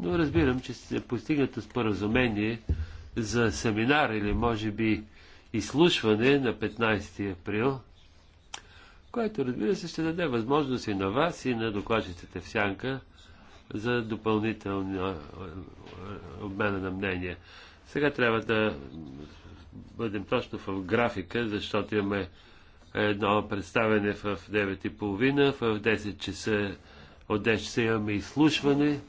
но разбирам, че се постигнато споразумение за семинар или може би изслушване на 15 април, което разбира се ще даде възможност и на вас и на докладчиците в Сянка за допълнителна обмена на мнения. Сега трябва да бъдем точно в графика, защото имаме едно представене в 9.30, в 10 часа, от 10 часа имаме изслушване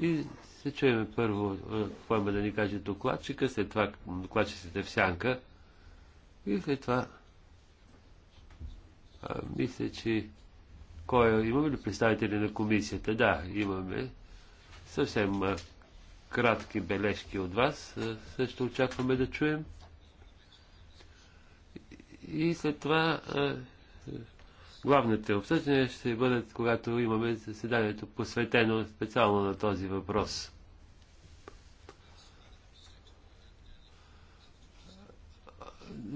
и се чуем първо е, какво има да ни каже докладчика, след това докладчиците в сянка. И след това а, мисля, че кой, имаме ли представители на комисията? Да, имаме. Съвсем а, кратки бележки от вас. А, също очакваме да чуем. И след това а, Главните обсъждания ще бъдат, когато имаме заседанието посветено специално на този въпрос.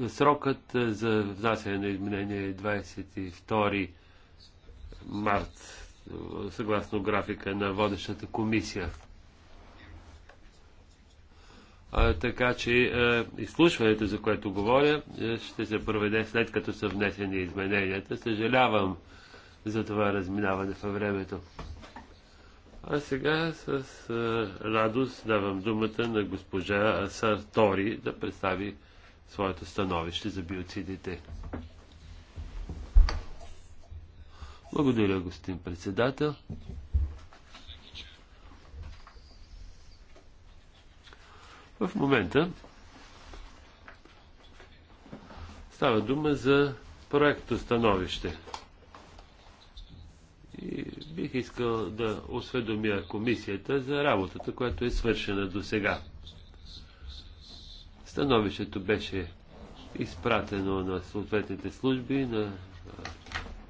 Срокът за внасяне на изменение е 22 март, съгласно графика на водещата комисия. А, така че а, изслушването, за което говоря, ще се проведе след като са внесени измененията. Съжалявам за това разминаване във времето. А сега с а, радост давам думата на госпожа Сартори да представи своето становище за биоцидите. Благодаря, господин председател. В момента става дума за проекто становище. И бих искал да осведомя комисията за работата, която е свършена до сега. Становището беше изпратено на съответните служби на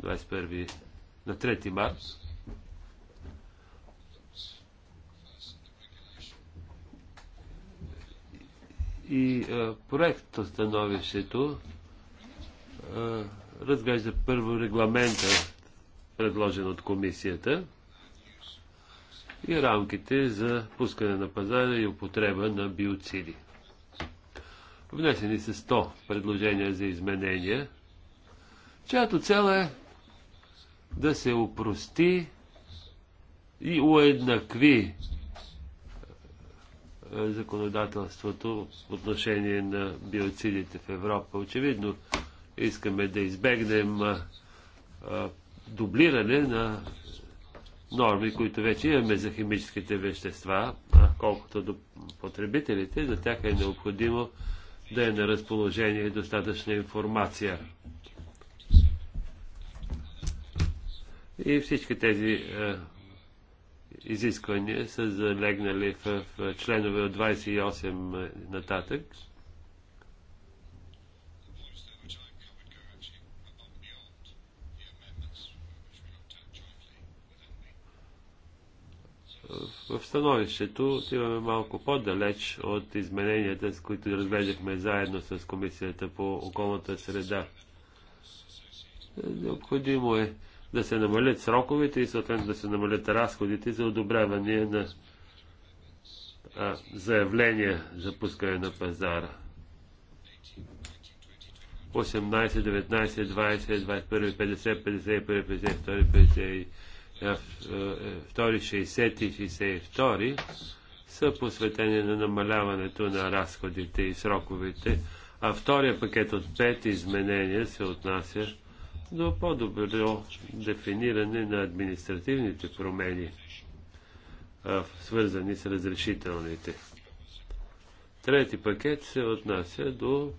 21 на 3 марта И проекто становището разглежда първо регламента, предложен от комисията, и рамките за пускане на пазара и употреба на биоциди. Внесени са 100 предложения за изменения, чиято цел е да се упрости и уеднакви законодателството в отношение на биоцидите в Европа. Очевидно искаме да избегнем дублиране на норми, които вече имаме за химическите вещества, а колкото до потребителите, за тях е необходимо да е на разположение достатъчна информация. И всички тези изисквания са залегнали в, в членове от 28 нататък. в становището отиваме малко по-далеч от измененията, с които разгледахме заедно с Комисията по околната среда. Необходимо е да се намалят сроковете и съответно да се намалят разходите за одобряване на а, заявления за пускане на пазара. 18, 19, 20, 21, 50, 51, 52, 52 60 и 62 са посветени на намаляването на разходите и сроковете, а втория пакет от 5 изменения се отнася до по-добро дефиниране на административните промени, свързани с разрешителните. Трети пакет се отнася до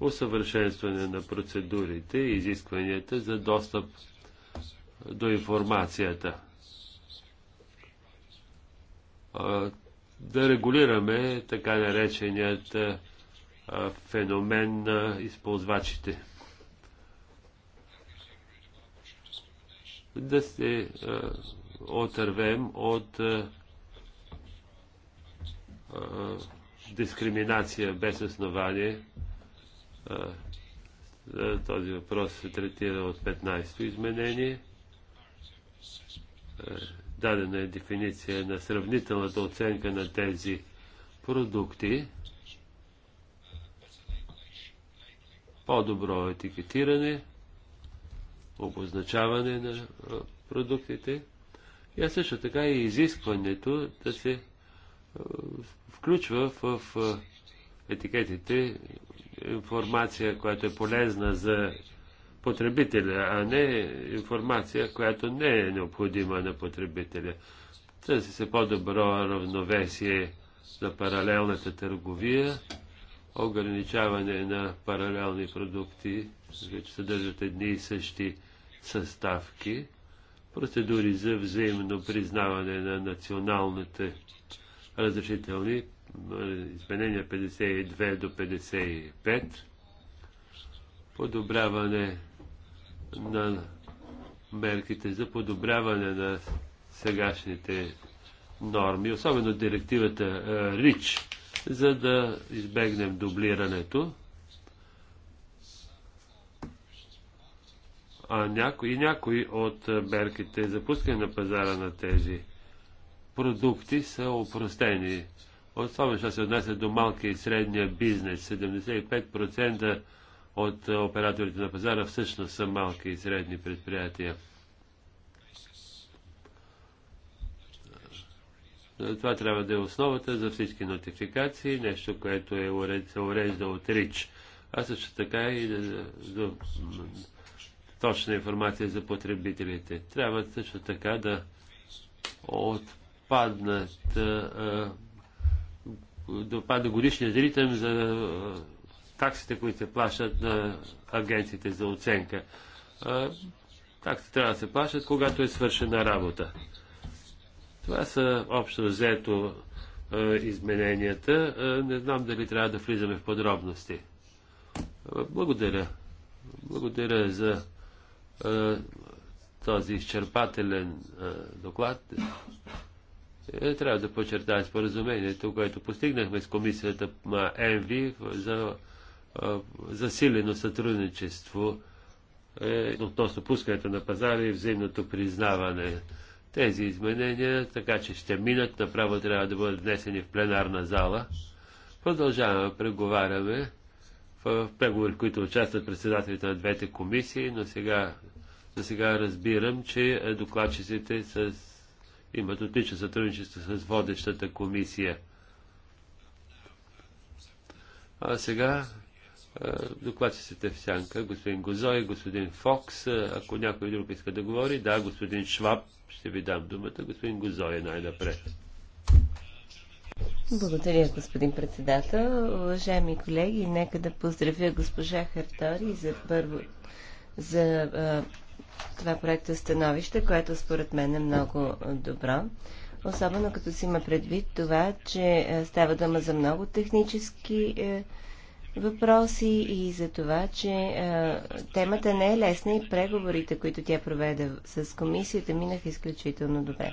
усъвършенстване на процедурите и изискванията за достъп до информацията. Да регулираме така нареченият феномен на използвачите. да се отървем от дискриминация без основание. Този въпрос се третира от 15-то изменение. Дадена е дефиниция на сравнителната оценка на тези продукти. По-добро етикетиране обозначаване на продуктите, а също така и изискването да се включва в етикетите информация, която е полезна за потребителя, а не информация, която не е необходима на потребителя. Търси се по-добро равновесие на паралелната търговия, ограничаване на паралелни продукти, които съдържат едни и същи съставки, процедури за взаимно признаване на националните разрешителни, изменения 52 до 55, подобряване на мерките за подобряване на сегашните норми, особено директивата е, РИЧ, за да избегнем дублирането а и някои от мерките за пускане на пазара на тези продукти са опростени. Особено, що се отнася до малкия и средния бизнес. 75% от операторите на пазара всъщност са малки и средни предприятия. Това трябва да е основата за всички нотификации, нещо, което е, се урежда от РИЧ. А също така и за точна информация за потребителите. Трябва също така да отпаднат да отпадна годишният ритъм за таксите, които се плащат на агенциите за оценка. Таксите трябва да се плащат, когато е свършена работа. Това са общо взето измененията. Не знам дали трябва да влизаме в подробности. Благодаря. Благодаря за е, този изчерпателен е, доклад, е, трябва да подчертая споразумението, което постигнахме с комисията ЕНВИ за засилено сътрудничество относно пускането на пазара и взаимното признаване. Тези изменения, така че ще минат, направо трябва да бъдат внесени в пленарна зала. Продължаваме, преговаряме в преговори, в които участват председателите на двете комисии, но сега, но сега разбирам, че е, докладчиците с, имат отлично сътрудничество с водещата комисия. А сега е, докладчиците в сянка, господин Гозой, господин Фокс, е, ако някой друг иска да говори, да, господин Шваб, ще ви дам думата, господин Гозой най-напред. Благодаря, господин председател. Уважаеми колеги, нека да поздравя госпожа Хартори за първо за а, това проекта становище, което според мен е много добро. Особено като си има предвид това, че става дума за много технически е, въпроси и за това, че е, темата не е лесна и преговорите, които тя проведе с комисията, минаха изключително добре.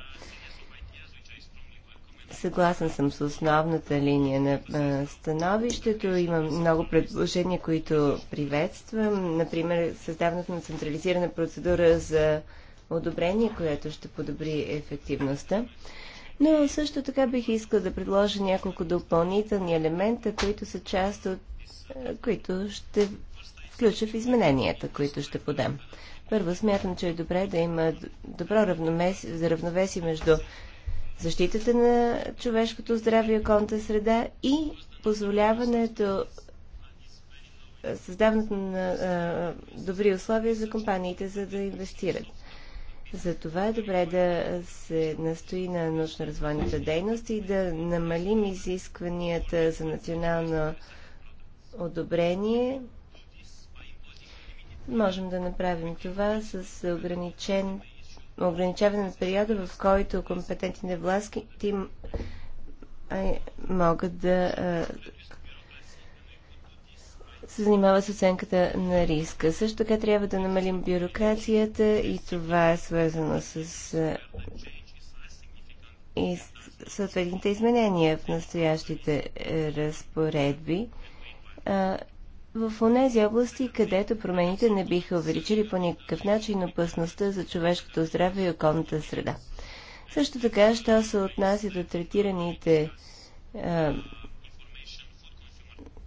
Съгласен съм с основната линия на становището. Имам много предложения, които приветствам. Например, създаването на централизирана процедура за одобрение, което ще подобри ефективността. Но също така бих искал да предложа няколко допълнителни елемента, които са част от които ще включа в измененията, които ще подам. Първо, смятам, че е добре да има добро равновесие между защитата на човешкото здраве и околната среда и позволяването създаването на а, добри условия за компаниите, за да инвестират. Затова е добре да се настои на научно-развойната дейност и да намалим изискванията за национално одобрение. Можем да направим това с ограничен ограничаване на периода, в който компетентните власти могат да се занимава с оценката на риска. Също така трябва да намалим бюрокрацията и това е свързано с и съответните изменения в настоящите е, разпоредби в тези области, където промените не биха увеличили по никакъв начин опасността за човешкото здраве и околната среда. Също така, що се отнася до третираните а,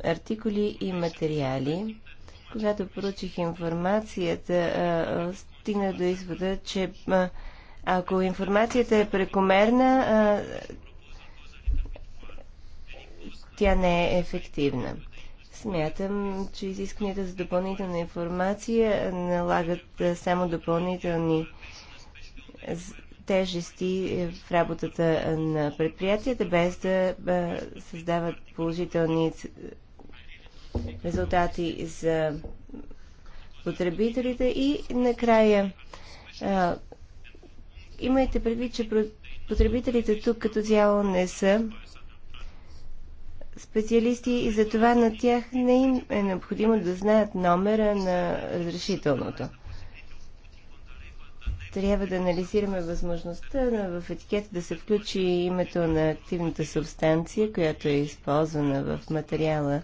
артикули и материали, когато поручих информацията, стигна до извода, че а, ако информацията е прекомерна, а, тя не е ефективна. Смятам, че изискванията за допълнителна информация налагат само допълнителни тежести е, в работата на предприятията, без да създават положителни резултати за потребителите. И накрая, имайте предвид, че потребителите тук като цяло не са специалисти и затова на тях не им е необходимо да знаят номера на разрешителното. Трябва да анализираме възможността в етикета да се включи името на активната субстанция, която е използвана в материала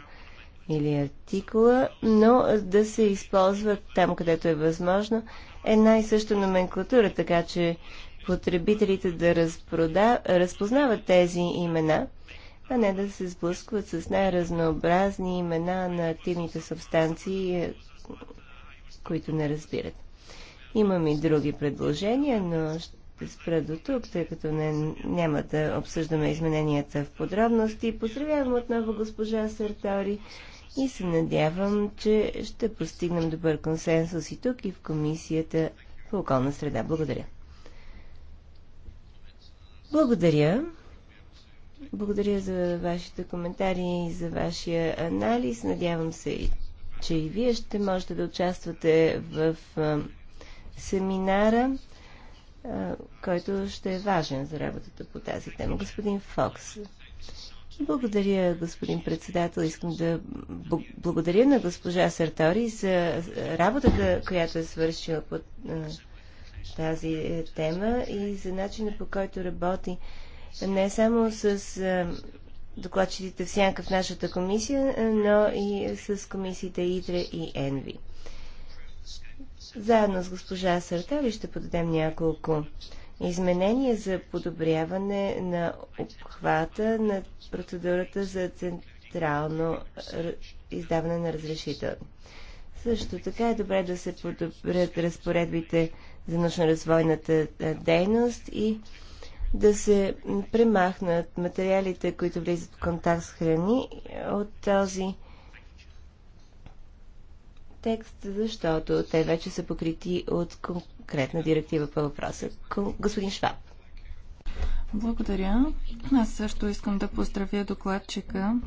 или артикула, но да се използват там, където е възможно, една и съща номенклатура, така че потребителите да разпродав... разпознават тези имена – а не да се сблъскват с най-разнообразни имена на активните субстанции, е, които не разбират. Имам и други предложения, но ще спра до тук, тъй като не, няма да обсъждаме измененията в подробности. Поздравявам отново госпожа Сартори и се надявам, че ще постигнем добър консенсус и тук, и в Комисията по околна среда. Благодаря. Благодаря. Благодаря за вашите коментари и за вашия анализ. Надявам се, че и вие ще можете да участвате в а, семинара, а, който ще е важен за работата по тази тема. Господин Фокс. Благодаря, господин председател. Искам да благодаря на госпожа Сартори за работата, която е свършила по тази е, тема и за начина по който работи не само с а, е, докладчиците в сянка в нашата комисия, е, но и с комисиите ИДРЕ и ЕНВИ. Заедно с госпожа Сартали ще подадем няколко изменения за подобряване на обхвата на процедурата за централно издаване на разрешителни. Също така е добре да се подобрят разпоредбите за научно-развойната е, дейност и да се премахнат материалите, които влизат в контакт с храни от този текст, защото те вече са покрити от конкретна директива по въпроса. Господин Шваб. Благодаря. Аз също искам да поздравя докладчика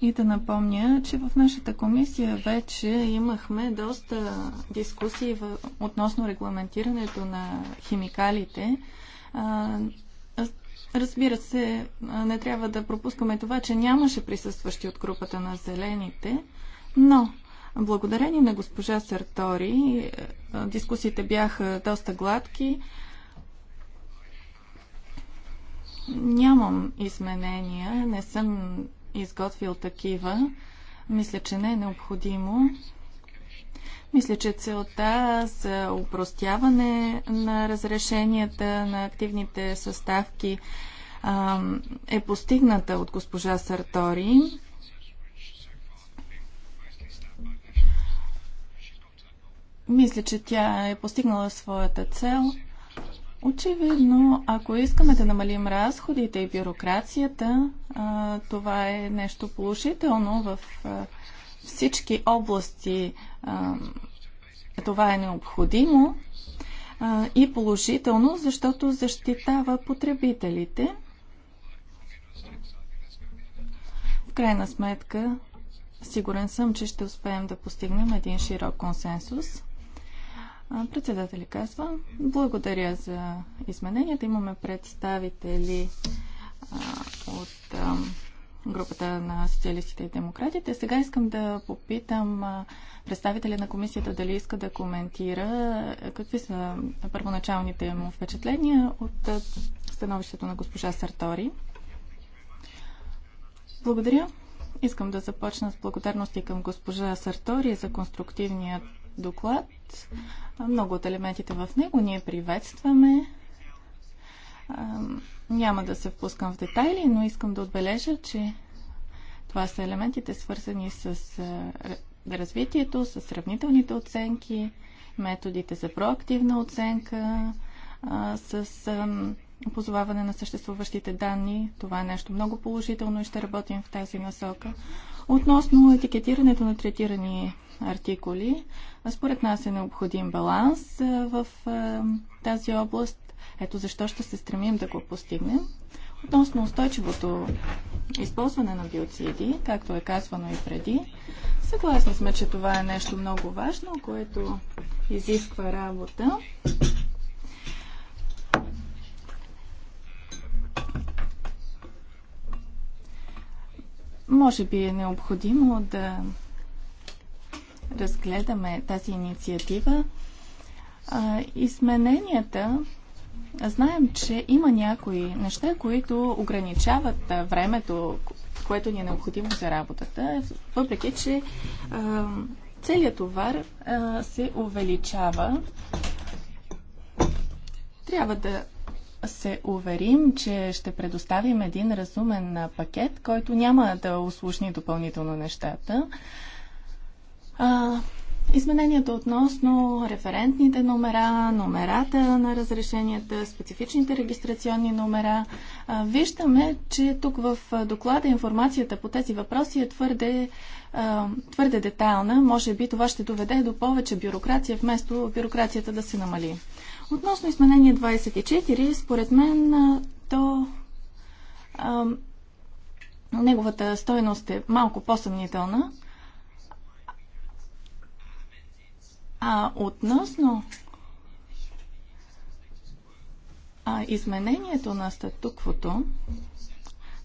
и да напомня, че в нашата комисия вече имахме доста дискусии в... относно регламентирането на химикалите. Разбира се, не трябва да пропускаме това, че нямаше присъстващи от групата на зелените, но благодарение на госпожа Сартори дискусиите бяха доста гладки. Нямам изменения, не съм изготвил такива. Мисля, че не е необходимо. Мисля, че целта за упростяване на разрешенията на активните съставки е постигната от госпожа Сартори. Мисля, че тя е постигнала своята цел. Очевидно, ако искаме да намалим разходите и бюрокрацията, това е нещо положително в всички области а, това е необходимо а, и положително, защото защитава потребителите. В крайна сметка, сигурен съм, че ще успеем да постигнем един широк консенсус. Председатели казва, благодаря за измененията. Имаме представители а, от. А, групата на социалистите и демократите. Сега искам да попитам представителя на комисията дали иска да коментира какви са първоначалните му впечатления от становището на госпожа Сартори. Благодаря. Искам да започна с благодарности към госпожа Сартори за конструктивния доклад. Много от елементите в него ние приветстваме. Няма да се впускам в детайли, но искам да отбележа, че това са елементите свързани с развитието, с сравнителните оценки, методите за проактивна оценка, с позоваване на съществуващите данни. Това е нещо много положително и ще работим в тази насока. Относно етикетирането на третирани артикули, според нас е необходим баланс в тази област. Ето защо ще се стремим да го постигнем. Относно устойчивото използване на биоциди, както е казвано и преди, съгласни сме, че това е нещо много важно, което изисква работа. Може би е необходимо да разгледаме тази инициатива. Измененията Знаем, че има някои неща, които ограничават времето, което ни е необходимо за работата, въпреки че а, целият товар а, се увеличава. Трябва да се уверим, че ще предоставим един разумен пакет, който няма да усложни допълнително нещата. А, Измененията относно референтните номера, номерата на разрешенията, специфичните регистрационни номера. Виждаме, че тук в доклада информацията по тези въпроси е твърде, твърде детайлна. Може би това ще доведе до повече бюрокрация, вместо бюрокрацията да се намали. Относно изменение 24, според мен то неговата стойност е малко по-съмнителна – А относно а, изменението на статуквото,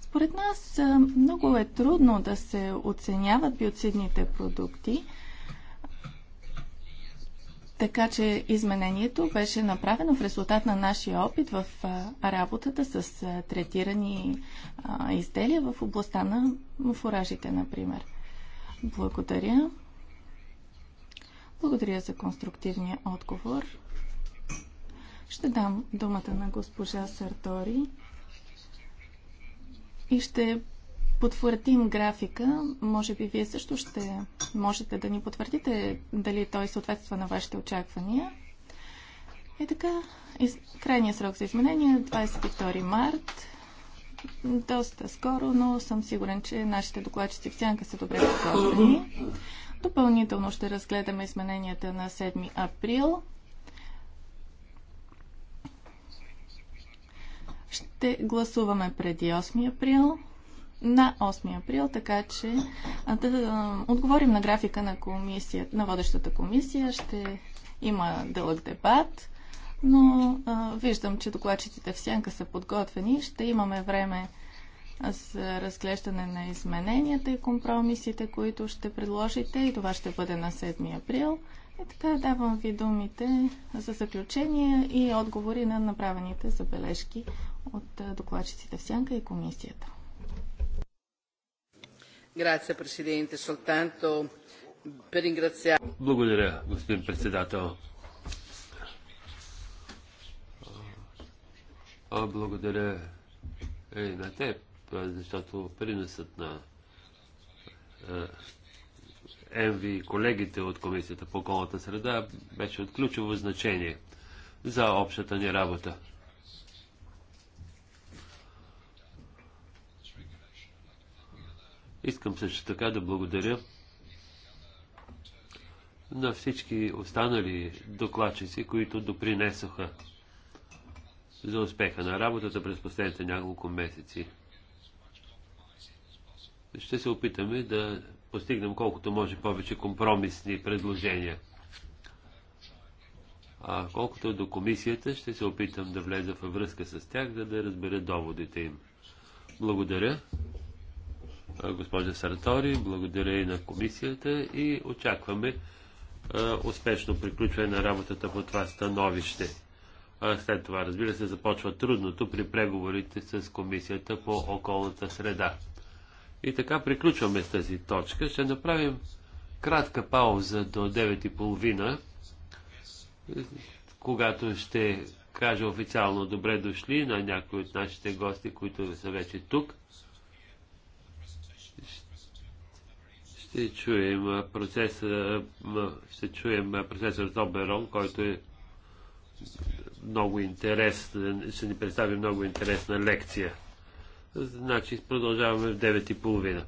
според нас много е трудно да се оценяват биоцидните продукти, така че изменението беше направено в резултат на нашия опит в работата с третирани изделия в областта на фуражите, например. Благодаря. Благодаря за конструктивния отговор. Ще дам думата на госпожа Сартори и ще потвърдим графика. Може би вие също ще можете да ни потвърдите дали той съответства на вашите очаквания. И така, из... крайният срок за изменение 22 е март. Доста скоро, но съм сигурен, че нашите докладчици в сянка са добре подготвени. Допълнително ще разгледаме измененията на 7 април. Ще гласуваме преди 8 април на 8 април, така че да, да отговорим на графика на, комисия, на водещата комисия. Ще има дълъг дебат, но а, виждам, че докладчиците в сянка са подготвени. Ще имаме време с разглеждане на измененията и компромисите, които ще предложите и това ще бъде на 7 април. И така давам ви думите за заключения и отговори на направените забележки от докладчиците в Сянка и комисията. Благодаря, господин председател. Благодаря и на теб, защото приносът на ЕМВИ и колегите от Комисията по околната среда беше от ключово значение за общата ни работа. Искам също така да благодаря на всички останали докладчици, които допринесоха за успеха на работата през последните няколко месеци ще се опитаме да постигнем колкото може повече компромисни предложения. А колкото до комисията, ще се опитам да влеза във връзка с тях, за да разбера доводите им. Благодаря, госпожа Сартори, благодаря и на комисията и очакваме успешно приключване на работата по това становище. След това, разбира се, започва трудното при преговорите с комисията по околната среда. И така приключваме с тази точка. Ще направим кратка пауза до 9.30, когато ще кажа официално добре дошли на някои от нашите гости, които са вече тук. Ще чуем процеса, ще чуем професор Тоберон, който е много интересен, ще ни представи много интересна лекция. Значи продължаваме в 9.30.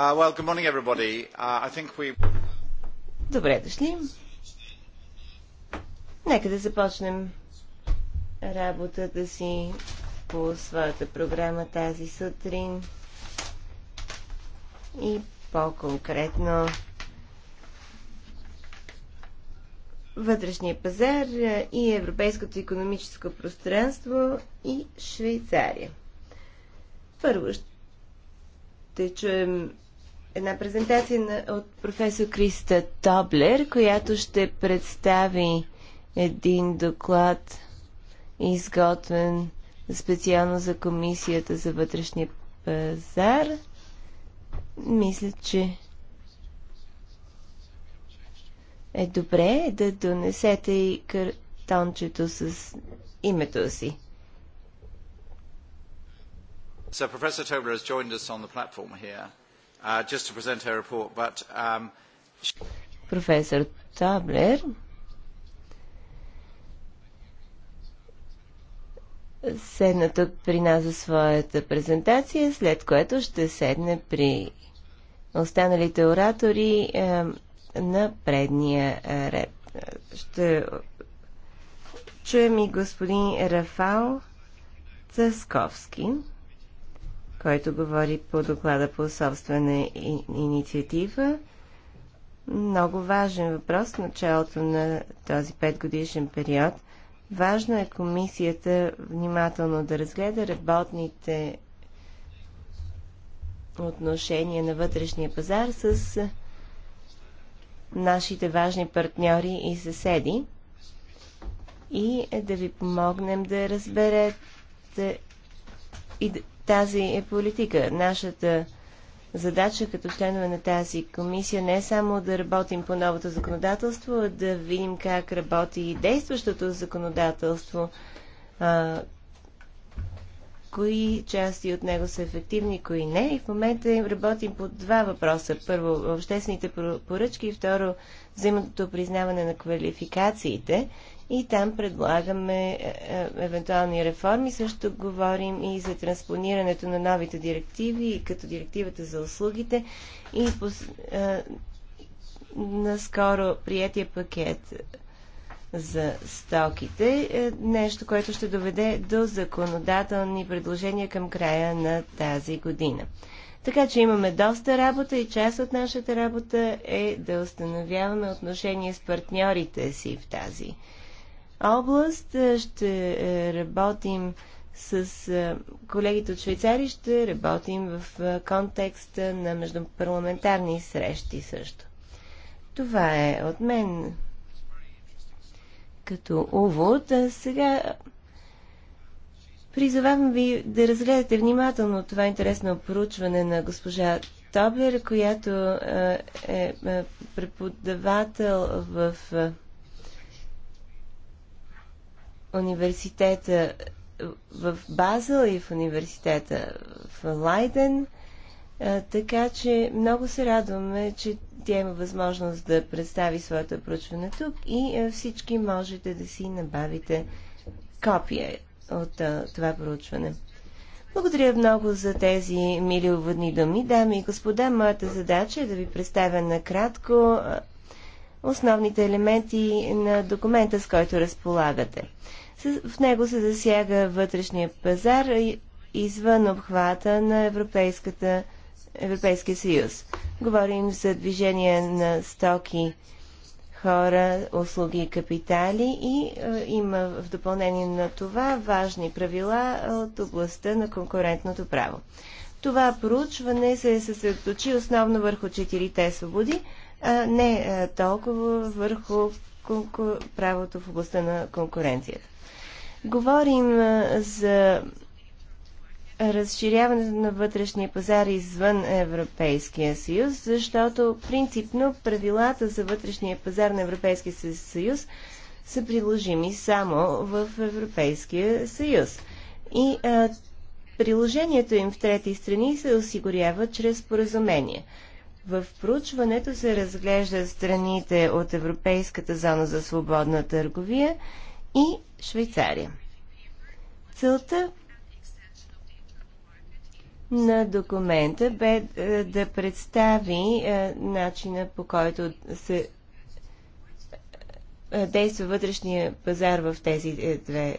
Uh, well, good morning, everybody. Uh, I think we... Добре дошли. Нека да започнем работата си по своята програма тази сутрин и по-конкретно вътрешния пазар и Европейското економическо пространство и Швейцария. Първо ще чуем една презентация на, от професор Криста Тоблер, която ще представи един доклад, изготвен специално за Комисията за вътрешния пазар. Мисля, че е добре да донесете и картончето с името си. So Professor Tobler has joined us on the platform here. Uh, just to present her report, but... Um, she... Професор Таблер седна тук при нас за своята презентация, след което ще седне при останалите оратори е, на предния е, ред. Ще чуем и господин Рафал Цасковски който говори по доклада по собствена инициатива. Много важен въпрос в началото на този петгодишен период. Важно е комисията внимателно да разгледа работните отношения на вътрешния пазар с нашите важни партньори и съседи и е да ви помогнем да разберете и да, тази е политика. Нашата задача като членове на тази комисия не е само да работим по новото законодателство, а да видим как работи и действащото законодателство, а, кои части от него са ефективни, кои не. И в момента им работим по два въпроса. Първо, обществените поръчки и второ, взаимното признаване на квалификациите и там предлагаме е, е, евентуални реформи. Също говорим и за транспонирането на новите директиви, като директивата за услугите и пос... Е, наскоро приятия пакет за стоките, нещо, което ще доведе до законодателни предложения към края на тази година. Така че имаме доста работа и част от нашата работа е да установяваме отношения с партньорите си в тази област. Е, ще е, работим с е, колегите от Швейцария, ще работим в контекста на междупарламентарни срещи също. Това е от мен като увод. А сега призовавам ви да разгледате внимателно това интересно проучване на госпожа Тоблер, която е преподавател в университета в Базел и в университета в Лайден. Така че много се радваме, че тя има възможност да представи своето проучване тук и всички можете да си набавите копия от това проучване. Благодаря много за тези мили уводни думи. Дами и господа, моята задача е да ви представя накратко основните елементи на документа, с който разполагате. В него се засяга вътрешния пазар извън обхвата на Европейската, Европейския съюз. Говорим за движение на стоки, хора, услуги и капитали и е, има в допълнение на това важни правила от областта на конкурентното право. Това проучване се съсредоточи основно върху четирите свободи, а не толкова върху правото в областта на конкуренцията. Говорим за разширяването на вътрешния пазар извън Европейския съюз, защото принципно правилата за вътрешния пазар на Европейския съюз са приложими само в Европейския съюз. И а, приложението им в трети страни се осигурява чрез споразумение. В проучването се разглежда страните от Европейската зона за свободна търговия и Швейцария. Целта на документа бе е, да представи е, начина по който се е, действа вътрешния пазар в тези две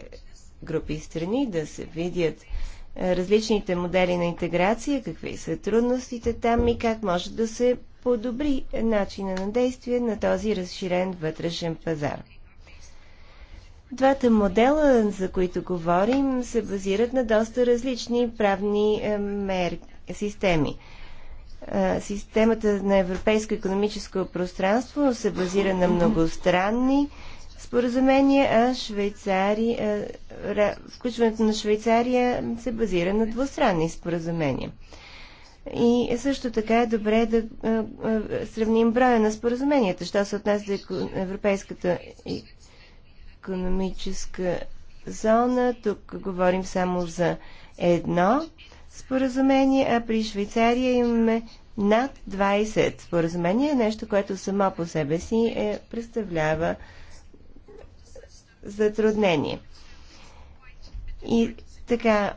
групи страни, да се видят различните модели на интеграция, какви са трудностите там и как може да се подобри начина на действие на този разширен вътрешен пазар. Двата модела, за които говорим, се базират на доста различни правни е, мер... системи. Е, системата на Европейско економическо пространство се базира на многостранни споразумение, а Швейцария, включването на Швейцария се базира на двустранни споразумения. И също така е добре да сравним броя на споразуменията, що се отнася до Европейската економическа зона. Тук говорим само за едно споразумение, а при Швейцария имаме над 20 споразумения, нещо, което само по себе си е, представлява затруднение. И така,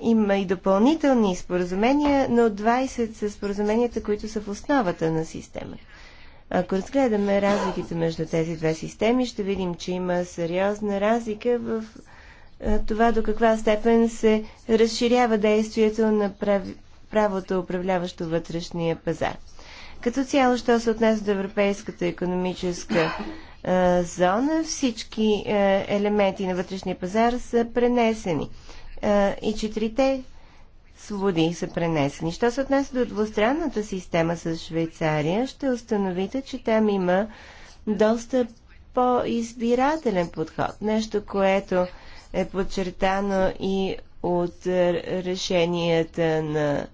има и допълнителни споразумения, но 20 са споразуменията, които са в основата на системата. Ако разгледаме разликите между тези две системи, ще видим, че има сериозна разлика в е, това до каква степен се разширява действието на правото, управляващо вътрешния пазар. Като цяло, що се отнася до европейската економическа е, зона всички е, елементи на вътрешния пазар са пренесени. Е, и четирите свободи са пренесени. Що се отнася до двустранната система с Швейцария, ще установите, че там има доста по-избирателен подход. Нещо, което е подчертано и от решенията на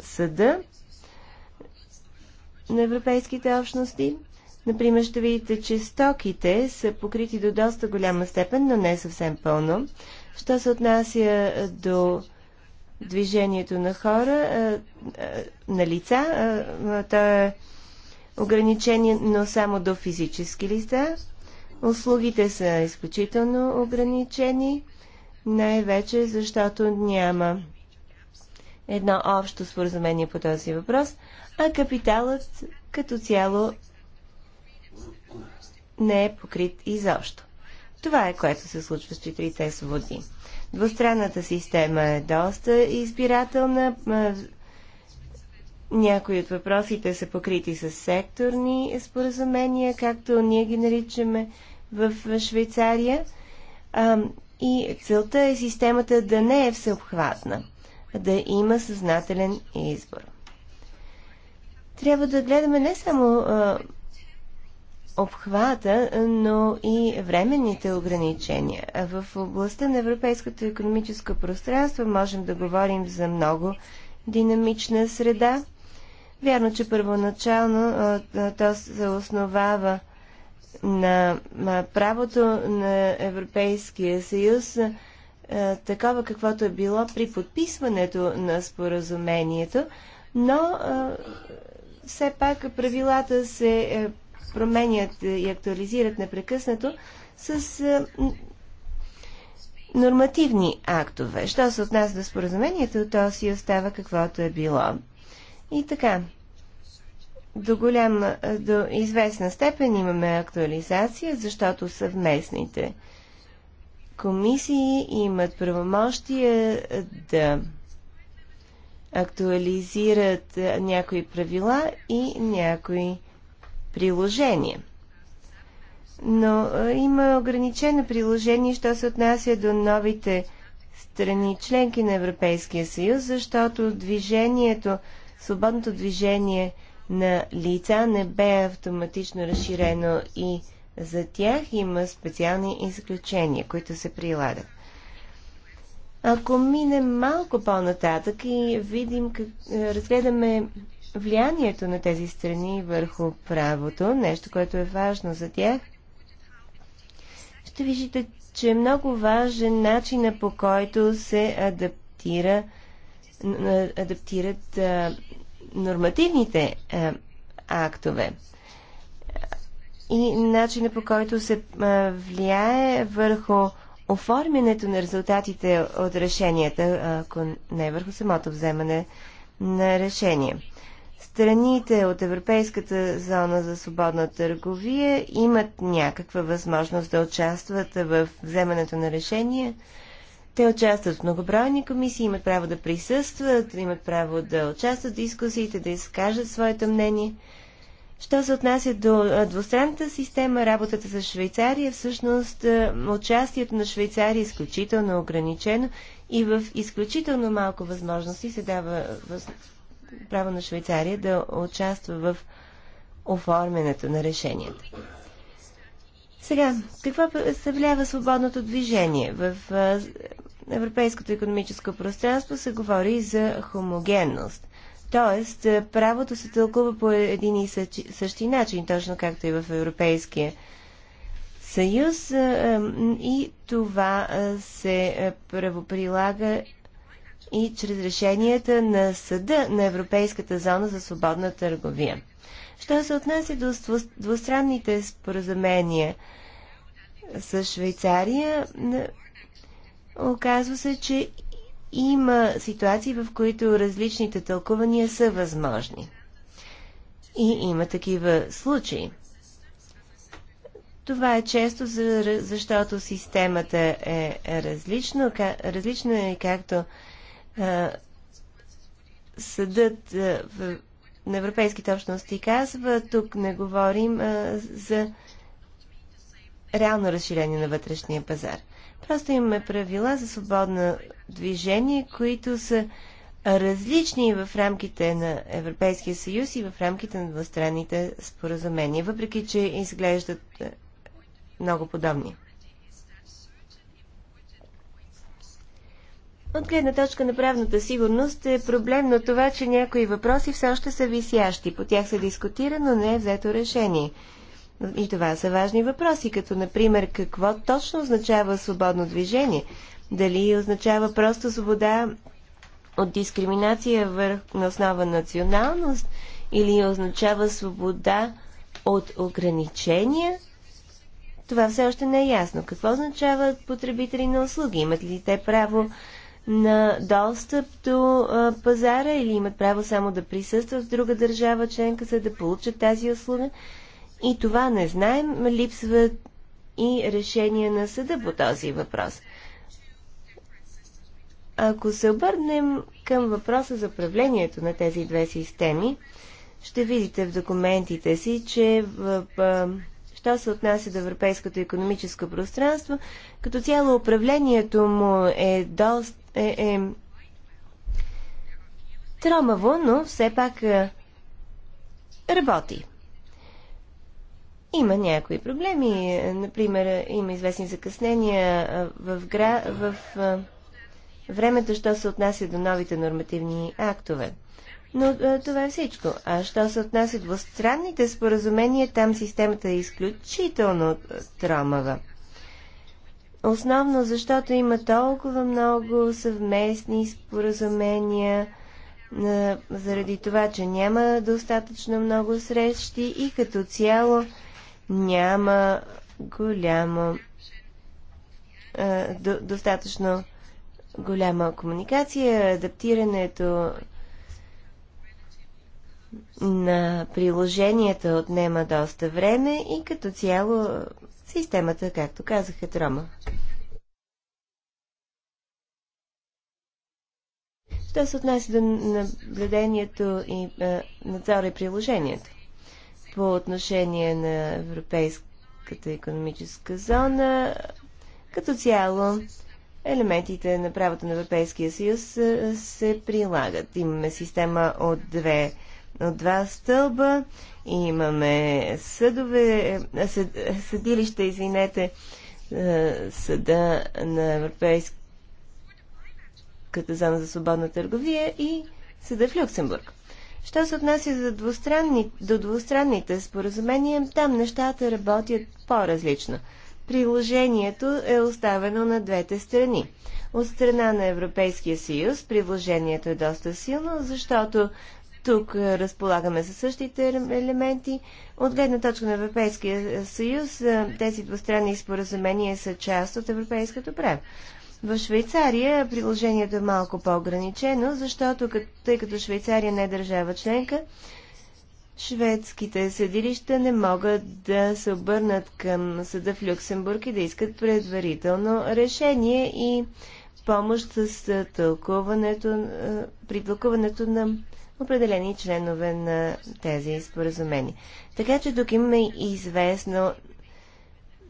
съда на европейските общности. Например, ще видите, че стоките са покрити до доста голяма степен, но не съвсем пълно. Що се отнася до движението на хора, на лица, то е ограничение, но само до физически лица. Услугите са изключително ограничени, най-вече защото няма едно общо споразумение по този въпрос, а капиталът като цяло не е покрит изобщо. Това е което се случва с четирите свободи. Двустранната система е доста избирателна. Някои от въпросите са покрити с секторни споразумения, както ние ги наричаме в Швейцария. И целта е системата да не е всеобхватна, да има съзнателен избор. Трябва да гледаме не само обхвата, но и временните ограничения. В областта на европейското економическо пространство можем да говорим за много динамична среда. Вярно, че първоначално то се основава на правото на Европейския съюз, такова каквото е било при подписването на споразумението, но все пак правилата се е, променят и актуализират непрекъснато с нормативни актове. Що се отнася до споразумението, то си остава каквото е било. И така, до, голяма, до известна степен имаме актуализация, защото съвместните комисии имат правомощия да актуализират някои правила и някои приложение. Но има ограничено приложение, що се отнася до новите страни, членки на Европейския съюз, защото движението, свободното движение на лица не бе автоматично разширено и за тях има специални изключения, които се прилагат. Ако минем малко по-нататък и видим, как, разгледаме влиянието на тези страни върху правото, нещо, което е важно за тях, ще виждате, че е много важен начина по който се адаптира, адаптират а, нормативните а, актове и начина по който се а, влияе върху оформянето на резултатите от решенията, ако не върху самото вземане на решение страните от Европейската зона за свободна търговия имат някаква възможност да участват в вземането на решения. Те участват в многобройни комисии, имат право да присъстват, имат право да участват в дискусиите, да изкажат своето мнение. Що се отнася до двустранната система, работата с Швейцария, всъщност участието на Швейцария е изключително ограничено и в изключително малко възможности се дава въз право на Швейцария да участва в оформянето на решенията. Сега, какво представлява свободното движение? В Европейското економическо пространство се говори за хомогенност. Тоест, правото се тълкува по един и същи начин, точно както и в Европейския съюз. И това се правоприлага и чрез решенията на Съда на Европейската зона за свободна търговия. Що се отнася до двустранните споразумения с Швейцария, оказва се, че има ситуации, в които различните тълкувания са възможни. И има такива случаи. Това е често, защото системата е различна, различна е както съдът в, на европейските общности казва, тук не говорим а, за реално разширение на вътрешния пазар. Просто имаме правила за свободно движение, които са различни в рамките на Европейския съюз и в рамките на двустранните споразумения, въпреки че изглеждат много подобни. От гледна точка на правната сигурност е проблем на това, че някои въпроси все още са висящи. По тях се дискутира, но не е взето решение. И това са важни въпроси, като например какво точно означава свободно движение. Дали означава просто свобода от дискриминация върх, на основа националност или означава свобода от ограничения? Това все още не е ясно. Какво означават потребители на услуги? Имат ли те право на достъп до пазара или имат право само да присъстват в друга държава членка, за да получат тази услуга. И това не знаем. Липсват и решения на съда по този въпрос. Ако се обърнем към въпроса за управлението на тези две системи, ще видите в документите си, че в, в, що се отнася до Европейското економическо пространство, като цяло управлението му е доста е, е тромаво, но все пак е, работи. Има някои проблеми. Е, например, има известни закъснения е, в, гра... в е, времето, що се отнася до новите нормативни актове. Но това е всичко. А що се отнася до странните споразумения, там системата е изключително тромава. Основно защото има толкова много съвместни споразумения, заради това, че няма достатъчно много срещи и като цяло няма голямо достатъчно голяма комуникация, адаптирането на приложенията отнема доста време и като цяло системата, както казах, е трома. Що се отнася до наблюдението и а, надзора и приложението? По отношение на Европейската економическа зона, като цяло, елементите на правото на Европейския съюз се прилагат. Имаме система от две от два стълба Имаме съдове, е, съд, съдилища, извинете, е, съда на Европейската зона за свободна търговия и съда в Люксембург. Що се отнася за двустранни, до двустранните споразумения, там нещата работят по-различно. Приложението е оставено на двете страни. От страна на Европейския съюз приложението е доста силно, защото тук е, разполагаме със същите елементи. От гледна точка на Европейския съюз, е, тези двустранни споразумения са част от европейското право. В Швейцария приложението е малко по-ограничено, защото тъй като Швейцария не е държава членка, шведските съдилища не могат да се обърнат към съда в Люксембург и да искат предварително решение и помощ с е, тълкуването, при тълкуването на определени членове на тези споразумения. Така че тук имаме известно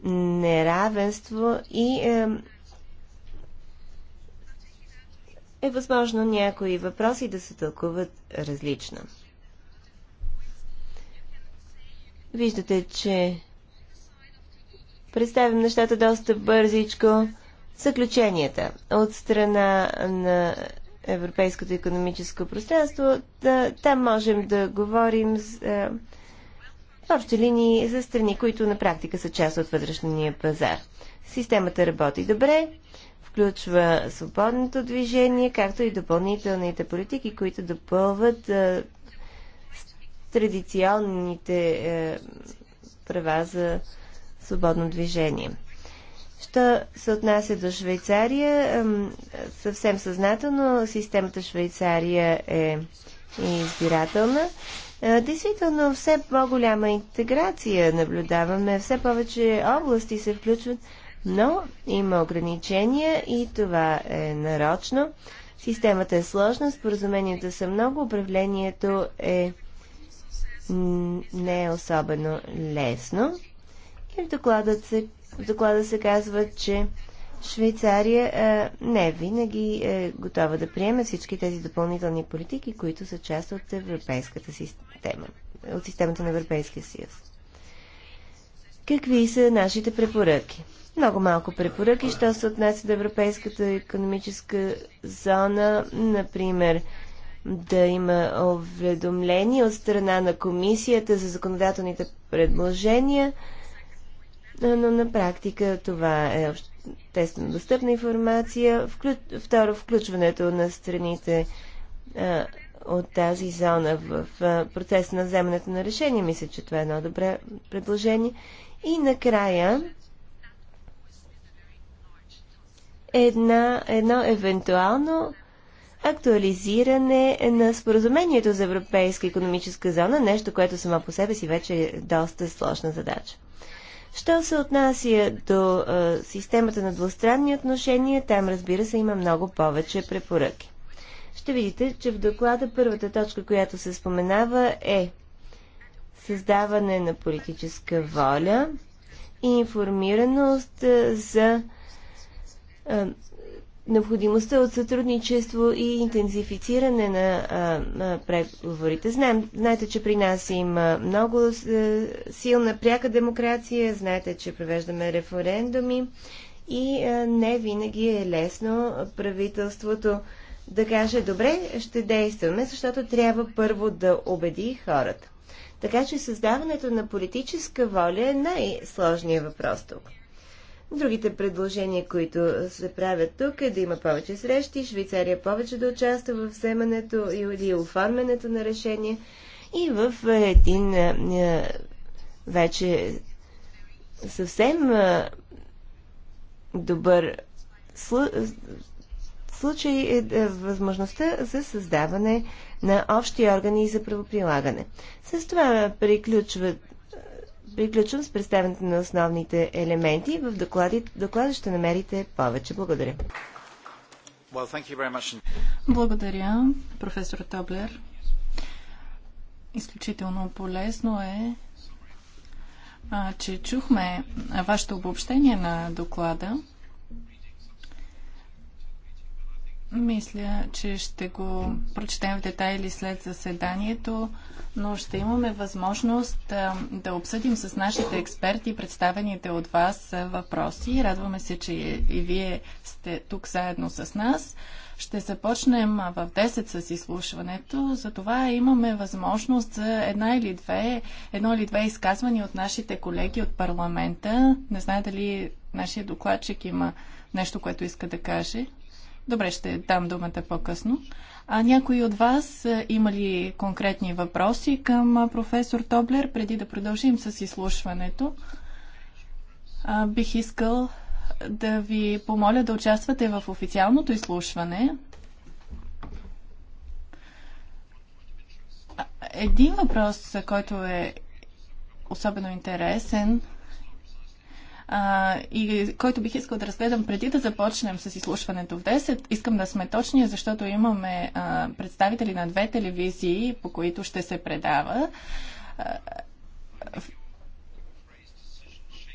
неравенство и е, е възможно някои въпроси да се тълкуват различно. Виждате, че представим нещата доста бързичко. съключенията от страна на Европейското економическо пространство, да, там можем да говорим с, в е, общи линии за страни, които на практика са част от вътрешния пазар. Системата работи добре, включва свободното движение, както и допълнителните политики, които допълват а, е, традиционните а, е, права за свободно движение. Що се отнася до Швейцария, съвсем съзнателно системата Швейцария е избирателна. Е, действително, все по-голяма интеграция наблюдаваме, все повече области се включват, но има ограничения и това е нарочно. Системата е сложна, споразуменията са много, управлението е не е особено лесно. И в докладът се в доклада се казва, че Швейцария а, е, не винаги е готова да приеме всички тези допълнителни политики, които са част от европейската система, от системата на Европейския съюз. Какви са нашите препоръки? Много малко препоръки, що се отнася до Европейската економическа зона, например, да има уведомление от страна на комисията за законодателните предложения – но на практика това е тесно достъпна информация. Вклю... Второ, включването на страните а, от тази зона в а, процеса на вземането на решение. Мисля, че това е едно добре предложение. И накрая една, едно евентуално актуализиране на споразумението за Европейска економическа зона, нещо, което само по себе си вече е доста сложна задача. Що се отнася до а, системата на двустранни отношения, там разбира се има много повече препоръки. Ще видите, че в доклада първата точка, която се споменава е създаване на политическа воля и информираност за необходимостта от сътрудничество и интензифициране на а, а, преговорите. Знаем, знаете, че при нас има много а, силна пряка демокрация, знаете, че провеждаме референдуми и а, не винаги е лесно правителството да каже добре, ще действаме, защото трябва първо да убеди хората. Така че създаването на политическа воля е най-сложният въпрос тук. Другите предложения, които се правят тук е да има повече срещи, Швейцария повече да участва в вземането или оформянето на решения, и в е, един е, е, вече съвсем добър случай е възможността за създаване на общи органи за правоприлагане. С това приключват приключвам с представянето на основните елементи. В доклади, доклада ще намерите повече. Благодаря. Well, Благодаря, професор Тоблер. Изключително полезно е, а, че чухме вашето обобщение на доклада. Мисля, че ще го прочетем в детайли след заседанието но ще имаме възможност да обсъдим с нашите експерти представените от вас въпроси. Радваме се, че и вие сте тук заедно с нас. Ще започнем в 10 с изслушването, затова имаме възможност за една или две, едно или две изказвания от нашите колеги от парламента. Не знае дали нашия докладчик има нещо, което иска да каже. Добре, ще дам думата по-късно. А някои от вас е, има ли конкретни въпроси към професор Тоблер, преди да продължим с изслушването? А, бих искал да ви помоля да участвате в официалното изслушване. Един въпрос, който е особено интересен – а, и който бих искал да разгледам преди да започнем с изслушването в 10. Искам да сме точни, защото имаме а, представители на две телевизии, по които ще се предава.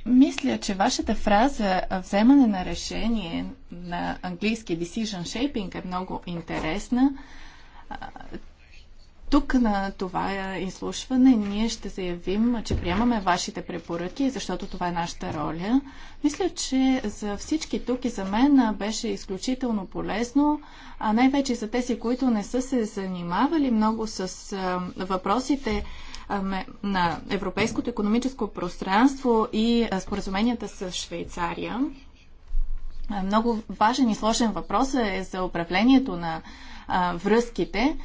Мисля, че вашата фраза вземане на решение на английски decision shaping е много интересна. Тук на това изслушване ние ще заявим, че приемаме вашите препоръки, защото това е нашата роля. Мисля, че за всички тук и за мен беше изключително полезно, а най-вече за тези, които не са се занимавали много с въпросите на Европейското економическо пространство и споразуменията с Швейцария. Много важен и сложен въпрос е за управлението на връзките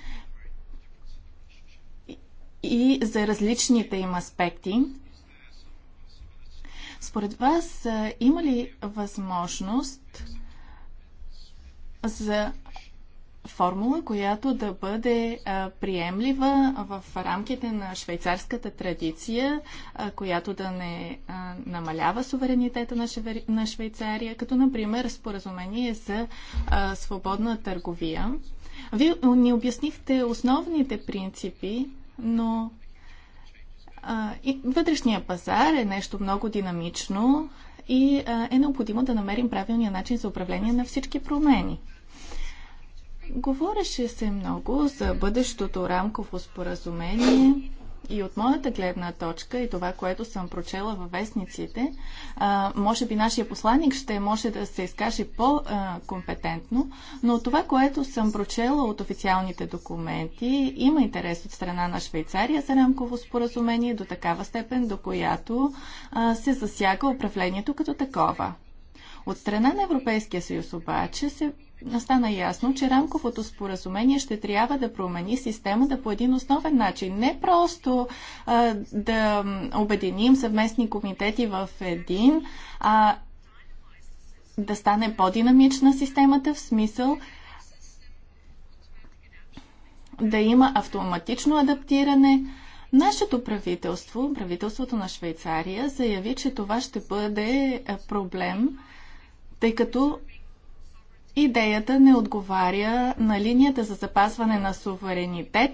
и за различните им аспекти. Според вас има ли възможност за формула, която да бъде приемлива в рамките на швейцарската традиция, която да не намалява суверенитета на Швейцария, като например споразумение за свободна търговия. Вие ни обяснихте основните принципи но а, и вътрешния пазар е нещо много динамично и а, е необходимо да намерим правилния начин за управление на всички промени. Говореше се много за бъдещото рамково споразумение и от моята гледна точка и това, което съм прочела във вестниците, а, може би нашия посланник ще може да се изкаже по-компетентно, но това, което съм прочела от официалните документи, има интерес от страна на Швейцария за рамково споразумение до такава степен, до която а, се засяга управлението като такова. От страна на Европейския съюз обаче се стана ясно, че рамковото споразумение ще трябва да промени системата по един основен начин. Не просто а, да обединим съвместни комитети в един, а да стане по-динамична системата в смисъл да има автоматично адаптиране. Нашето правителство, правителството на Швейцария, заяви, че това ще бъде проблем, тъй като идеята не отговаря на линията за запазване на суверенитет.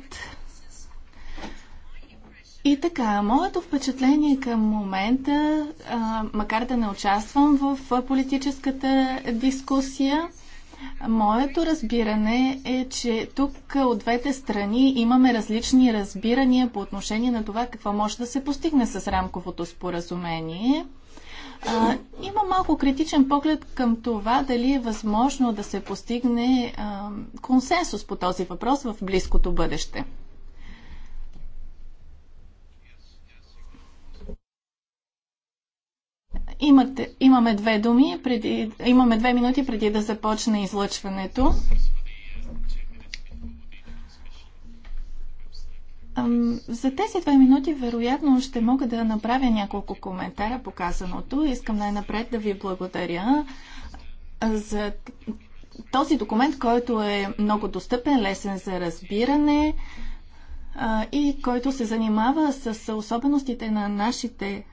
И така, моето впечатление към момента, а, макар да не участвам в политическата дискусия, моето разбиране е, че тук от двете страни имаме различни разбирания по отношение на това какво може да се постигне с рамковото споразумение – а, има малко критичен поглед към това дали е възможно да се постигне а, консенсус по този въпрос в близкото бъдеще. Имате, имаме две думи, преди, имаме две минути преди да започне излъчването. За тези две минути вероятно ще мога да направя няколко коментара по казаното. Искам най-напред да ви благодаря за този документ, който е много достъпен, лесен за разбиране и който се занимава с особеностите на нашите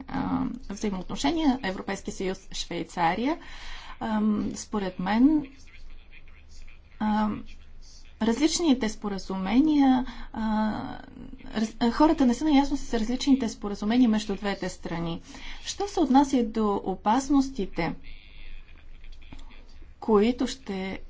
взаимоотношения Европейски съюз Швейцария. Според мен различните споразумения, раз, хората не са наясно с различните споразумения между двете страни. Що се отнася до опасностите, които ще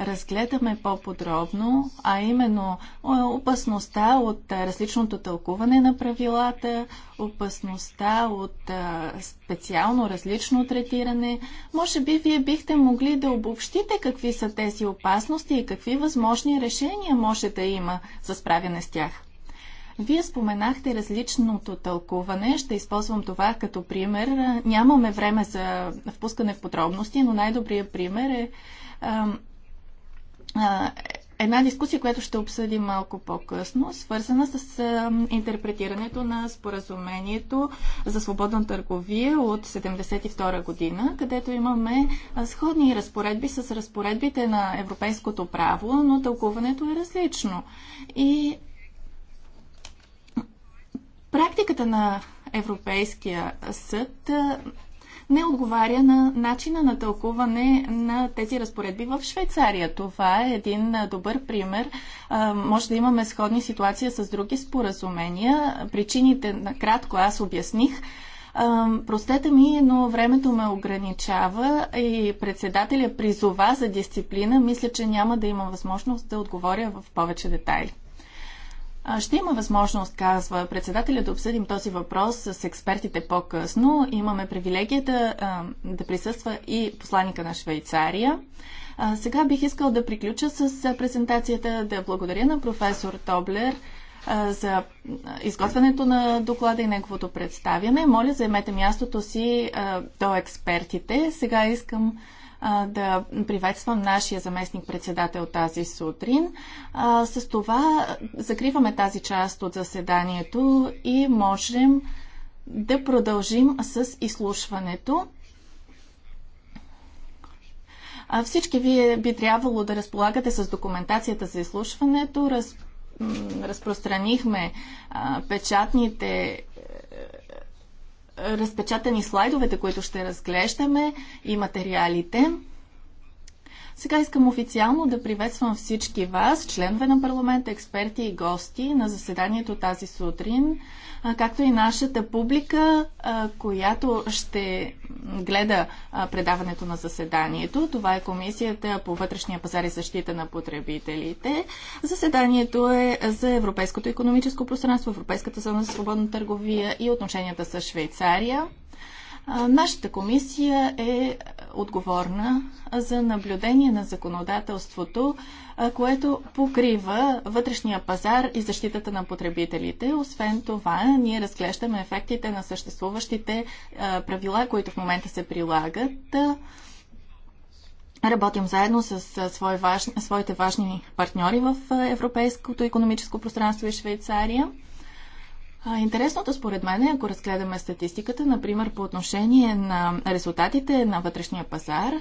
разгледаме по-подробно, а именно е, опасността от е, различното тълкуване на правилата, опасността от е, специално различно третиране. Може би вие бихте могли да обобщите какви са тези опасности и какви възможни решения може да има за справяне с тях. Вие споменахте различното тълкуване. Ще използвам това като пример. Нямаме време за впускане в подробности, но най-добрият пример е една дискусия, която ще обсъдим малко по-късно, свързана с интерпретирането на споразумението за свободна търговия от 1972 година, където имаме сходни разпоредби с разпоредбите на европейското право, но тълкуването е различно. И практиката на Европейския съд не отговаря на начина на тълкуване на тези разпоредби в Швейцария. Това е един добър пример. Може да имаме сходни ситуации с други споразумения. Причините, накратко, аз обясних. Простете ми, но времето ме ограничава и председателя призова за дисциплина. Мисля, че няма да има възможност да отговоря в повече детайли. Ще има възможност, казва председателя, да обсъдим този въпрос с експертите по-късно. Имаме привилегията да присъства и посланника на Швейцария. Сега бих искал да приключа с презентацията, да благодаря на професор Тоблер за изготвянето на доклада и неговото представяне. Моля, заемете мястото си до експертите. Сега искам да приветствам нашия заместник-председател тази сутрин. С това закриваме тази част от заседанието и можем да продължим с изслушването. Всички вие би трябвало да разполагате с документацията за изслушването. Раз, разпространихме а, печатните разпечатани слайдовете, които ще разглеждаме и материалите. Сега искам официално да приветствам всички вас, членове на парламента, експерти и гости на заседанието тази сутрин, както и нашата публика, която ще гледа предаването на заседанието. Това е Комисията по вътрешния пазар и защита на потребителите. Заседанието е за Европейското економическо пространство, Европейската зона за свободна търговия и отношенията с Швейцария. Нашата комисия е отговорна за наблюдение на законодателството, което покрива вътрешния пазар и защитата на потребителите. Освен това, ние разглеждаме ефектите на съществуващите правила, които в момента се прилагат. Работим заедно с свои важни, своите важни партньори в Европейското економическо пространство и Швейцария. Интересното според мен е, ако разгледаме статистиката, например по отношение на резултатите на вътрешния пазар,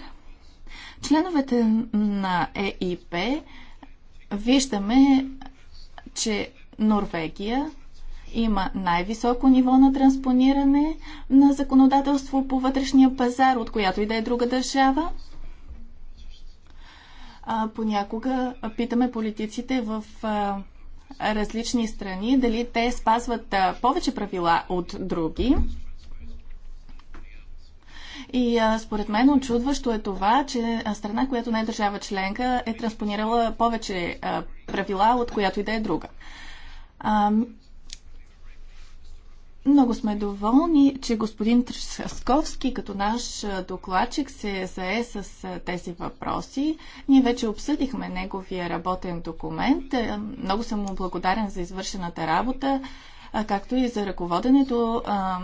членовете на ЕИП виждаме, че Норвегия има най-високо ниво на транспониране на законодателство по вътрешния пазар, от която и да е друга държава. А, понякога питаме политиците в а, различни страни, дали те спазват повече правила от други. И а, според мен очудващо е това, че страна, която не е държава членка, е транспонирала повече а, правила, от която и да е друга. А, много сме доволни, че господин Трашковски като наш докладчик се зае с тези въпроси. Ние вече обсъдихме неговия работен документ. Е, много съм му благодарен за извършената работа, както и за ръководенето,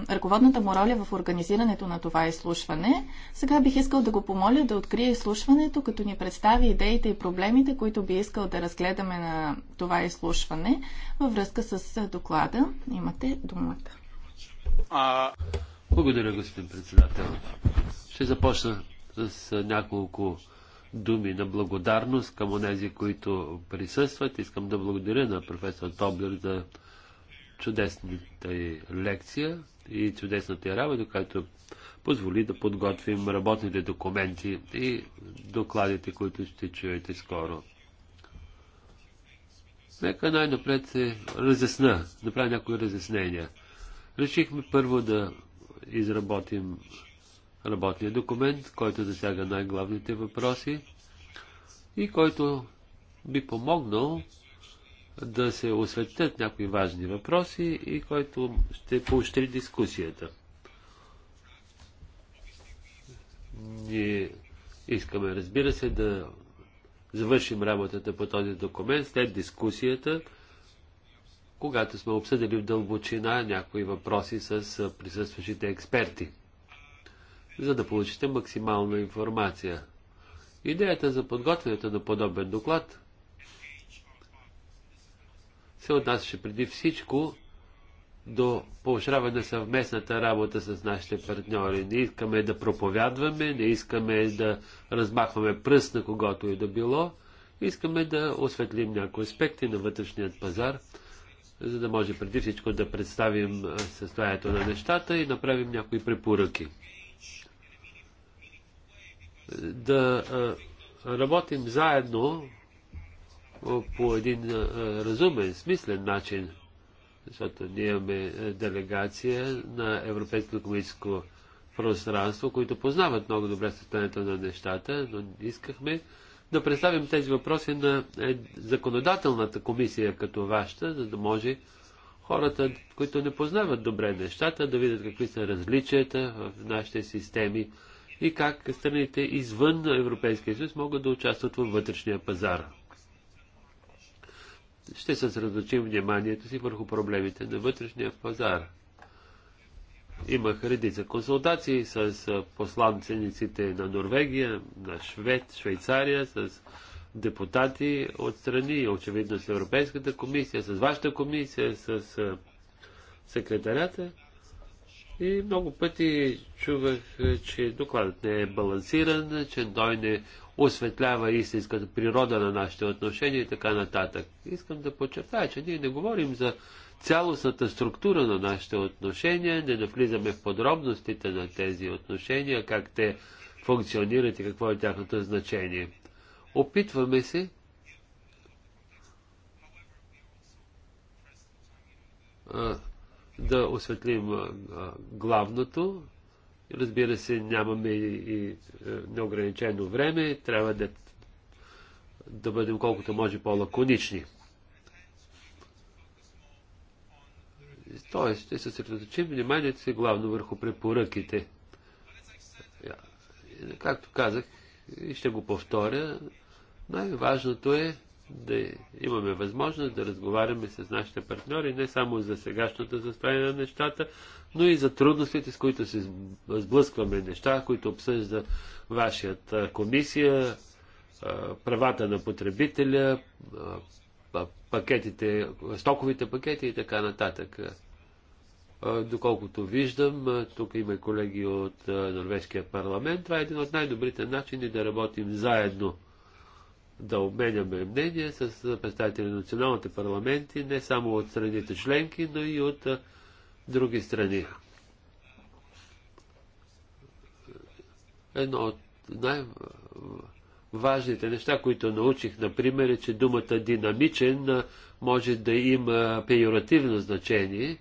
ръководната му роля в организирането на това изслушване. Сега бих искал да го помоля да открие изслушването, като ни представи идеите и проблемите, които би искал да разгледаме на това изслушване във връзка с доклада. Имате думата. А... Благодаря, господин председател. Ще започна с няколко думи на благодарност към онези, които присъстват. Искам да благодаря на професор Тоблер за чудесната й лекция и чудесната й работа, която позволи да подготвим работните документи и докладите, които ще чуете скоро. Нека най-напред се разясна, направя някои разяснения. Решихме първо да изработим работния документ, който засяга най-главните въпроси и който би помогнал да се осветят някои важни въпроси и който ще поощри дискусията. Ние искаме, разбира се, да завършим работата по този документ след дискусията, когато сме обсъдили в дълбочина някои въпроси с присъстващите експерти, за да получите максимална информация. Идеята за подготвянето на подобен доклад се отнасяше преди всичко до поощряване на съвместната работа с нашите партньори. Не искаме да проповядваме, не искаме да размахваме пръст на когото и да било, искаме да осветлим някои аспекти на вътрешният пазар – за да може преди всичко да представим състоянието на нещата и направим някои препоръки. Да работим заедно по един разумен, смислен начин, защото ние имаме делегация на Европейското економическо пространство, които познават много добре състоянието на нещата, но искахме да представим тези въпроси на е, законодателната комисия като вашата, за да може хората, които не познават добре нещата, да видят какви са различията в нашите системи и как страните извън Европейския съюз могат да участват във вътрешния пазар. Ще съсредоточим вниманието си върху проблемите на вътрешния пазар. Имах редица консултации с посланцениците на Норвегия, на Швед, Швейцария, с депутати от страни, очевидно с Европейската комисия, с вашата комисия, с секретарята. И много пъти чувах, че докладът не е балансиран, че той не осветлява истинската природа на нашите отношения и така нататък. Искам да подчертая, че ние не говорим за цялостната структура на нашите отношения, не навлизаме в подробностите на тези отношения, как те функционират и какво е тяхното значение. Опитваме се а, да осветлим а, главното. Разбира се, нямаме и, и е, неограничено време, трябва да, да бъдем колкото може по-лаконични. Тоест, ще съсредоточим вниманието си главно върху препоръките. Както казах, и ще го повторя, най-важното е да имаме възможност да разговаряме с нашите партньори не само за сегашното състояние на нещата, но и за трудностите, с които се сблъскваме, неща, които обсъжда вашият комисия, правата на потребителя, пакетите, стоковите пакети и така нататък. Доколкото виждам, тук има колеги от Норвежкия парламент. Това е един от най-добрите начини да работим заедно, да обменяме мнение с представители на националните парламенти, не само от страните членки, но и от други страни. Едно от най- важните неща, които научих, например, е, че думата динамичен може да има пеоративно значение.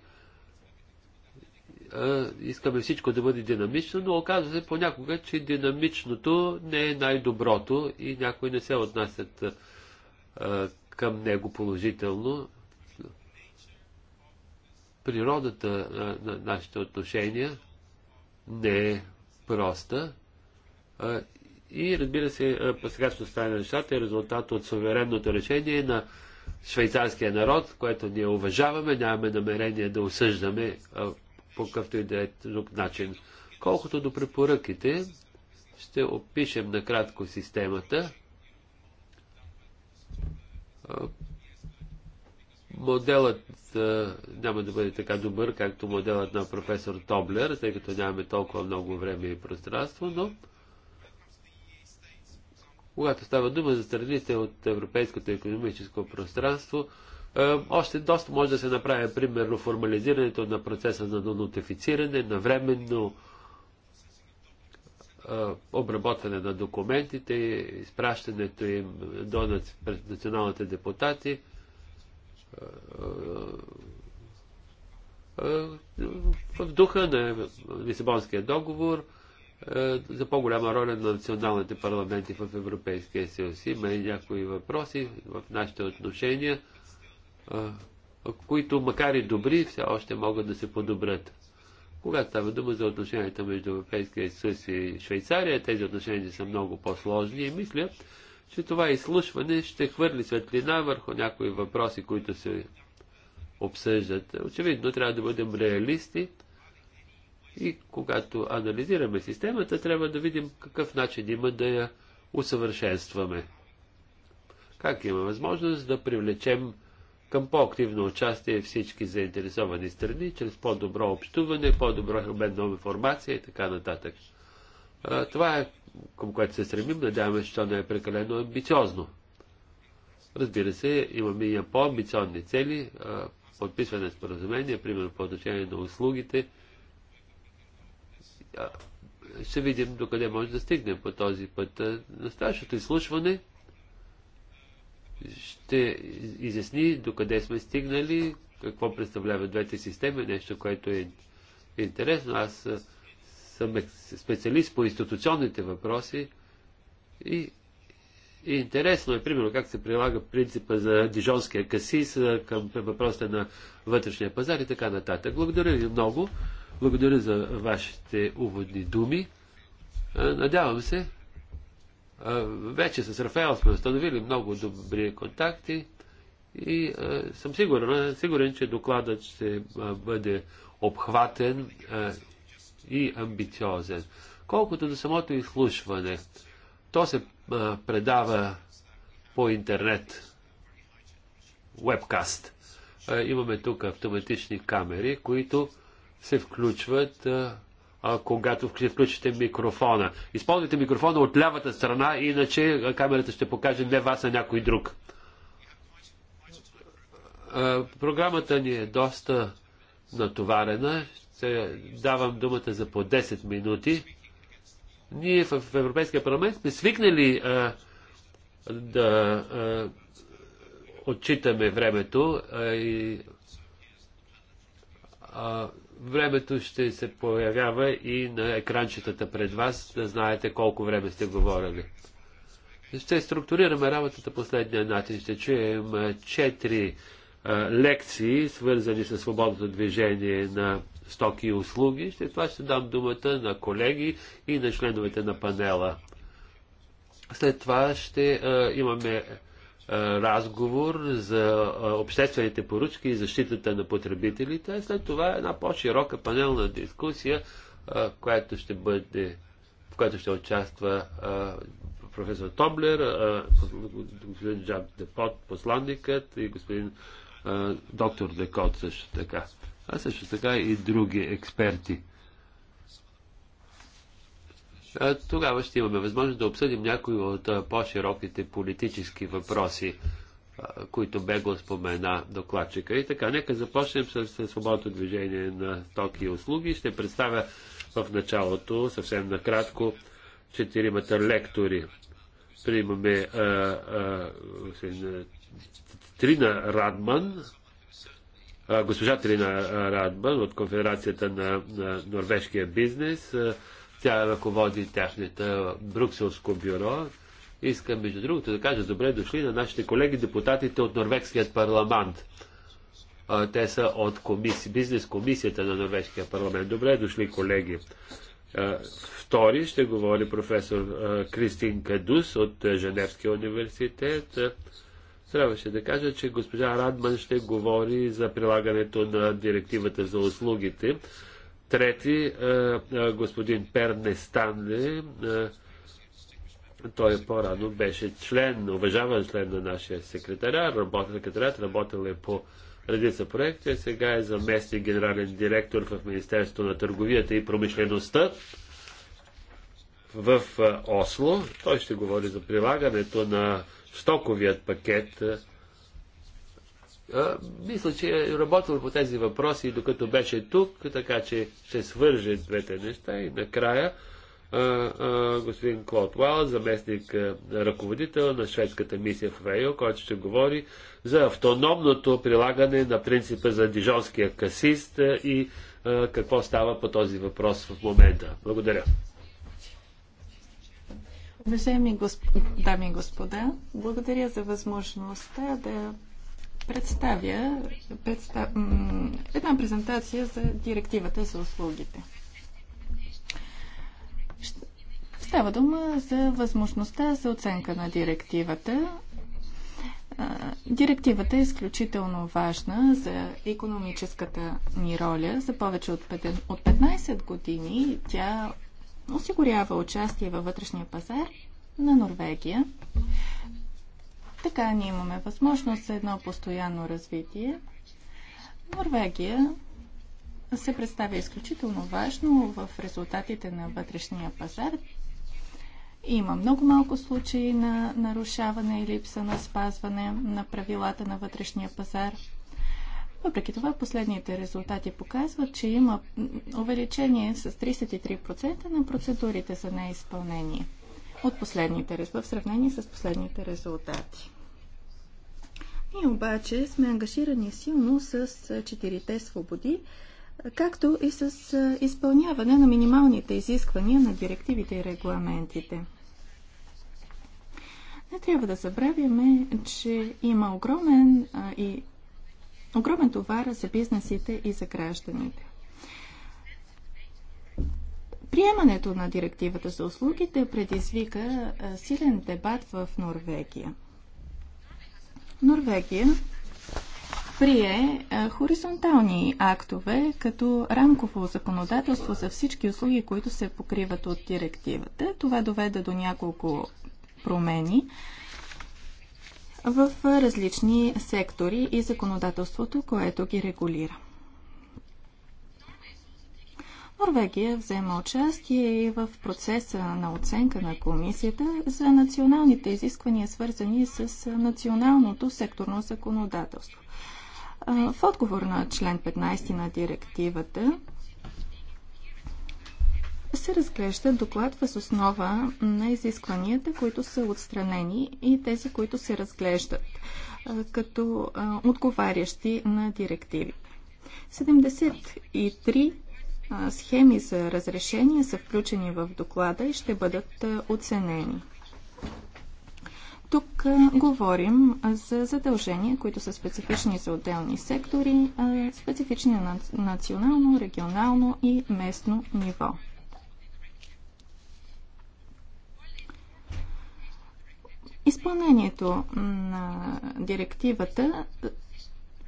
Искаме всичко да бъде динамично, но оказва се понякога, че динамичното не е най-доброто и някои не се отнасят към него положително. Природата на нашите отношения не е проста и разбира се, е, по ще стане нещата е резултат от суверенното решение на швейцарския народ, което ние уважаваме, нямаме намерение да осъждаме е, по какъвто и да е друг начин. Колкото до препоръките, ще опишем накратко системата. Е, моделът няма да бъде така добър, както моделът на професор Тоблер, тъй като нямаме толкова много време и пространство, но когато става дума за страните от европейското економическо пространство, е, още доста може да се направи, примерно, формализирането на процеса на нотифициране, на временно е, обработване на документите, изпращането им до националните депутати, е, в духа на Лисабонския договор – е, за по-голяма роля на националните парламенти в Европейския съюз. Има и някои въпроси в нашите отношения, е, които макар и добри, все още могат да се подобрят. Когато става дума за отношенията между Европейския съюз и Швейцария, тези отношения са много по-сложни и мисля, че това изслушване ще хвърли светлина върху някои въпроси, които се обсъждат. Очевидно трябва да бъдем реалисти и когато анализираме системата, трябва да видим какъв начин има да я усъвършенстваме. Как има възможност да привлечем към по-активно участие всички заинтересовани страни, чрез по-добро общуване, по-добро обмен на информация и така нататък. Това е към което се стремим, надяваме, че то не е прекалено амбициозно. Разбира се, имаме и по-амбициозни цели, подписване на споразумения, примерно по отношение на услугите – ще видим докъде може да стигнем по този път. На старшото изслушване ще изясни докъде сме стигнали, какво представляват двете системи, нещо, което е интересно. Аз съм специалист по институционните въпроси и, и интересно е, примерно, как се прилага принципа за дижонския касис към въпросите на вътрешния пазар и така нататък. Благодаря ви много. Благодаря за вашите уводни думи. Надявам се, вече с Рафаел сме установили много добри контакти и съм сигурен, сигурен че докладът ще бъде обхватен и амбициозен. Колкото до самото изслушване, то се предава по интернет, вебкаст. Имаме тук автоматични камери, които се включват, а, когато включите микрофона. Използвайте микрофона от лявата страна, иначе камерата ще покаже не вас, а някой друг. А, програмата ни е доста натоварена. Ще давам думата за по 10 минути. Ние в Европейския парламент сме свикнали а, да а, отчитаме времето а, и а, времето ще се появява и на екранчетата пред вас, да знаете колко време сте говорили. Ще структурираме работата последния начин. Ще чуем четири лекции, свързани с свободното движение на стоки и услуги. Ще, това ще дам думата на колеги и на членовете на панела. След това ще а, имаме е, разговор за е, обществените поръчки и защитата на потребителите, след това е една по-широка панелна дискусия, която ще бъде, в която ще участва професор Тоблер, господин Джаб Депот, посланникът и господин доктор Декот също така. А също така и други експерти тогава ще имаме възможност да обсъдим някои от по-широките политически въпроси, които бе го спомена докладчика. И така, нека започнем с свободното движение на токи и услуги. Ще представя в началото, съвсем накратко, четиримата лектори. Приемаме Трина Радман, госпожа Трина Радман от Конфедерацията на, на норвежкия бизнес, тя ръководи тяхната брукселско бюро. Искам, между другото, да кажа добре дошли на нашите колеги депутатите от Норвегският парламент. Те са от комиси, бизнес комисията на Норвежкия парламент. Добре дошли, колеги. Втори ще говори професор Кристин Кадус от Женевския университет. Трябваше да кажа, че госпожа Радман ще говори за прилагането на директивата за услугите. Трети, е, е, господин Перне Станле, той по-рано беше член, уважаван член на нашия секретаря, работен секретарят, работил е по редица проекти, сега е заместник генерален директор в Министерството на търговията и промишлеността в е, Осло. Той ще говори за прилагането на стоковият пакет мисля, че е работил по тези въпроси, докато беше тук, така че ще свърже двете неща и накрая господин Клод Уал, заместник ръководител на шведската мисия в ВАИО, който ще говори за автономното прилагане на принципа за дижонския касист и какво става по този въпрос в момента. Благодаря. Уважаеми госп... дами и господа, благодаря за възможността да представя представ... една презентация за директивата за услугите. Става дума за възможността за оценка на директивата. Директивата е изключително важна за економическата ни роля. За повече от 15 години тя осигурява участие във вътрешния пазар на Норвегия така ние имаме възможност за едно постоянно развитие. Норвегия се представя изключително важно в резултатите на вътрешния пазар. Има много малко случаи на нарушаване и липса на спазване на правилата на вътрешния пазар. Въпреки това, последните резултати показват, че има увеличение с 33% на процедурите за неизпълнение от последните, в сравнение с последните резултати. Ние обаче сме ангажирани силно с четирите свободи, както и с изпълняване на минималните изисквания на директивите и регламентите. Не трябва да забравяме, че има огромен, а, и, огромен товар за бизнесите и за гражданите. Приемането на директивата за услугите предизвика силен дебат в Норвегия. Норвегия прие хоризонтални актове като рамково законодателство за всички услуги, които се покриват от директивата. Това доведе до няколко промени в различни сектори и законодателството, което ги регулира. Норвегия взема участие и в процеса на оценка на комисията за националните изисквания, свързани с националното секторно законодателство. В отговор на член 15 на директивата се разглежда доклад въз основа на изискванията, които са отстранени и тези, които се разглеждат като отговарящи на директивите. 73 схеми за разрешение са включени в доклада и ще бъдат оценени. Тук говорим за задължения, които са специфични за отделни сектори, специфични на национално, регионално и местно ниво. Изпълнението на директивата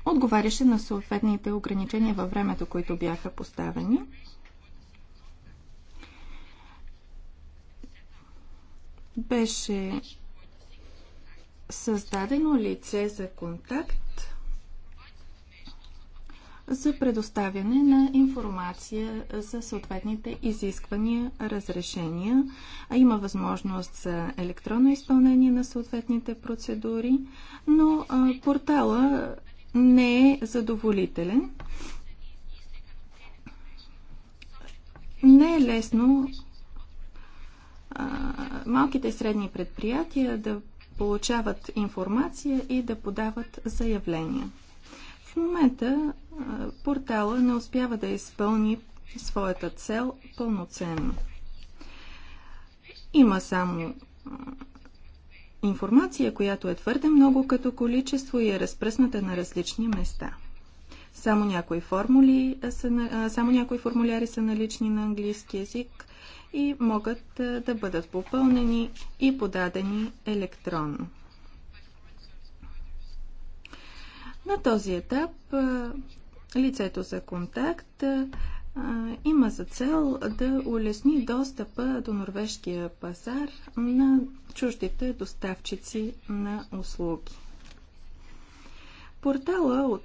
отговаряше на съответните ограничения във времето, които бяха поставени. Беше създадено лице за контакт за предоставяне на информация за съответните изисквания, разрешения. А има възможност за електронно изпълнение на съответните процедури, но портала не е задоволителен. Не е лесно а, малките и средни предприятия да получават информация и да подават заявления. В момента а, портала не успява да изпълни своята цел пълноценно. Има само информация, която е твърде много като количество и е разпръсната на различни места. Само някои, формули са, само някои формуляри са налични на английски язик и могат да бъдат попълнени и подадени електронно. На този етап лицето за контакт има за цел да улесни достъпа до норвежкия пазар на чуждите доставчици на услуги. Портала от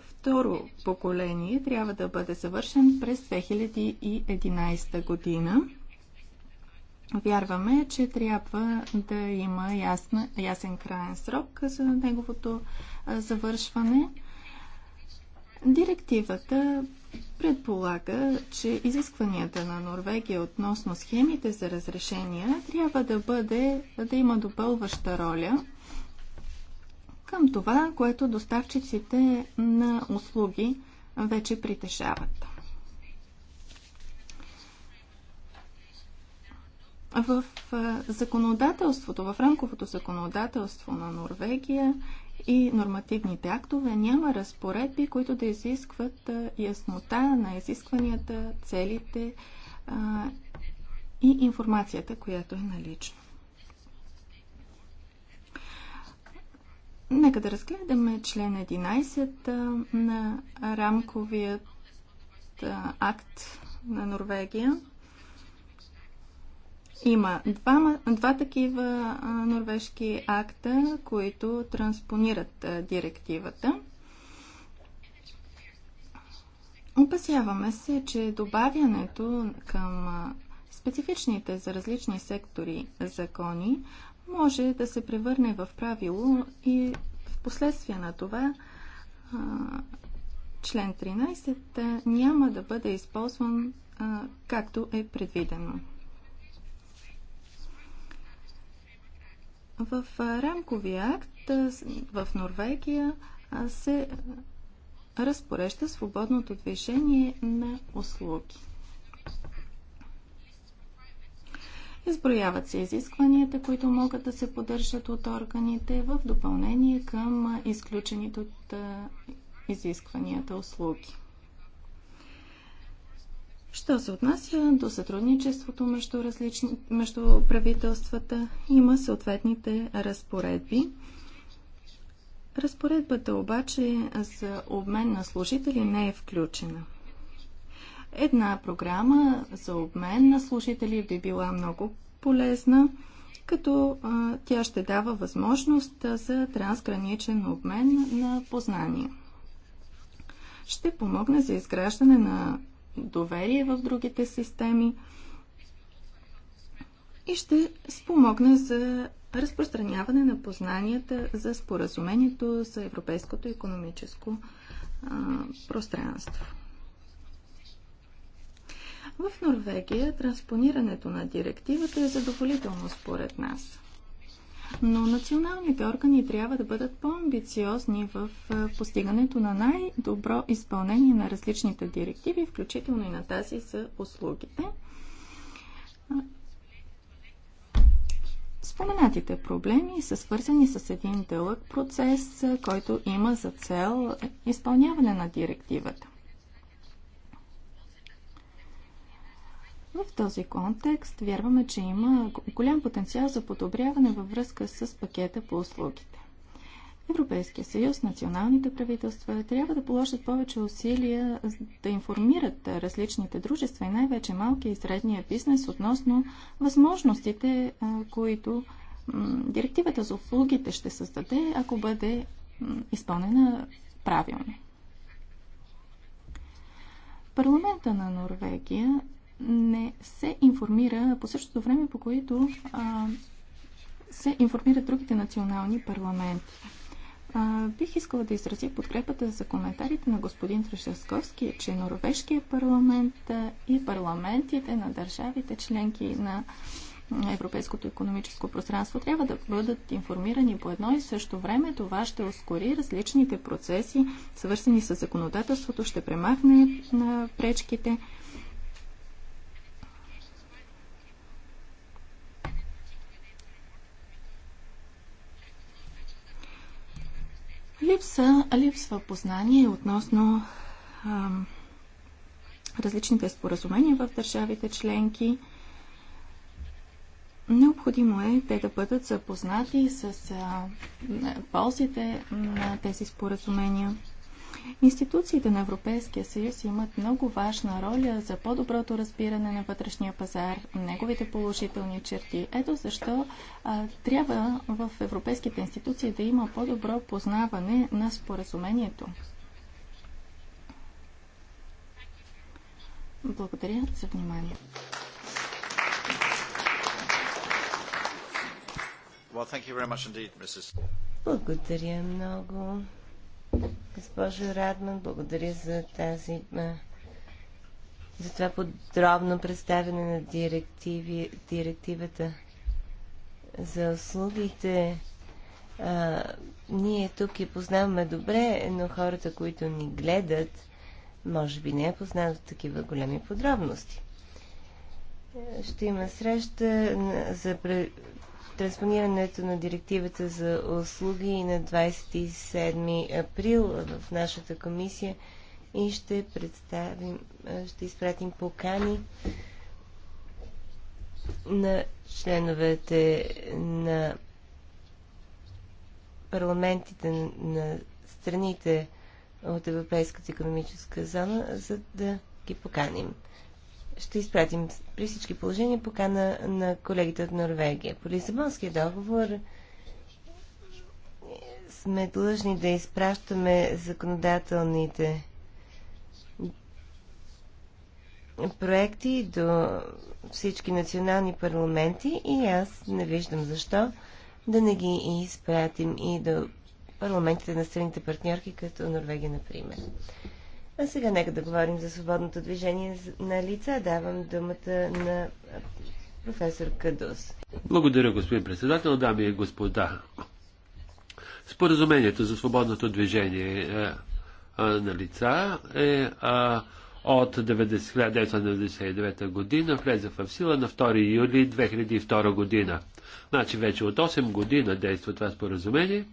второ поколение трябва да бъде завършен през 2011 година. Вярваме, че трябва да има ясна, ясен крайен срок за неговото завършване – Директивата предполага, че изискванията на Норвегия относно схемите за разрешения трябва да бъде да има допълваща роля към това, което доставчиците на услуги вече притежават. В законодателството, в рамковото законодателство на Норвегия и нормативните актове няма разпоредби, които да изискват яснота на изискванията, целите а, и информацията, която е налична. Нека да разгледаме член 11 на рамковият акт на Норвегия. Има два, два такива норвежки акта, които транспонират директивата. Опасяваме се, че добавянето към специфичните за различни сектори закони може да се превърне в правило и в последствие на това член 13 няма да бъде използван както е предвидено. В рамковия акт в Норвегия се разпорежда свободното движение на услуги. Изброяват се изискванията, които могат да се поддържат от органите в допълнение към изключените от изискванията услуги. Що се отнася до сътрудничеството между, различни, между правителствата, има съответните разпоредби. Разпоредбата обаче за обмен на служители не е включена. Една програма за обмен на служители би била много полезна, като а, тя ще дава възможност за трансграничен обмен на познания. Ще помогне за изграждане на доверие в другите системи и ще спомогне за разпространяване на познанията за споразумението за европейското економическо а, пространство. В Норвегия транспонирането на директивата е задоволително според нас но националните органи трябва да бъдат по-амбициозни в постигането на най-добро изпълнение на различните директиви, включително и на тази за услугите. Споменатите проблеми са свързани с един дълъг процес, който има за цел изпълняване на директивата. В този контекст вярваме, че има голям потенциал за подобряване във връзка с пакета по услугите. Европейския съюз, националните правителства трябва да положат повече усилия да информират различните дружества и най-вече малкия и средния бизнес относно възможностите, които директивата за услугите ще създаде, ако бъде изпълнена правилно. Парламента на Норвегия не се информира по същото време, по които а, се информират другите национални парламенти. А, бих искала да изразя подкрепата за коментарите на господин Трешевски, че Норвежкия парламент и парламентите на държавите членки на Европейското економическо пространство трябва да бъдат информирани по едно и също време. Това ще ускори различните процеси, свързани с законодателството, ще премахне пречките Липса, липсва познание относно ам, различните споразумения в държавите членки. Необходимо е те да бъдат запознати с а, ползите на тези споразумения. Институциите на Европейския съюз имат много важна роля за по-доброто разбиране на вътрешния пазар, неговите положителни черти. Ето защо а, трябва в европейските институции да има по-добро познаване на споразумението. Благодаря за вниманието. Well, Благодаря много. Госпожо Радман, благодаря за тази за това подробно представяне на директиви, директивата за услугите. А, ние тук я познаваме добре, но хората, които ни гледат, може би не я познават такива големи подробности. Ще има среща за транспонирането на директивата за услуги на 27 април в нашата комисия и ще представим, ще изпратим покани на членовете на парламентите на страните от Европейската економическа зона, за да ги поканим ще изпратим при всички положения покана на колегите от Норвегия. По Лисабонския договор е, сме длъжни да изпращаме законодателните проекти до всички национални парламенти и аз не виждам защо да не ги изпратим и до парламентите на страните партньорки, като Норвегия, например. А сега нека да говорим за свободното движение на лица. Давам думата на професор Кадус. Благодаря, господин председател, дами и господа. Споразумението за свободното движение е, е, на лица е, е от 1999 година, влезе в сила на 2 юли 2002 година. Значи вече от 8 година действа това споразумение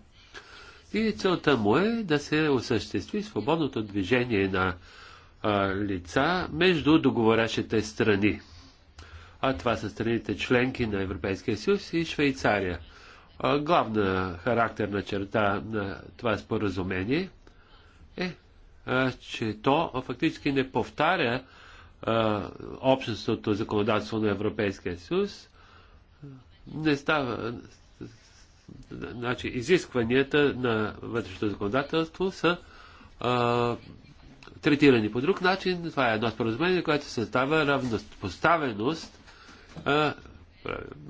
и целта му е да се осъществи свободното движение на а, лица между договорящите страни. А това са страните членки на Европейския съюз и Швейцария. А, главна характерна черта на това споразумение е, а, че то а, фактически не повтаря а, общностното законодателство на Европейския съюз. Не става, Значи, изискванията на вътрешното законодателство са а, третирани по друг начин. Това е едно споразумение, което създава равнопоставеност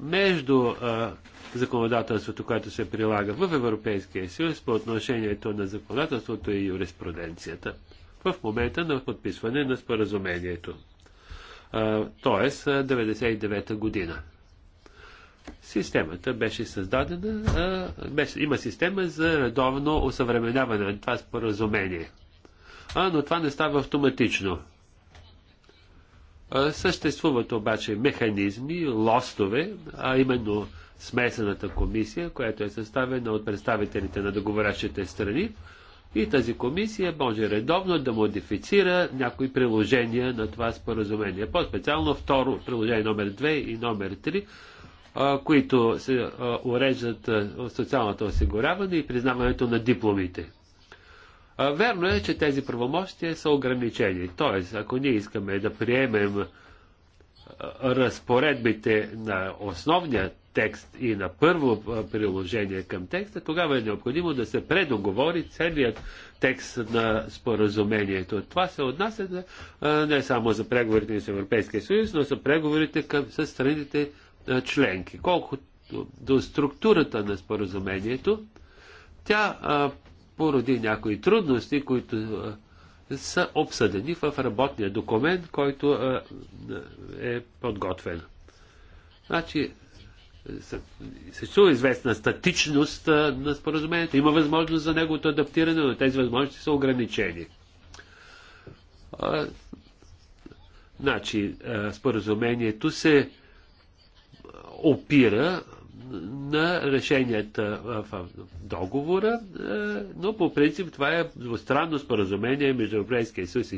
между а, законодателството, което се прилага в Европейския съюз по отношението на законодателството и юриспруденцията в момента на подписване на споразумението. Тоест 99-та година. Системата беше създадена, а, беше, има система за редовно осъвременяване на това споразумение. А, но това не става автоматично. А, съществуват обаче механизми, лостове, а именно смесената комисия, която е съставена от представителите на договорящите страни, и тази комисия може редовно да модифицира някои приложения на това споразумение. По-специално второ, приложение номер 2 и номер 3 които се уреждат социалното осигуряване и признаването на дипломите. Верно е, че тези правомощия са ограничени. Тоест, ако ние искаме да приемем разпоредбите на основния текст и на първо приложение към текста, тогава е необходимо да се предоговори целият текст на споразумението. Това се отнася не само за преговорите с Европейския съюз, но за преговорите към, с страните членки. Колкото до структурата на споразумението, тя а, породи някои трудности, които а, са обсъдени в работния документ, който а, е подготвен. Значи, съществува известна статичност а, на споразумението. Има възможност за неговото адаптиране, но тези възможности са ограничени. А, значи, а, споразумението се опира на решенията в договора, но по принцип това е двустранно споразумение между Европейския съюз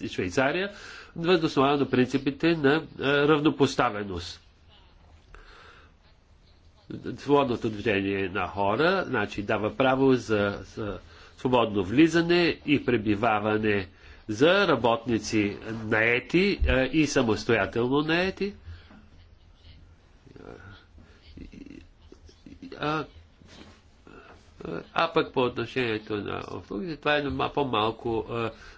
и Швейцария, възоснова на принципите на равнопоставеност. Свободното движение на хора значи, дава право за свободно влизане и пребиваване за работници наети и самостоятелно наети – а, а пък по отношението на услугите, това е по-малко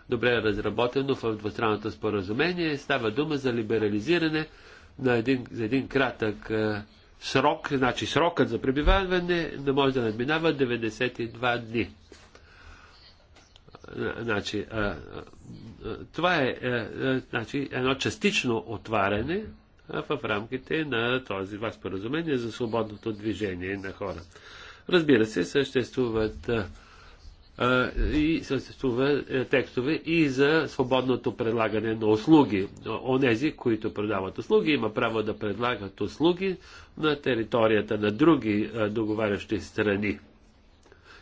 добре разработено в двустранното споразумение. Става дума за либерализиране на един, за един кратък а, срок, значи срокът за пребиваване не може да надминава 92 дни. Значи, това е, е, е значи, едно частично отваряне в рамките на този това споразумение за свободното движение на хора. Разбира се, съществуват а, и съществува е, текстове и за свободното предлагане на услуги. Онези, които продават услуги, има право да предлагат услуги на територията на други договарящи страни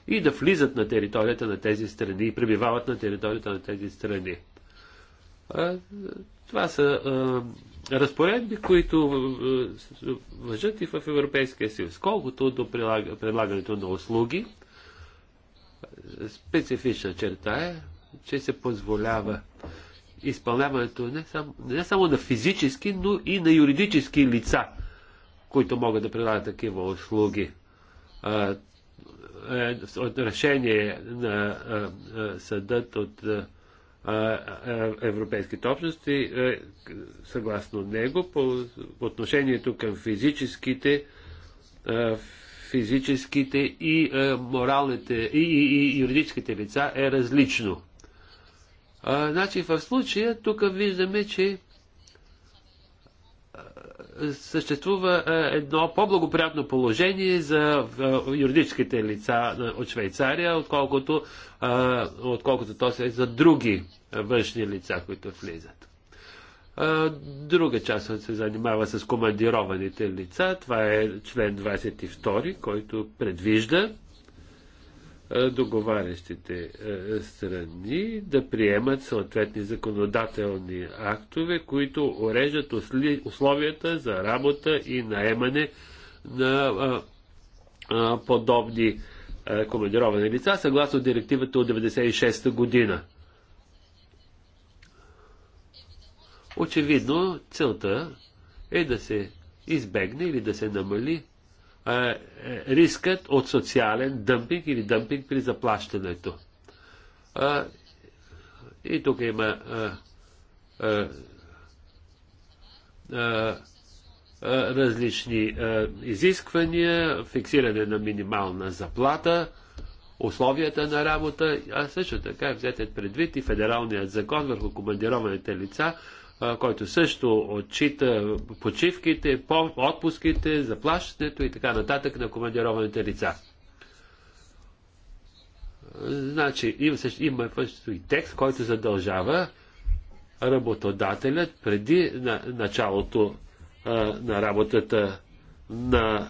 и да влизат на територията на тези страни и пребивават на територията на тези страни. това са разпоредби, които е, въжат и в Европейския съюз. Колкото до предлагането на услуги, е, специфична черта е, че се позволява изпълняването не само, не само на физически, но и на юридически лица, които могат да предлагат такива услуги. Е, от решение на съдът от Европейските общности. Съгласно него, по отношението към физическите, физическите и моралните и, и, и юридическите лица е различно. значи в случая тук виждаме, че съществува е, едно по-благоприятно положение за е, юридическите лица е, от Швейцария, отколкото, отколкото то се е за други външни лица, които влизат. Друга част се занимава с командированите лица. Това е член 22, който предвижда е, договарящите е, страни да приемат съответни законодателни актове, които уреждат условията за работа и наемане на е, подобни командировани лица, съгласно директивата от 1996 година. Очевидно, целта е да се избегне или да се намали е, е, рискът от социален дъмпинг или дъмпинг при заплащането. И тук има различни изисквания, фиксиране на минимална заплата, условията на работа, а също така е взетен предвид и федералният закон върху командированите лица, който също отчита почивките, отпуските, заплащането и така нататък на командированите лица. Значи, има, също, има също и текст, който задължава работодателят преди на, началото а, на работата на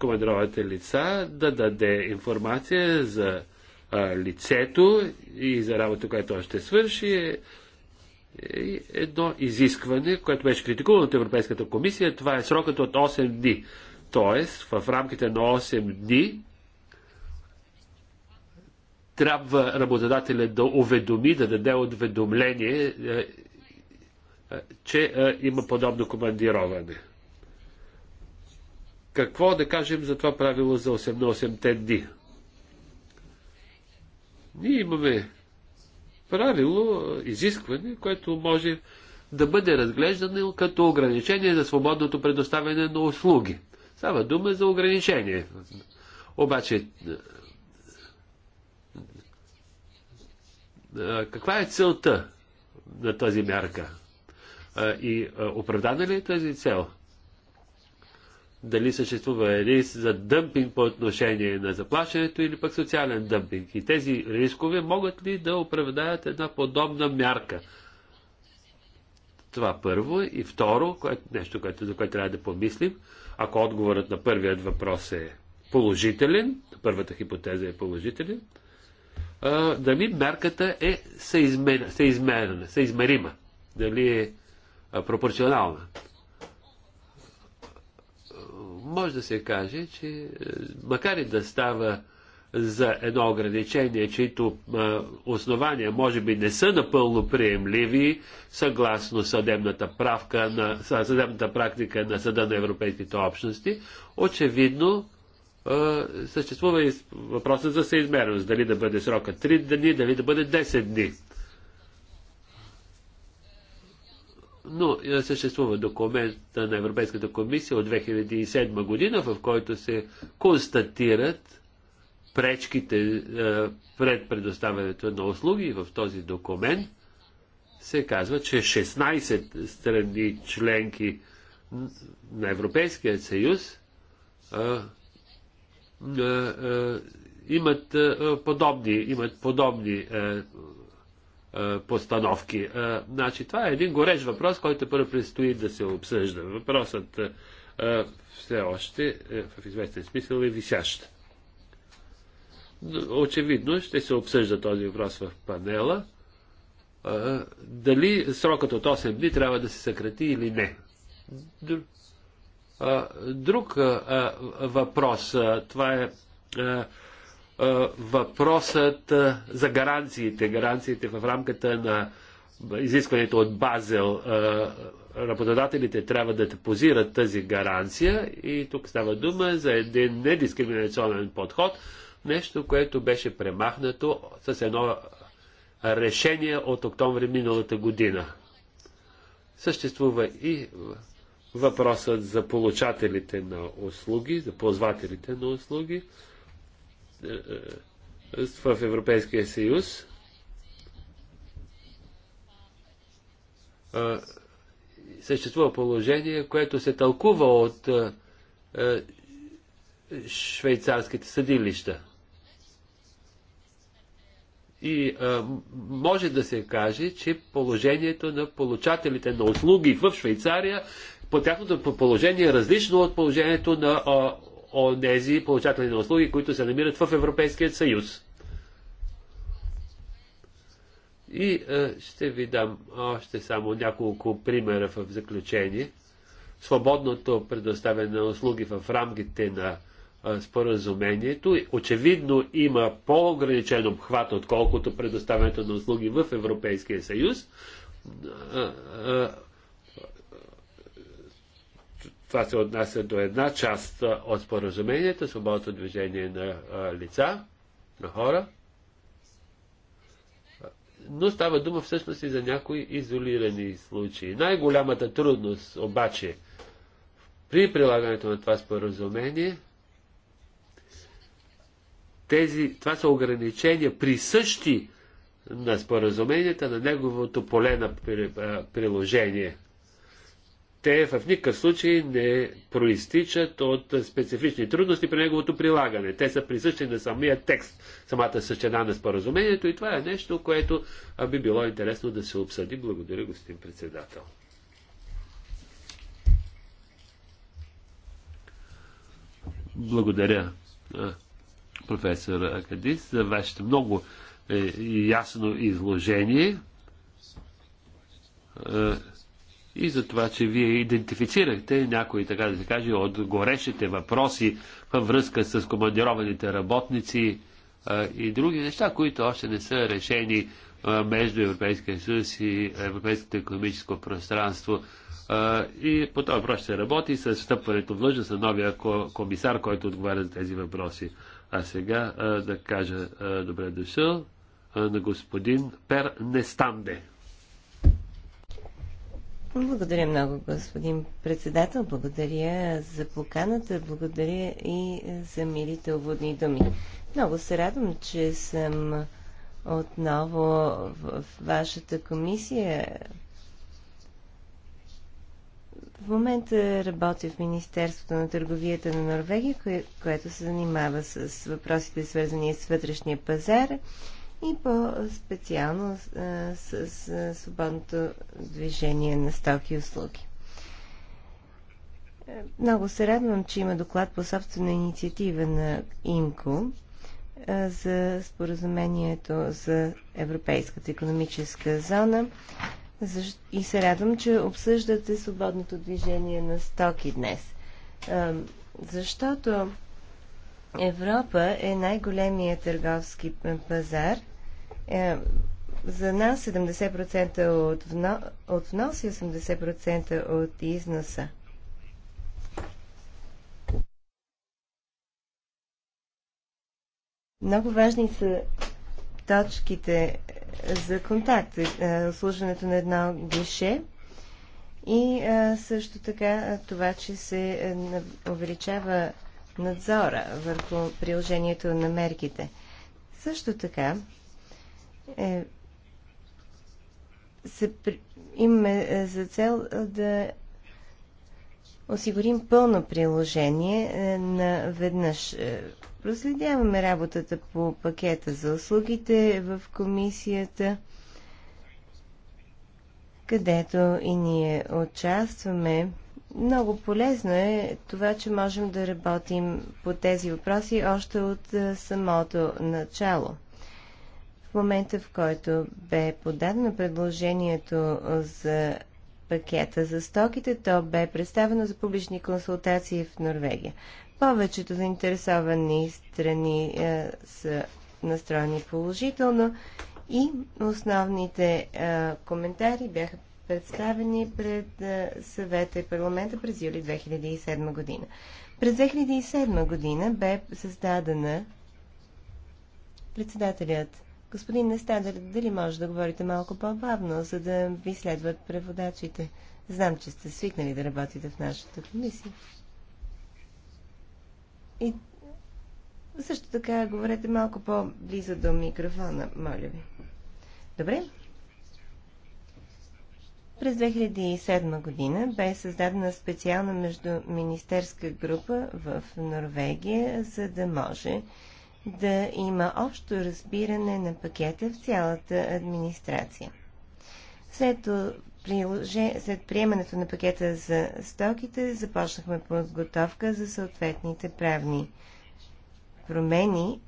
командированите лица да даде информация за лицето и за работа, която ще свърши, е едно изискване, което беше критикувано от Европейската комисия. Това е срокът от 8 дни. Тоест, в рамките на 8 дни трябва работодателя да уведоми, да даде уведомление, е, е, че има подобно командироване. Какво да кажем за това правило за 8 на 8 дни? Ние имаме правило, е, изискване, което може да бъде разглеждано като ограничение за свободното предоставяне на услуги. Става дума за ограничение. Обаче, е, е, каква е целта на тази мярка? И оправдана ли е тази цел? дали съществува риск за дъмпинг по отношение на заплащането или пък социален дъмпинг. И тези рискове могат ли да оправдаят една подобна мярка? Това първо. И второ, което, нещо, което, за което трябва да помислим, ако отговорът на първият въпрос е положителен, първата хипотеза е положителен, дали мярката е съизмерна, съизмерна, съизмерима, дали е пропорционална може да се каже, че е, макар и да става за едно ограничение, чието а, е, основания може би не са напълно приемливи, съгласно съдебната, правка на, съдебната практика на Съда на Европейските общности, очевидно а, е, съществува и въпросът за съизмерност. Дали да бъде срока 3 дни, дали да бъде 10 дни. но е, съществува документ на Европейската комисия от 2007 година, в който се констатират пречките е, пред предоставянето на услуги. В този документ се казва, че 16 страни членки на Европейския съюз а, а, а, имат е, подобни, имат подобни постановки. Значи, това е един горещ въпрос, който първо предстои да се обсъжда. Въпросът все още е, в известен смисъл е висящ. Очевидно ще се обсъжда този въпрос в панела. Дали срокът от 8 дни трябва да се съкрати или не? Друг въпрос, това е въпросът за гаранциите, гаранциите в рамката на изискването от Базел. Работодателите трябва да депозират тази гаранция и тук става дума за един недискриминационен подход, нещо, което беше премахнато с едно решение от октомври миналата година. Съществува и въпросът за получателите на услуги, за ползвателите на услуги в Европейския съюз. Съществува положение, което се тълкува от швейцарските съдилища. И а, може да се каже, че положението на получателите на услуги в Швейцария по тяхното положение е различно от положението на а, онези получатели на услуги, които се намират в Европейския съюз. И е, ще ви дам още само няколко примера в заключение. Свободното предоставяне на услуги в рамките на е, споразумението очевидно има по-ограничен обхват, отколкото предоставянето на услуги в Европейския съюз. Е, е това се отнася до една част от споразумението, свободното движение на лица, на хора, но става дума всъщност и за някои изолирани случаи. Най-голямата трудност обаче при прилагането на това споразумение тези, това са ограничения присъщи на споразуменията на неговото поле на приложение – те в никакъв случай не проистичат от специфични трудности при неговото прилагане. Те са присъщи на самия текст, самата същина на споразумението и това е нещо, което би било интересно да се обсъди. Благодаря, господин председател. Благодаря, професор Акадис, за вашето много е, ясно изложение и за това, че вие идентифицирахте някои, така да се каже, от горещите въпроси във връзка с командированите работници а, и други неща, които още не са решени а, между Европейския съюз и Европейското економическо пространство. А, и по този въпрос ще работи с встъпването в длъжност на новия комисар, който отговаря за тези въпроси. А сега а, да кажа а, добре дошъл а, на господин Пер Нестанде. Благодаря много, господин председател. Благодаря за поканата, благодаря и за милите уводни думи. Много се радвам, че съм отново в вашата комисия. В момента работя в Министерството на търговията на Норвегия, кое, което се занимава с въпросите, свързани с вътрешния пазар и по-специално с, с свободното движение на стоки и услуги. Е, много се радвам, че има доклад по собствена инициатива на ИМКО за споразумението за Европейската економическа зона и се радвам, че обсъждате свободното движение на стоки днес. Е, защото Европа е най-големият търговски пазар – е, за нас 70% от, вно, от внос и 80% от износа. Много важни са точките за контакт, е, служенето на едно гише и е, също така това, че се е, увеличава надзора върху приложението на мерките. Също така, е, се, имаме е, за цел е, да осигурим пълно приложение е, на веднъж. Проследяваме работата по пакета за услугите в комисията, където и ние участваме. Много полезно е това, че можем да работим по тези въпроси още от самото начало. В момента, в който бе подадено предложението за пакета за стоките, то бе представено за публични консултации в Норвегия. Повечето заинтересовани страни е, са настроени положително и основните е, коментари бяха представени пред е, съвета и парламента през юли 2007 година. През 2007 година бе създадена председателят Господин Нестадър, дали може да говорите малко по-бавно, за да ви следват преводачите? Знам, че сте свикнали да работите в нашата комисия. И също така говорете малко по-близо до микрофона, моля ви. Добре? През 2007 година бе създадена специална междуминистерска група в Норвегия, за да може да има общо разбиране на пакета в цялата администрация. След, приложе, след приемането на пакета за стоките започнахме подготовка за съответните правни промени,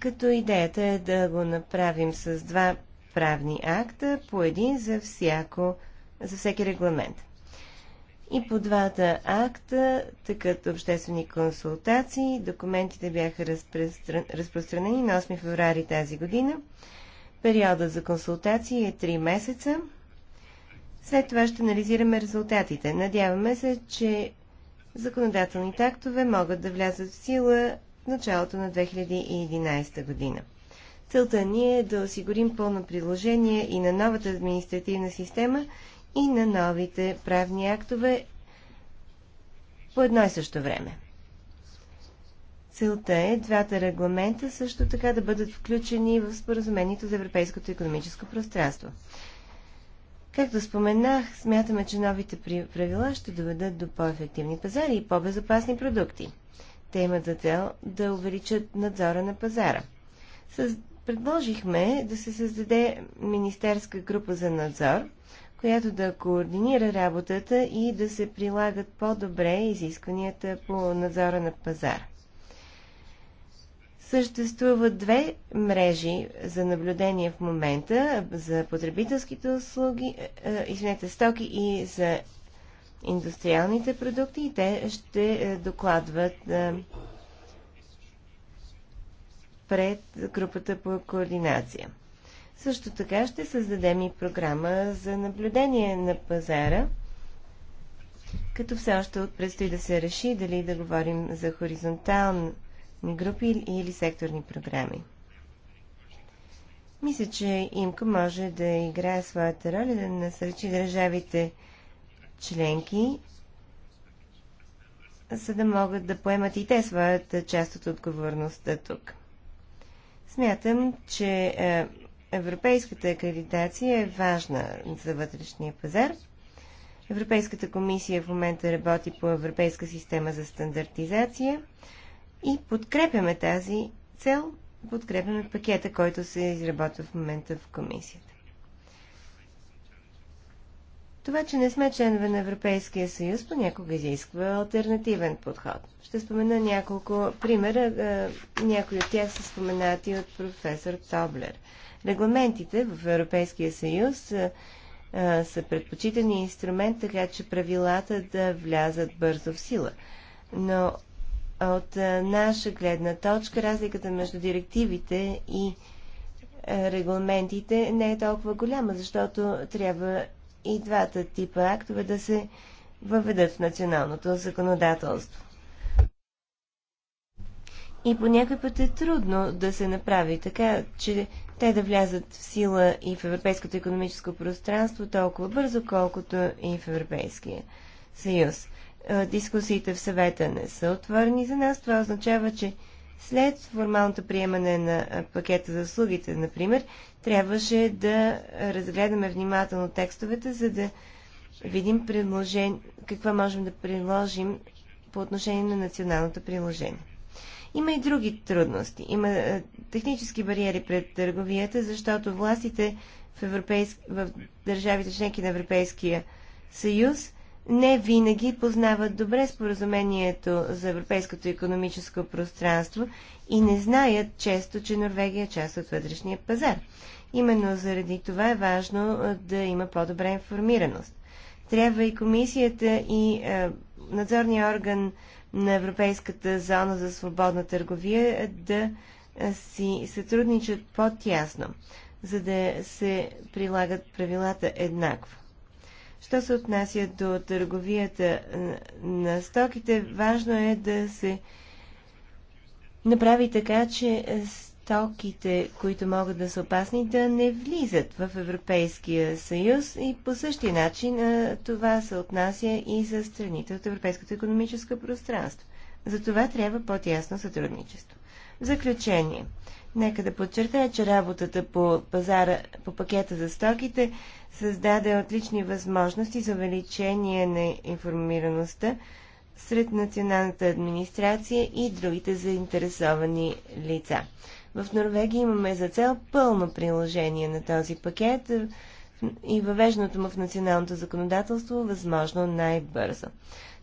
като идеята е да го направим с два правни акта, по един за, всяко, за всеки регламент. И по двата акта такът обществени консултации. Документите бяха разпространени на 8 феврари тази година. Периода за консултации е 3 месеца. След това ще анализираме резултатите. Надяваме се, че законодателните актове могат да влязат в сила в началото на 2011 година. Целта ни е да осигурим пълно приложение и на новата административна система – и на новите правни актове по едно и също време. Целта е двата регламента също така да бъдат включени в споразумението за Европейското економическо пространство. Както споменах, смятаме, че новите правила ще доведат до по-ефективни пазари и по-безопасни продукти. Те имат за цел да увеличат надзора на пазара. Предложихме да се създаде Министерска група за надзор, която да координира работата и да се прилагат по-добре изискванията по надзора на пазара. Съществуват две мрежи за наблюдение в момента за потребителските услуги, е, е, извинете, стоки и за индустриалните продукти и те ще е, докладват пред групата по координация. Също така ще създадем и програма за наблюдение на пазара, като все още предстои да се реши дали да говорим за хоризонтални групи или секторни програми. Мисля, че имка може да играе своята роля, да насърчи държавите членки, за да могат да поемат и те своята част от отговорността тук. Смятам, че е, Европейската акредитация е важна за вътрешния пазар. Европейската комисия в момента работи по Европейска система за стандартизация и подкрепяме тази цел, подкрепяме пакета, който се изработва в момента в комисията. Това, че не сме членове на Европейския съюз, понякога изисква альтернативен подход. Ще спомена няколко примера, е, някои от тях са споменати от професор Тоблер – Регламентите в Европейския съюз а, а, са предпочитани инструмент, така че правилата да влязат бързо в сила. Но от а, наша гледна точка разликата между директивите и регламентите не е толкова голяма, защото трябва и двата типа актове да се въведат в националното законодателство. И по път е трудно да се направи така, че те да влязат в сила и в Европейското економическо пространство толкова бързо, колкото и в Европейския съюз. Е, дискусиите в съвета не са отворени за нас. Това означава, че след формалното приемане на пакета за услугите, например, трябваше да разгледаме внимателно текстовете, за да видим предложен... какво можем да приложим по отношение на националното приложение. Има и други трудности. Има е, технически бариери пред търговията, защото властите в, европейск... в държавите членки на Европейския съюз не винаги познават добре споразумението за Европейското економическо пространство и не знаят често, че Норвегия е част от вътрешния пазар. Именно заради това е важно е, да има по-добра информираност. Трябва и комисията и е, надзорния орган на Европейската зона за свободна търговия да си сътрудничат по-тясно, за да се прилагат правилата еднакво. Що се отнася до търговията е, на стоките, важно е да се направи така, че стоките, които могат да са опасни, да не влизат в Европейския съюз и по същия начин това се отнася и за страните от Европейското економическо пространство. За това трябва по-тясно сътрудничество. В заключение, нека да подчертая, че работата по, пазара, по пакета за стоките създаде отлични възможности за увеличение на информираността сред националната администрация и другите заинтересовани лица. В Норвегия имаме за цел пълно приложение на този пакет е, и въвеждането му в националното законодателство възможно най-бързо.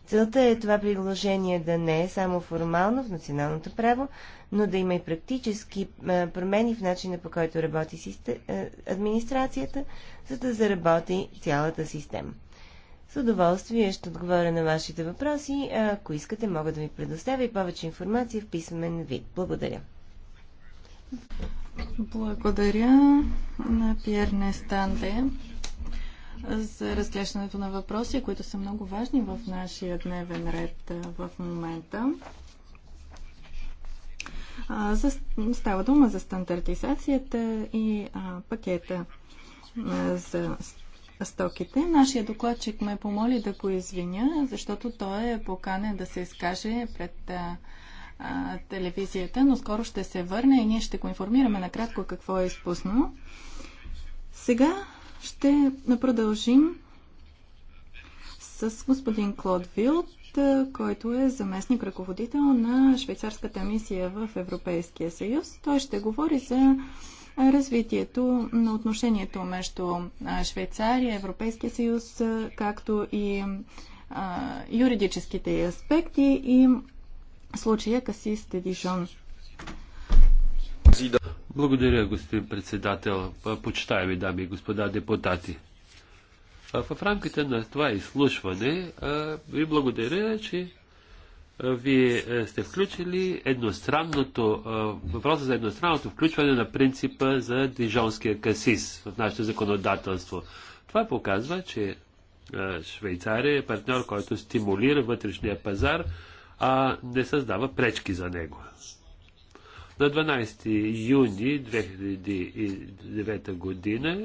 Целта е това приложение да не е само формално в националното право, но да има и практически е, промени в начина по който работи е, администрацията, за да заработи цялата система. С удоволствие ще отговоря на вашите въпроси, ако искате, мога да ви предоставя и повече информация в писмен вид. Благодаря. Благодаря на Пьер Нестанде за разглеждането на въпроси, които са много важни в нашия дневен ред в момента. За, става дума за стандартизацията и а, пакета а, за стоките. Нашия докладчик ме помоли да го извиня, защото той е поканен да се изкаже пред а, телевизията, но скоро ще се върне и ние ще го информираме накратко какво е изпуснало. Сега ще продължим с господин Клод Вилт, който е заместник ръководител на швейцарската мисия в Европейския съюз. Той ще говори за развитието на отношението между Швейцария, Европейския съюз, както и юридическите аспекти и случая Касис Тедишон. Благодаря, господин председател, почитаеми дами и господа депутати. В рамките на това изслушване ви благодаря, че вие сте включили едностранното, въпроса за едностранното включване на принципа за дижонския касис в нашето законодателство. Това показва, че Швейцария е партньор, който стимулира вътрешния пазар, а не създава пречки за него. На 12 юни 2009 година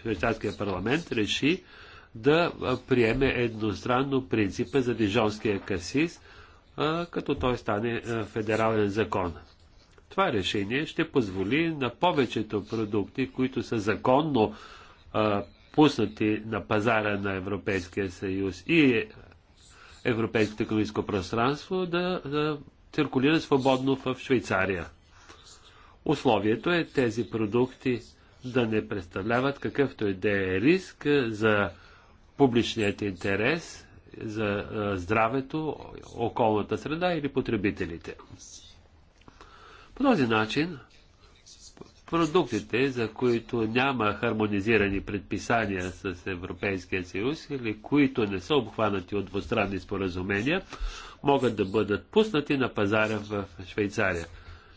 Швейцарския парламент реши да приеме едностранно принципа за Дижонския касис, като той стане федерален закон. Това решение ще позволи на повечето продукти, които са законно пуснати на пазара на Европейския съюз и Европейското економическо пространство да, да циркулира свободно в Швейцария. Условието е тези продукти да не представляват какъвто и да е риск за публичният интерес, за здравето, околната среда или потребителите. По този начин продуктите, за които няма хармонизирани предписания с Европейския съюз или които не са обхванати от двустранни споразумения, могат да бъдат пуснати на пазара в Швейцария.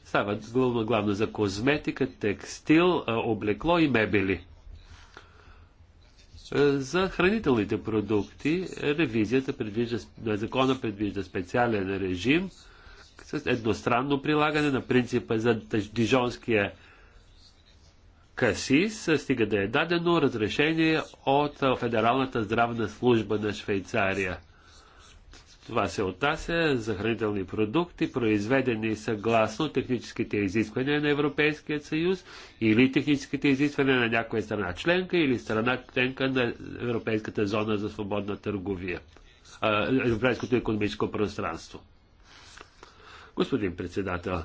Стават главно, главно за козметика, текстил, облекло и мебели. За хранителните продукти ревизията предвижда, на закона предвижда специален режим с едностранно прилагане на принципа за дижонския Касис, стига да е дадено разрешение от Федералната здравна служба на Швейцария. Това се отнася за хранителни продукти, произведени съгласно техническите изисквания на Европейския съюз или техническите изисквания на някоя страна членка или страна членка на Европейската зона за свободна търговия, Европейското економическо пространство. Господин председател,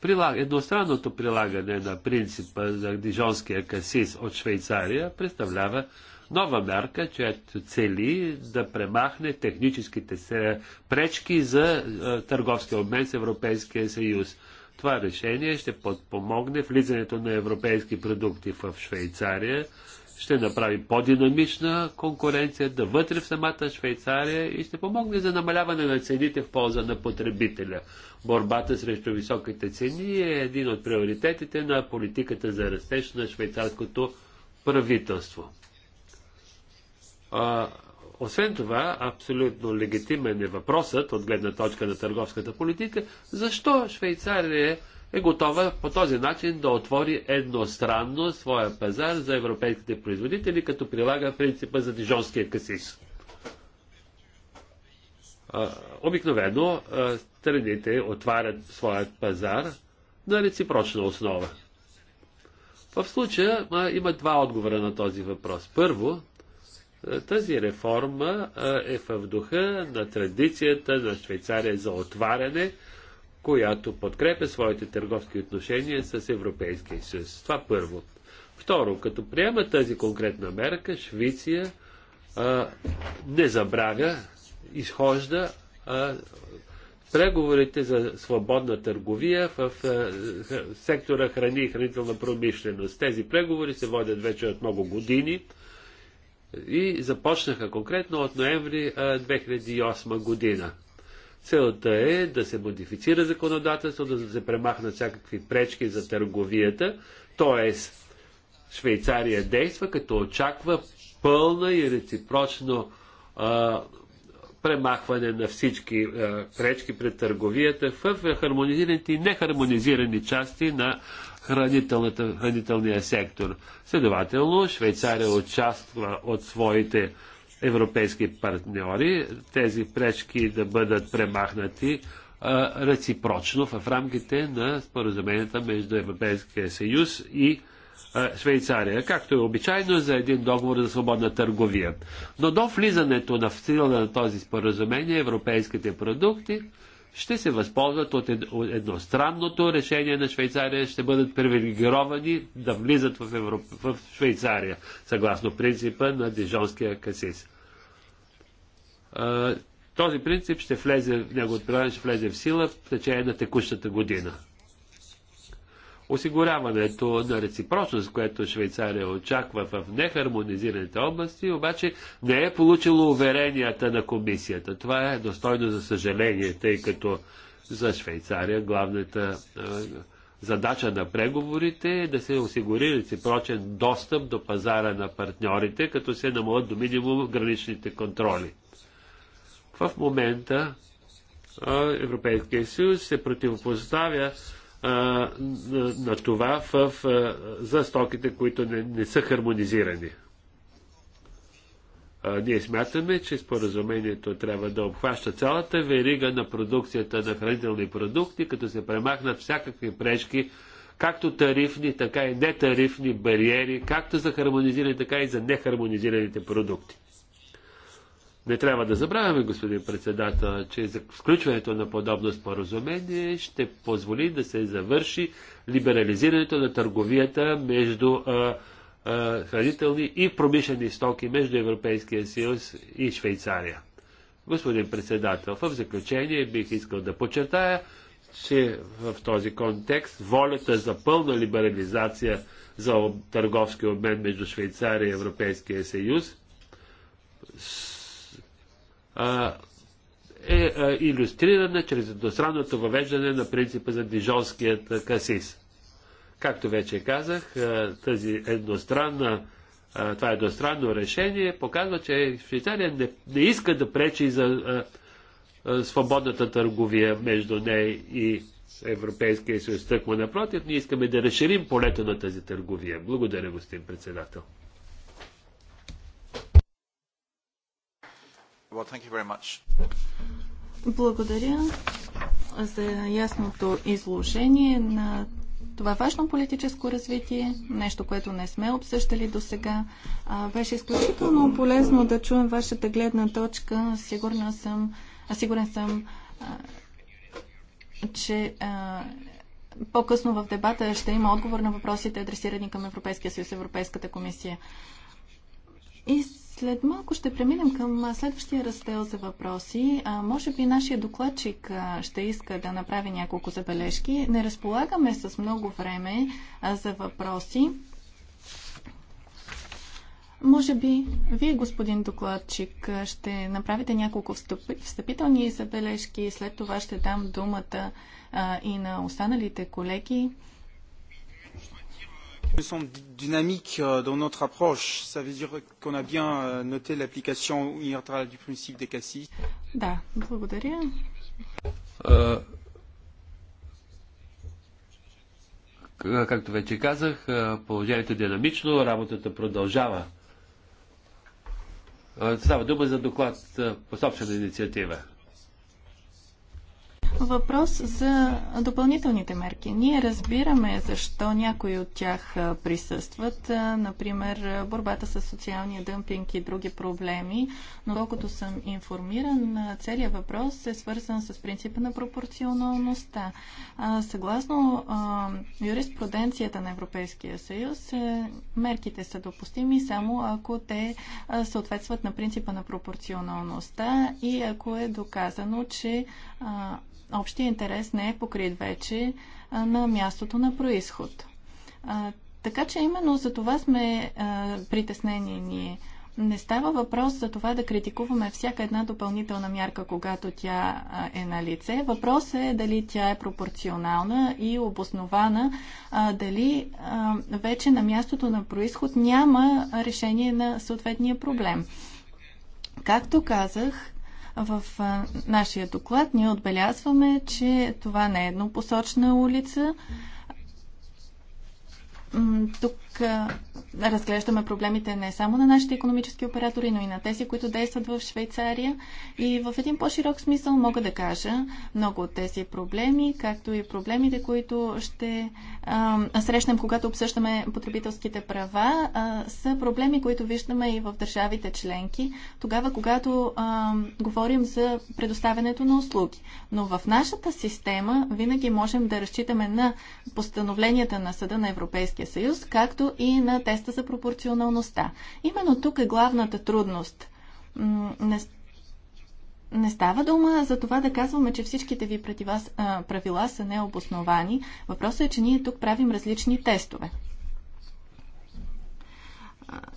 прилаг... едностранното прилагане на принципа за дижонския касис от Швейцария представлява нова мярка, която цели да премахне техническите пречки за е, търговски обмен с Европейския съюз. Това решение ще подпомогне влизането на европейски продукти в Швейцария, ще направи по-динамична конкуренцията вътре в самата Швейцария и ще помогне за намаляване на цените в полза на потребителя. Борбата срещу високите цени е един от приоритетите на политиката за растеж на швейцарското правителство. А, освен това, абсолютно легитимен е въпросът от гледна точка на търговската политика, защо Швейцария е готова по този начин да отвори едностранно своя пазар за европейските производители, като прилага принципа за дижонския касис. Обикновено страните отварят своят пазар на реципрочна основа. В случая има два отговора на този въпрос. Първо, тази реформа е в духа на традицията на Швейцария за отваряне, която подкрепя своите търговски отношения с Европейския съюз. Това първо. Второ, като приема тази конкретна мерка, Швеция не забравя изхожда а, преговорите за свободна търговия в а, сектора храни и хранителна промишленост. Тези преговори се водят вече от много години и започнаха конкретно от ноември а, 2008 година. Целта е да се модифицира законодателството, да се премахнат всякакви пречки за търговията, т.е. Швейцария действа като очаква пълна и реципрочно а, премахване на всички е, пречки пред търговията в хармонизираните и нехармонизирани части на хранителния сектор. Следователно, Швейцария участва от своите европейски партньори тези пречки да бъдат премахнати е, реципрочно в рамките на споразуменията между Европейския съюз и е, Швейцария, както е обичайно за един договор за свободна търговия. Но до влизането на сила на този споразумение европейските продукти ще се възползват от едностранното решение на Швейцария, ще бъдат привилегировани да влизат в, Европ... в Швейцария, съгласно принципа на Дижонския касис. Е, този принцип ще влезе, неговото прилагане ще влезе в сила в течение на текущата година. Осигуряването на реципрочност, което Швейцария очаква в нехармонизираните области, обаче не е получило уверенията на комисията. Това е достойно за съжаление, тъй като за Швейцария главната е, задача на преговорите е да се осигури реципрочен достъп до пазара на партньорите, като се намалят до минимум граничните контроли. В момента е, Европейския съюз се противопоставя на това в, за стоките, които не, не са хармонизирани. Ние смятаме, че споразумението трябва да обхваща цялата верига на продукцията на хранителни продукти, като се премахнат всякакви пречки, както тарифни, така и нетарифни бариери, както за хармонизирани, така и за нехармонизираните продукти. Не трябва да забравяме, господин председател, че за включването на подобно споразумение ще позволи да се завърши либерализирането на търговията между а, а, хранителни и промишлени стоки между Европейския съюз и Швейцария. Господин председател, в заключение бих искал да подчертая, че в този контекст волята за пълна либерализация за търговски обмен между Швейцария и Европейския съюз е иллюстрирана чрез едностранното въвеждане на принципа за дижонският касис. Както вече казах, тази едностранна, това едностранно решение показва, че Швейцария не, не иска да пречи за свободната търговия между нея и Европейския съюз. Тъкмо напротив, ние искаме да разширим полето на тази търговия. Благодаря, господин председател. Well, Благодаря за ясното изложение на това важно политическо развитие, нещо, което не сме обсъждали до сега. Беше изключително полезно да чуем вашата гледна точка. Сигурна съм, а сигурен съм, а, че по-късно в дебата ще има отговор на въпросите, адресирани към Европейския съюз, Европейската комисия. И след малко ще преминем към следващия раздел за въпроси. А, може би нашия докладчик а, ще иска да направи няколко забележки. Не разполагаме с много време а, за въпроси. Може би вие, господин докладчик, ще направите няколко встъпителни забележки. След това ще дам думата а, и на останалите колеги. Nous sommes dynamique euh, dans notre approche. Ça veut dire qu'on a bien euh, noté l'application unilatérale du principe des cassis. Да, благодаря. Е, както вече казах, е, положението е динамично, работата продължава. Е, става дума за доклад по собствена инициатива. Въпрос за допълнителните мерки. Ние разбираме защо някои от тях присъстват, например борбата с социалния дъмпинг и други проблеми, но колкото съм информиран, целият въпрос е свързан с принципа на пропорционалността. Съгласно юриспруденцията на Европейския съюз, е, мерките са допустими само ако те съответстват на принципа на пропорционалността и ако е доказано, че общия интерес не е покрит вече на мястото на происход. Така че именно за това сме притеснени ние. Не става въпрос за това да критикуваме всяка една допълнителна мярка, когато тя е на лице. Въпрос е дали тя е пропорционална и обоснована, дали вече на мястото на происход няма решение на съответния проблем. Както казах, в нашия доклад ние отбелязваме, че това не е еднопосочна улица. Тук разглеждаме проблемите не само на нашите економически оператори, но и на тези, които действат в Швейцария. И в един по-широк смисъл мога да кажа много от тези проблеми, както и проблемите, които ще а, срещнем, когато обсъждаме потребителските права, а, са проблеми, които виждаме и в държавите членки, тогава, когато а, говорим за предоставянето на услуги. Но в нашата система винаги можем да разчитаме на постановленията на Съда на Европейския съюз, както и на теста за пропорционалността. Именно тук е главната трудност. Не, не става дума за това да казваме, че всичките ви правила са необосновани. Въпросът е, че ние тук правим различни тестове.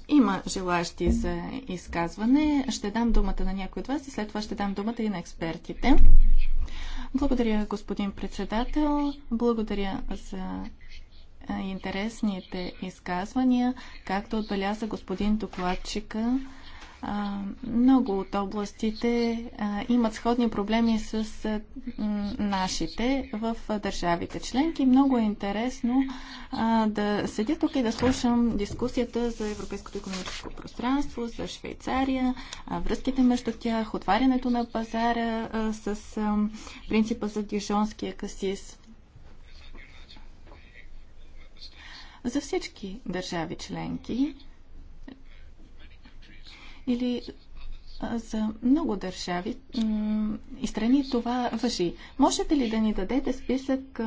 Има желащи за изказване. Ще дам думата на някой от вас и след това ще дам думата и на експертите. Благодаря, господин председател. Благодаря за интересните изказвания, както отбеляза господин докладчика. Много от областите имат сходни проблеми с нашите в държавите членки. Много е интересно да седя тук и да слушам дискусията за Европейското економическо пространство, за Швейцария, връзките между тях, отварянето на пазара с принципа за дижонския касис. за всички държави членки или за много държави и страни това въжи. Можете ли да ни дадете списък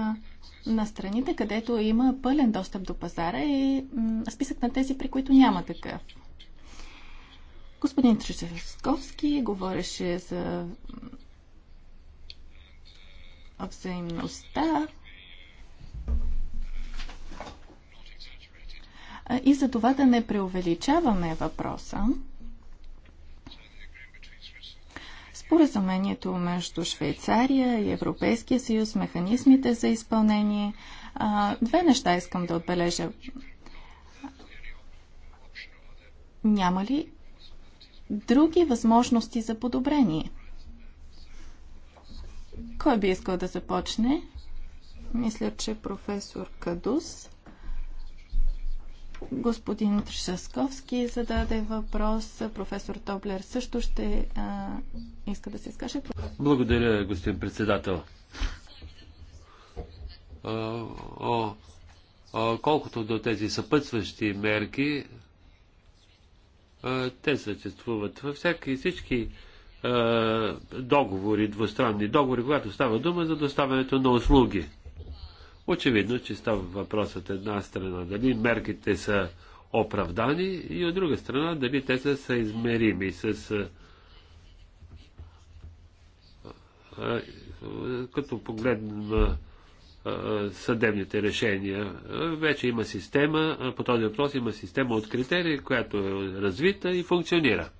на страните, където има пълен достъп до пазара и списък на тези, при които няма такъв? Господин Тришевски говореше за взаимността, и за това да не преувеличаваме въпроса. Споразумението между Швейцария и Европейския съюз, механизмите за изпълнение. Две неща искам да отбележа. Няма ли други възможности за подобрение? Кой би искал да започне? Мисля, че професор Кадус. Господин Трешасковски зададе въпрос. Професор Тоблер също ще а, иска да се изкаже. Благодаря, господин председател. А, о, а, колкото до тези съпътстващи мерки, а, те съществуват във всяки всички договори, двустранни договори, когато става дума за доставянето на услуги. Очевидно, че става въпрос от една страна дали мерките са оправдани и от друга страна дали те са съизмерими с като погледнем съдебните решения. Вече има система, по този въпрос има система от критерии, която е развита и функционира.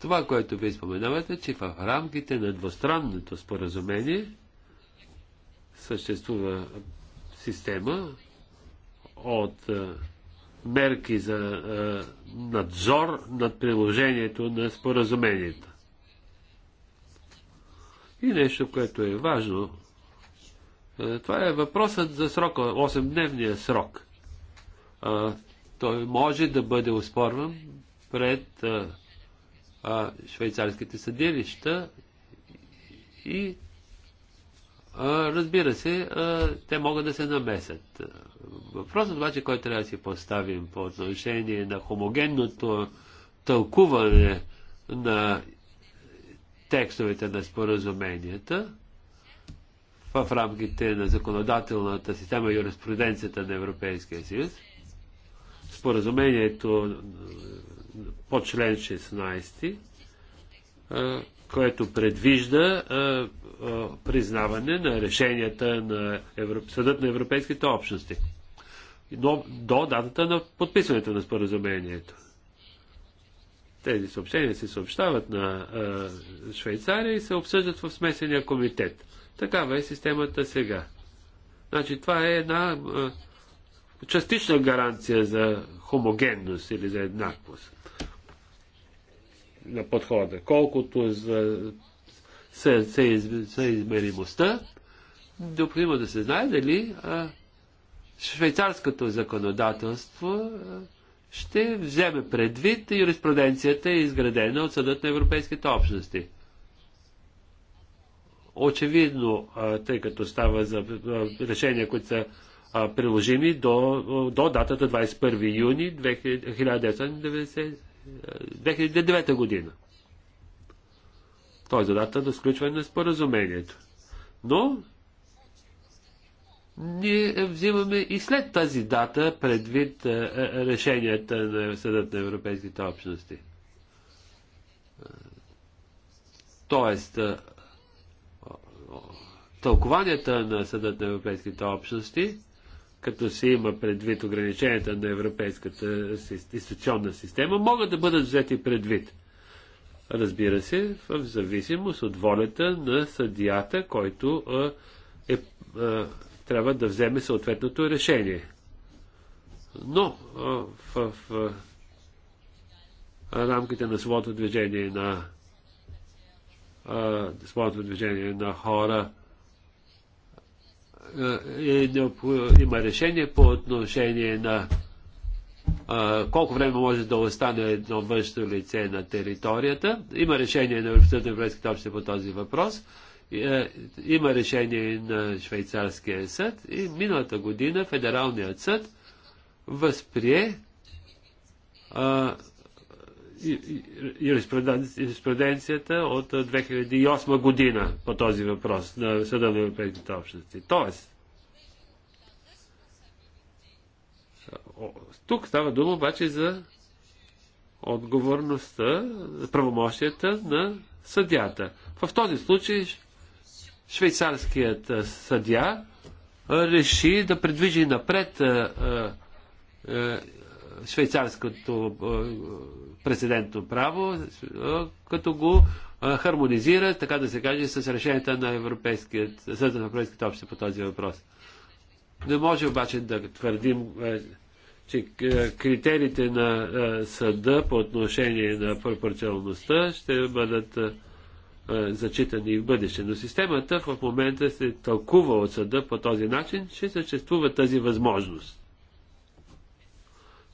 Това, което ви споменавате, че в рамките на двустранното споразумение – съществува система от е, мерки за е, надзор над приложението на споразуменията. И нещо, което е важно, е, това е въпросът за срока, 8-дневния срок. Той може да бъде оспорван пред швейцарските съдилища и Разбира се, те могат да се намесят. Въпросът обаче, който трябва да си поставим по отношение на хомогенното тълкуване на текстовете на споразуменията в рамките на законодателната система и юриспруденцията на Европейския съюз, споразумението по член 16 което предвижда признаване на решенията на Съдът на Европейските общности до, до датата на подписването на споразумението. Тези съобщения се съобщават на Швейцария и се обсъждат в смесения комитет. Такава е системата сега. Значи това е една частична гаранция за хомогенност или за еднаквост на подхода. Колкото е за съизмеримостта, необходимо да се знае дали а, швейцарското законодателство а, ще вземе предвид юриспруденцията е изградена от Съдът на Европейските общности. Очевидно, а, тъй като става за решения, които са приложими до, до датата 21 юни 1997 2009 година. Той е дата на сключване на споразумението. Но ние взимаме и след тази дата предвид е, е, решенията на Съдът на Европейските общности. Тоест, е, тълкованията на Съдът на Европейските общности като се има предвид ограниченията на европейската институционна система, могат да бъдат взети предвид. Разбира се, в зависимост от волята на съдията, който е, е, трябва да вземе съответното решение. Но в, в рамките на свободното движение на свободното движение на хора, е, е има решение по отношение на а, колко време може да остане едно външно лице на територията. Има решение на Европейската европейската обща по този въпрос. Е, има решение на Швейцарския съд и миналата година Федералният съд възприе юриспруденцията от 2008 година по този въпрос на Съда на Европейските общности. Тоест, тук става дума обаче за отговорността, правомощията на съдята. В този случай швейцарският съдя реши да предвижи напред швейцарското прецедентно право, като го хармонизира, така да се каже, с решенията на Европейският, съд на Европейската обща по този въпрос. Не може обаче да твърдим, е, че е, критериите на е, съда по отношение на пропорционалността ще бъдат зачитани в бъдеще. Но системата в момента се тълкува от съда по този начин, че съществува тази възможност.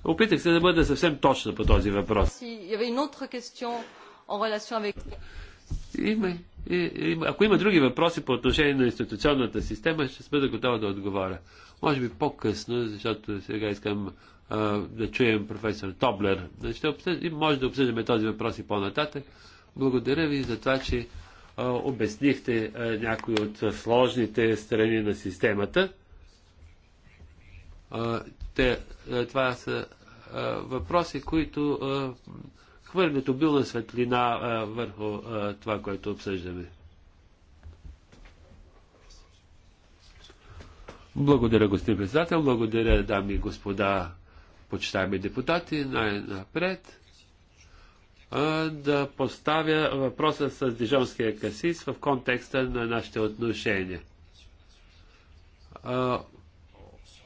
Опитах се да бъда съвсем точна по този въпрос. ако има други въпроси по отношение на институционната система, ще бъда готова да отговоря. Може би по-късно, защото сега искам а, да чуем професор Тоблер. Ще може да обсъждаме този въпрос и по-нататък. Благодаря ви за това, че а, обяснихте а, някои от сложните страни на системата. А, те, е, това са а, е, въпроси, които а, е, хвърлят обилна светлина а, върху а, това, което обсъждаме. Благодаря, господин председател. Благодаря, дами и господа, почитаеми депутати. Най-напред да поставя въпроса с Дижонския касис в контекста на нашите отношения.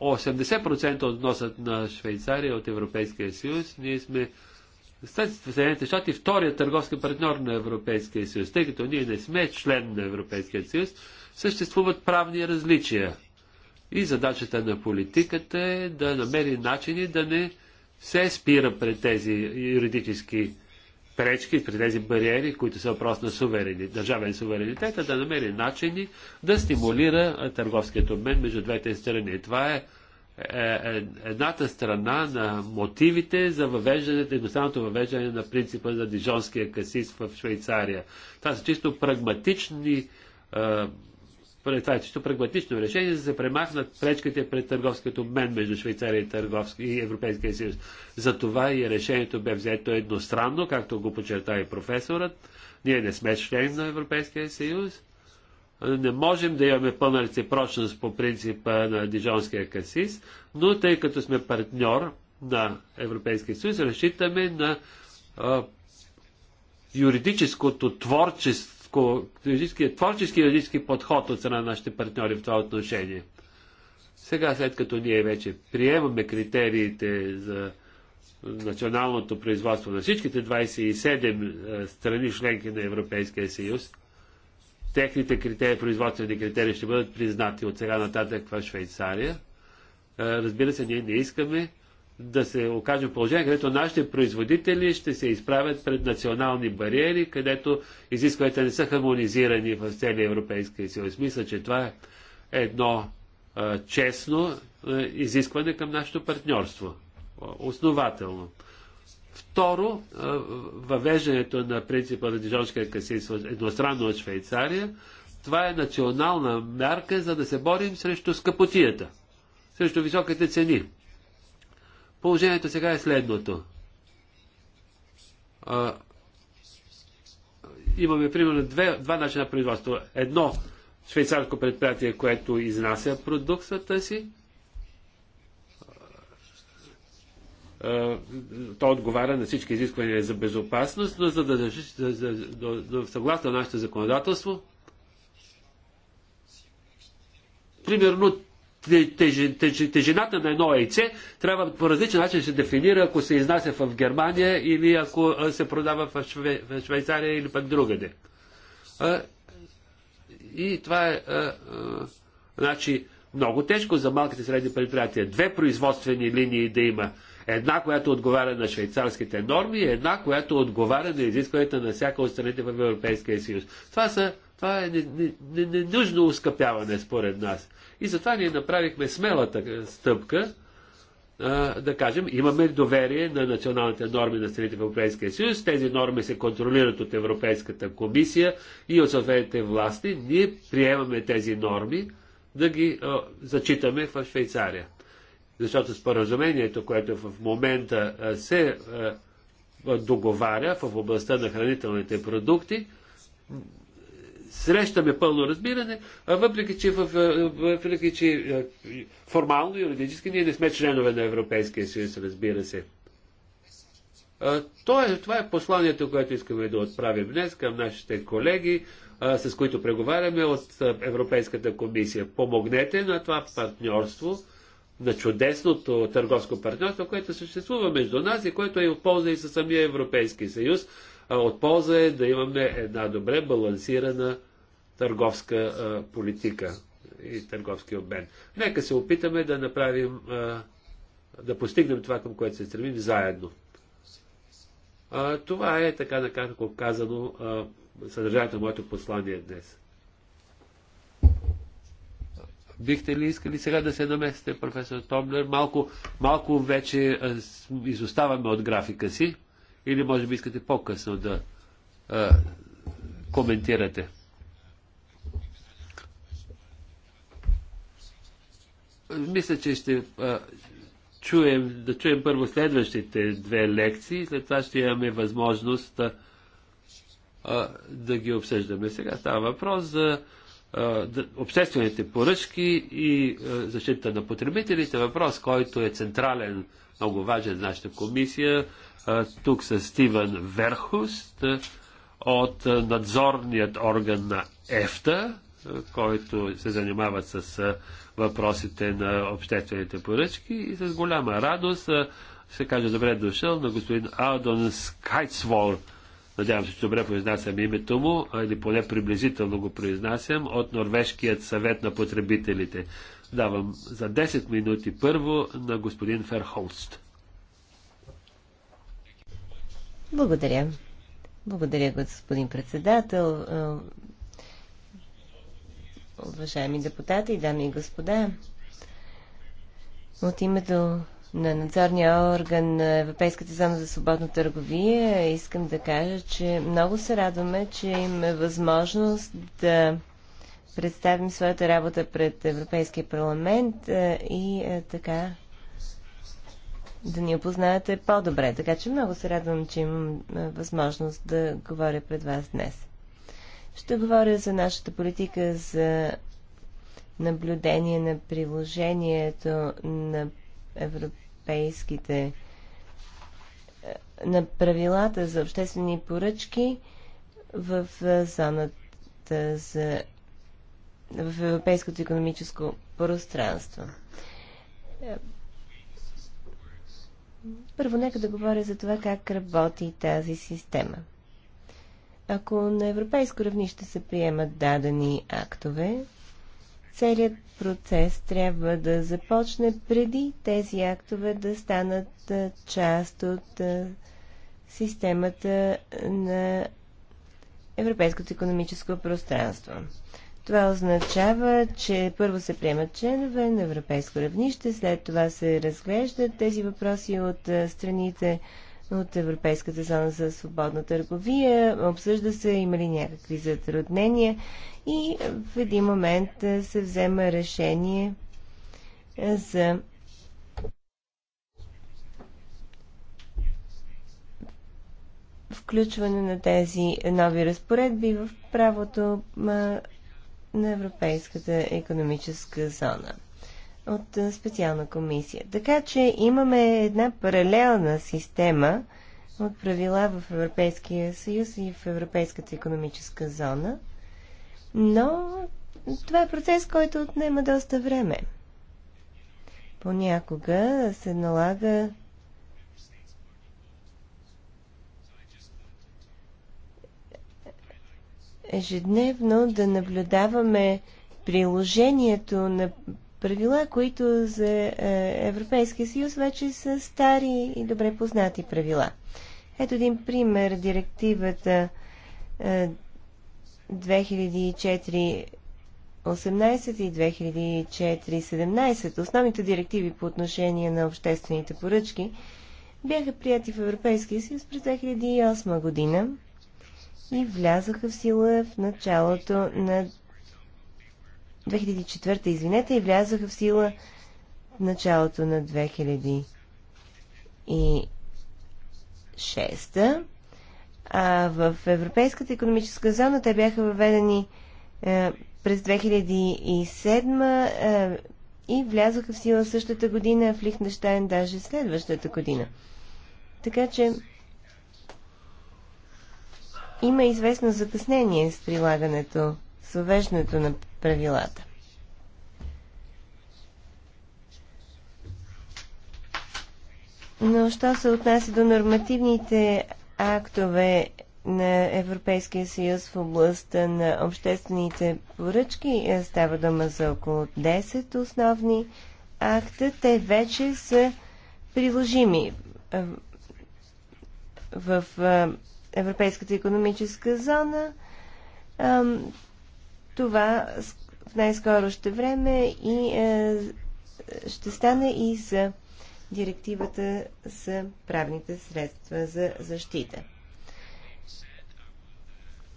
80% от вносът на Швейцария от Европейския съюз. Ние сме след Съединените щати втория търговски партньор на Европейския съюз. Тъй като ние не сме член на Европейския съюз, съществуват правни различия. И задачата на политиката е да намери начини да не се спира пред тези юридически пречки, при тези бариери, които са въпрос на суверени, държавен суверенитет, да намери начини да стимулира търговският обмен между двете страни. Това е, е, е едната страна на мотивите за въвеждане, едностранното въвеждане на принципа за дижонския касис в Швейцария. Това са чисто прагматични това е чисто прагматично решение, за да се премахнат пречките пред търговският обмен между Швейцария и, търговски, и Европейския съюз. За това и решението бе взето едностранно, както го подчерта и професорът. Ние не сме член на Европейския съюз. Не можем да имаме пълна реципрочност по принципа на Дижонския касис, но тъй като сме партньор на Европейския съюз, разчитаме на а, юридическото творчество творчески юридически подход от страна на нашите партньори в това отношение. Сега, след като ние вече приемаме критериите за националното производство на всичките 27 е, страни членки на Европейския съюз, техните критерии, производствени критерии ще бъдат признати от сега нататък в Швейцария. Е, разбира се, ние не искаме да се окажем положение, където нашите производители ще се изправят пред национални бариери, където изискванията не са хармонизирани в целия Европейския съюз. Мисля, че това е едно а, честно а, изискване към нашето партньорство. Основателно. Второ, а, въвеждането на принципа на Дижонския касис едностранно от Швейцария, това е национална мярка, за да се борим срещу скъпотията, срещу високите цени Положението сега е следното. А, имаме примерно две, два начина производство. Едно швейцарско предприятие, което изнася продукцията си, то отговаря на всички изисквания за безопасност, но за да, за, за, за, за, съгласно на нашето законодателство, примерно тежината на едно яйце трябва по различен начин да се дефинира, ако се изнася в Германия или ако се продава в, Шве, в Швейцария или пък другаде. И това е значи, много тежко за малките и средни предприятия. Две производствени линии да има. Една, която отговаря на швейцарските норми и една, която отговаря на изискванията на всяка от страните в Европейския съюз. Това, са, това е ненужно не, не, не ускъпяване според нас. И затова ние направихме смелата е, стъпка да кажем, имаме доверие на националните норми на страните в Европейския съюз. Тези норми се контролират от Европейската комисия и от съответните власти. Ние приемаме тези норми да ги а, зачитаме в Швейцария. Защото споразумението, което в момента а, се а, договаря в областта на хранителните продукти, срещаме пълно разбиране, а въпреки че, в, въпреки, че формално юридически ние не сме членове на Европейския съюз, разбира се. То е, това е посланието, което искаме да отправим днес към нашите колеги, с които преговаряме от Европейската комисия. Помогнете на това партньорство, на чудесното търговско партньорство, което съществува между нас и което е в полза и със самия Европейски съюз, от полза е да имаме една добре балансирана търговска политика и търговски обмен. Нека се опитаме да направим, да постигнем това, към което се стремим заедно. Това е, така накратко казано, съдържанието на моето послание днес. Бихте ли искали сега да се намесите, професор Томлер? Малко, малко вече изоставаме от графика си. Или може би искате по-късно да а, коментирате. Мисля, че ще а, чуем, да чуем първо следващите две лекции, след това ще имаме възможност а, а, да ги обсъждаме. Сега става въпрос за а, обществените поръчки и а, защита на потребителите. Въпрос, който е централен, много важен за нашата комисия тук с Стивен Верхуст от надзорният орган на ЕФТА, който се занимава с въпросите на обществените поръчки и с голяма радост се каже добре дошъл на господин Алдон Скайцвол. Надявам се, че добре произнасям името му, или поне приблизително го произнасям, от Норвежкият съвет на потребителите. Давам за 10 минути първо на господин Ферхолст. Благодаря. Благодаря, господин председател. Е, уважаеми депутати, дами и господа, от името на надзорния орган на Европейската зона за свободна търговия искам да кажа, че много се радваме, че имаме възможност да представим своята работа пред Европейския парламент е, и е, така да ни опознаете по-добре. Така че много се радвам, че имам възможност да говоря пред вас днес. Ще говоря за нашата политика за наблюдение на приложението на европейските на правилата за обществени поръчки в зоната за в Европейското економическо пространство. Първо, нека да говоря за това как работи тази система. Ако на европейско равнище се приемат дадени актове, целият процес трябва да започне преди тези актове да станат част от системата на Европейското економическо пространство. Това означава, че първо се приемат членове на европейско равнище, след това се разглеждат тези въпроси от страните от Европейската зона за свободна търговия, обсъжда се има ли някакви затруднения и в един момент се взема решение за включване на тези нови разпоредби в правото на Европейската економическа зона от специална комисия. Така че имаме една паралелна система от правила в Европейския съюз и в Европейската економическа зона, но това е процес, който отнема доста време. Понякога се налага ежедневно да наблюдаваме приложението на правила, които за е, Европейския съюз вече са стари и добре познати правила. Ето един пример. Директивата 2004 е, 18 и 2004-17, основните директиви по отношение на обществените поръчки, бяха прияти в Европейския съюз през 2008 година и влязоха в сила в началото на 2004, извинете, и влязоха в сила в началото на 2006. А в Европейската економическа зона те бяха въведени е, през 2007 е, и влязоха в сила същата година, в Лихтенштайн даже следващата година. Така че има известно закъснение с прилагането, с увеждането на правилата. Но що се отнася до нормативните актове на Европейския съюз в областта на обществените поръчки, е, става дума за около 10 основни акта. Те вече са приложими е, в е, Европейската економическа зона. Това в най-скоро ще време и е, ще стане и за директивата за правните средства за защита.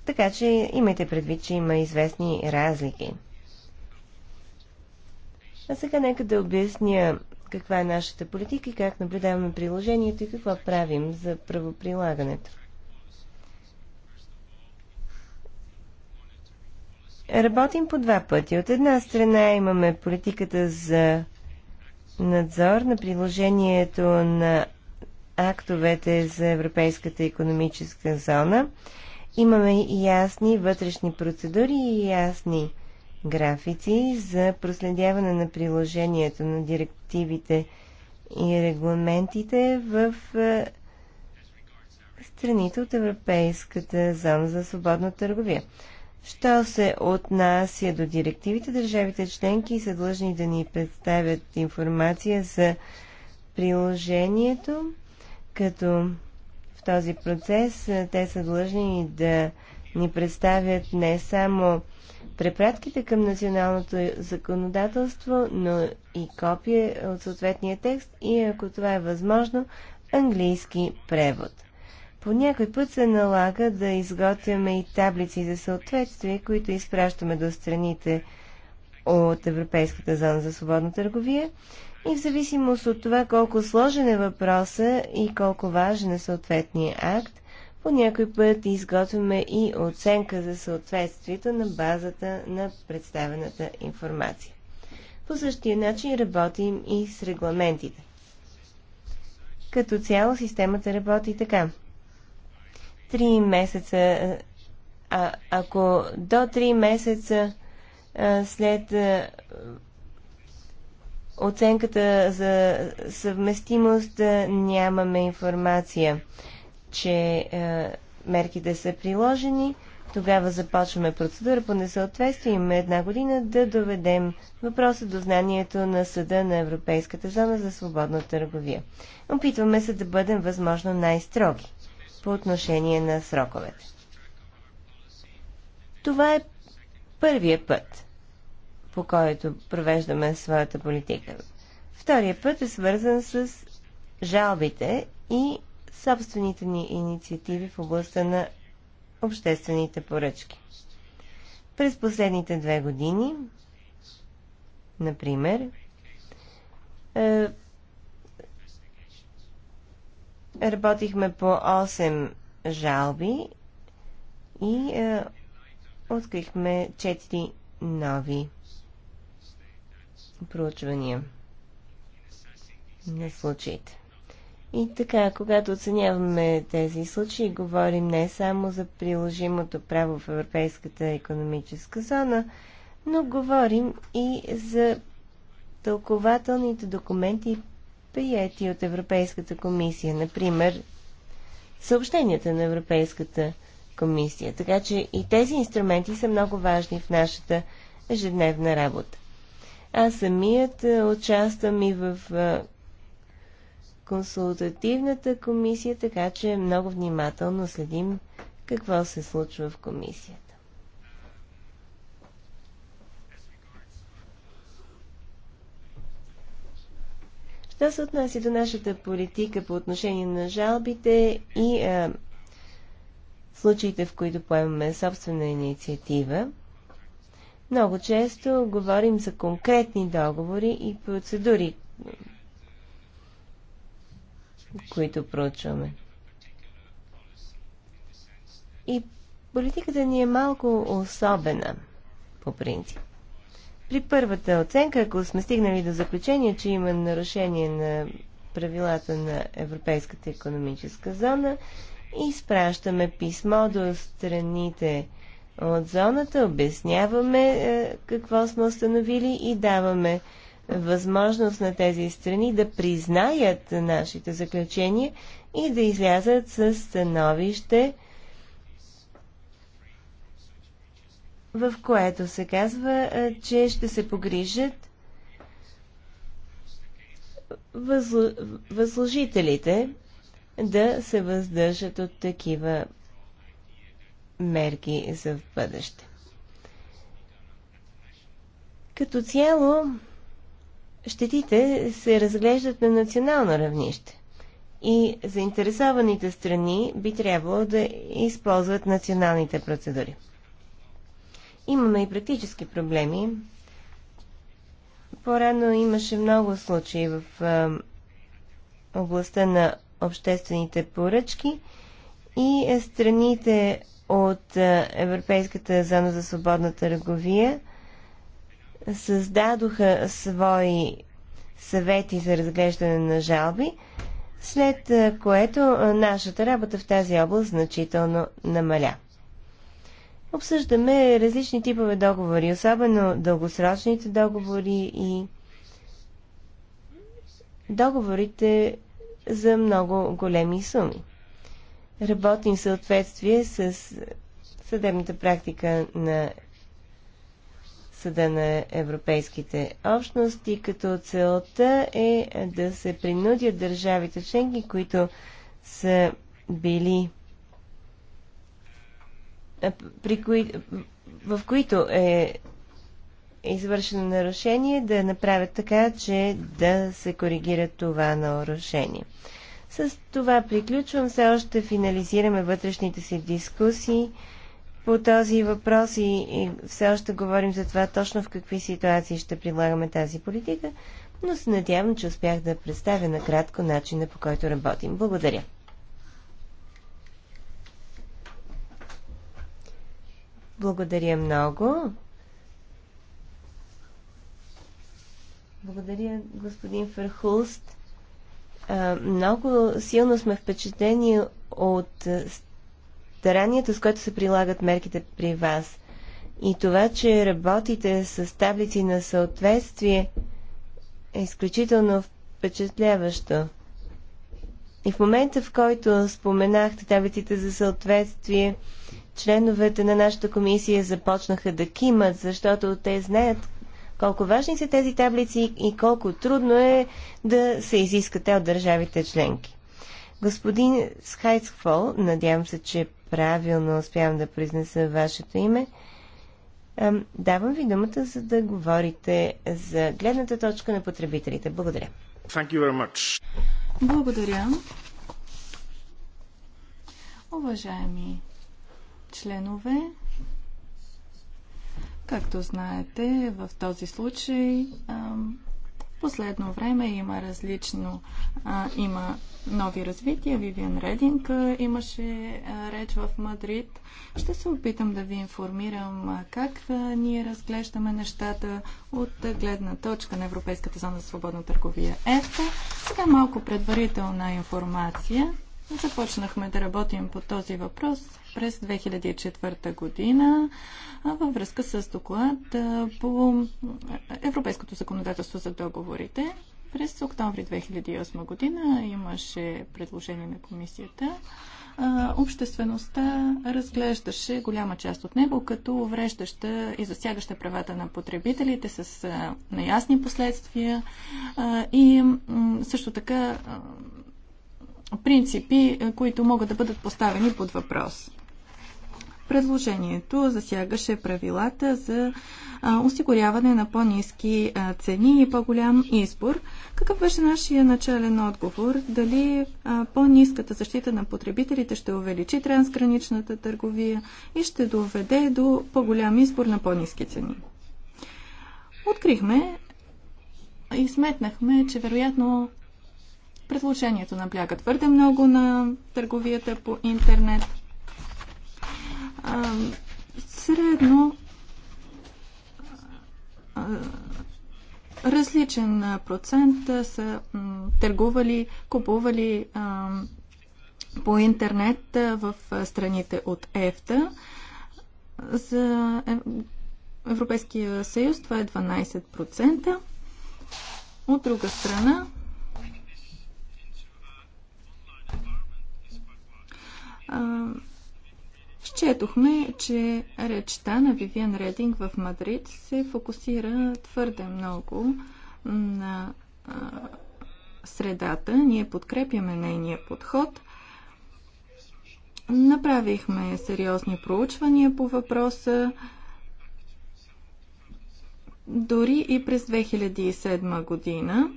Така че имайте предвид, че има известни разлики. А сега нека да обясня каква е нашата политика и как наблюдаваме приложението и какво правим за правоприлагането. Работим по два пъти. От една страна имаме политиката за надзор на приложението на актовете за Европейската економическа зона. Имаме ясни вътрешни процедури и ясни графици за проследяване на приложението на директивите и регламентите в е, страните от Европейската зона за свободна търговия. Що се отнася до директивите, държавите членки са длъжни да ни представят информация за приложението, като в този процес те са длъжни да ни представят не само препратките към националното законодателство, но и копия от съответния текст и, ако това е възможно, английски превод. По някой път се налага да изготвяме и таблици за съответствие, които изпращаме до страните от Европейската зона за свободна търговия и в зависимост от това колко сложен е въпроса и колко важен е съответния акт, по някой път изготвяме и оценка за съответствието на базата на представената информация. По същия начин работим и с регламентите. Като цяло системата работи така. 3 месеца, а, ако до 3 месеца а, след а, оценката за съвместимост а, нямаме информация, че а, мерките са приложени, тогава започваме процедура по несъответствие. Имаме една година да доведем въпроса до знанието на Съда на Европейската зона за свободна търговия. Опитваме се да бъдем възможно най-строги по отношение на сроковете. Това е първия път, по който провеждаме своята политика. Втория път е свързан с жалбите и собствените ни инициативи в областта на обществените поръчки. През последните две години, например, е, Работихме по 8 жалби и е, открихме 4 нови проучвания на случаите. И така, когато оценяваме тези случаи, говорим не само за приложимото право в Европейската економическа зона, но говорим и за тълкователните документи приети от Европейската комисия. Например, съобщенията на Европейската комисия. Така че и тези инструменти са много важни в нашата ежедневна работа. Аз самият е, участвам и в е, консултативната комисия, така че много внимателно следим какво се случва в комисията. Що се отнася до нашата политика по отношение на жалбите и а, случаите, в които поемаме собствена инициатива, много често говорим за конкретни договори и процедури, които проучваме. И политиката ни е малко особена, по принцип. При първата оценка, ако сме стигнали до заключение, че има нарушение на правилата на Европейската економическа зона, изпращаме писмо до страните от зоната, обясняваме е, какво сме установили и даваме възможност на тези страни да признаят нашите заключения и да излязат с становище в което се казва, че ще се погрижат възложителите да се въздържат от такива мерки за в бъдеще. Като цяло, щетите се разглеждат на национално равнище и заинтересованите страни би трябвало да използват националните процедури. Имаме и практически проблеми. По-рано имаше много случаи в областта на обществените поръчки и е, страните от Европейската зона за свободна търговия създадоха свои съвети за разглеждане на жалби, след което нашата работа в тази област значително намаля. Обсъждаме различни типове договори, особено дългосрочните договори и договорите за много големи суми. Работим в съответствие с съдебната практика на Съда на Европейските общности, като целта е да се принудят държавите членки, които са били е, при кои, в които е извършено нарушение, да направят така, че да се коригира това нарушение. С това приключвам. Все още финализираме вътрешните си дискусии по този въпрос и, и все още говорим за това точно в какви ситуации ще прилагаме тази политика, но се надявам, че успях да представя накратко начина по който работим. Благодаря. Благодаря много. Благодаря, господин Ферхулст. Много силно сме впечатлени от старанието, с което се прилагат мерките при вас. И това, че работите с таблици на съответствие, е изключително впечатляващо. И в момента, в който споменахте таблиците за съответствие, членовете на нашата комисия започнаха да кимат, защото те знаят колко важни са тези таблици и колко трудно е да се изискат те от държавите членки. Господин Схайцхвол, надявам се, че правилно успявам да произнеса вашето име, давам ви думата, за да говорите за гледната точка на потребителите. Благодаря. Thank you very much. Благодаря. Уважаеми членове. Както знаете, в този случай в последно време има различно, има нови развития. Вивиан Рединг имаше реч в Мадрид. Ще се опитам да ви информирам как ние разглеждаме нещата от гледна точка на Европейската зона за свободна търговия Ето, Сега малко предварителна информация. Започнахме да работим по този въпрос през 2004 година във връзка с доклад по европейското законодателство за договорите. През октомври 2008 година имаше предложение на комисията. Обществеността разглеждаше голяма част от него като увреждаща и засягаща правата на потребителите с неясни последствия и също така принципи, е, които могат да бъдат поставени под въпрос. Предложението засягаше правилата за осигуряване на по-низки цени и по-голям избор. Какъв беше нашия начален отговор? Дали по-низката защита на потребителите ще увеличи трансграничната търговия и ще доведе до по-голям избор на по-низки цени? Открихме и сметнахме, че вероятно Предложението набляга твърде много на търговията по интернет. А, средно а, различен процент са търгували, купували а, по интернет в страните от ЕФТА. За е, Европейския съюз това е 12%. От друга страна, Счетохме, че речта на Вивиан Рединг в Мадрид се фокусира твърде много на а, средата. Ние подкрепяме нейния подход. Направихме сериозни проучвания по въпроса. Дори и през 2007 година,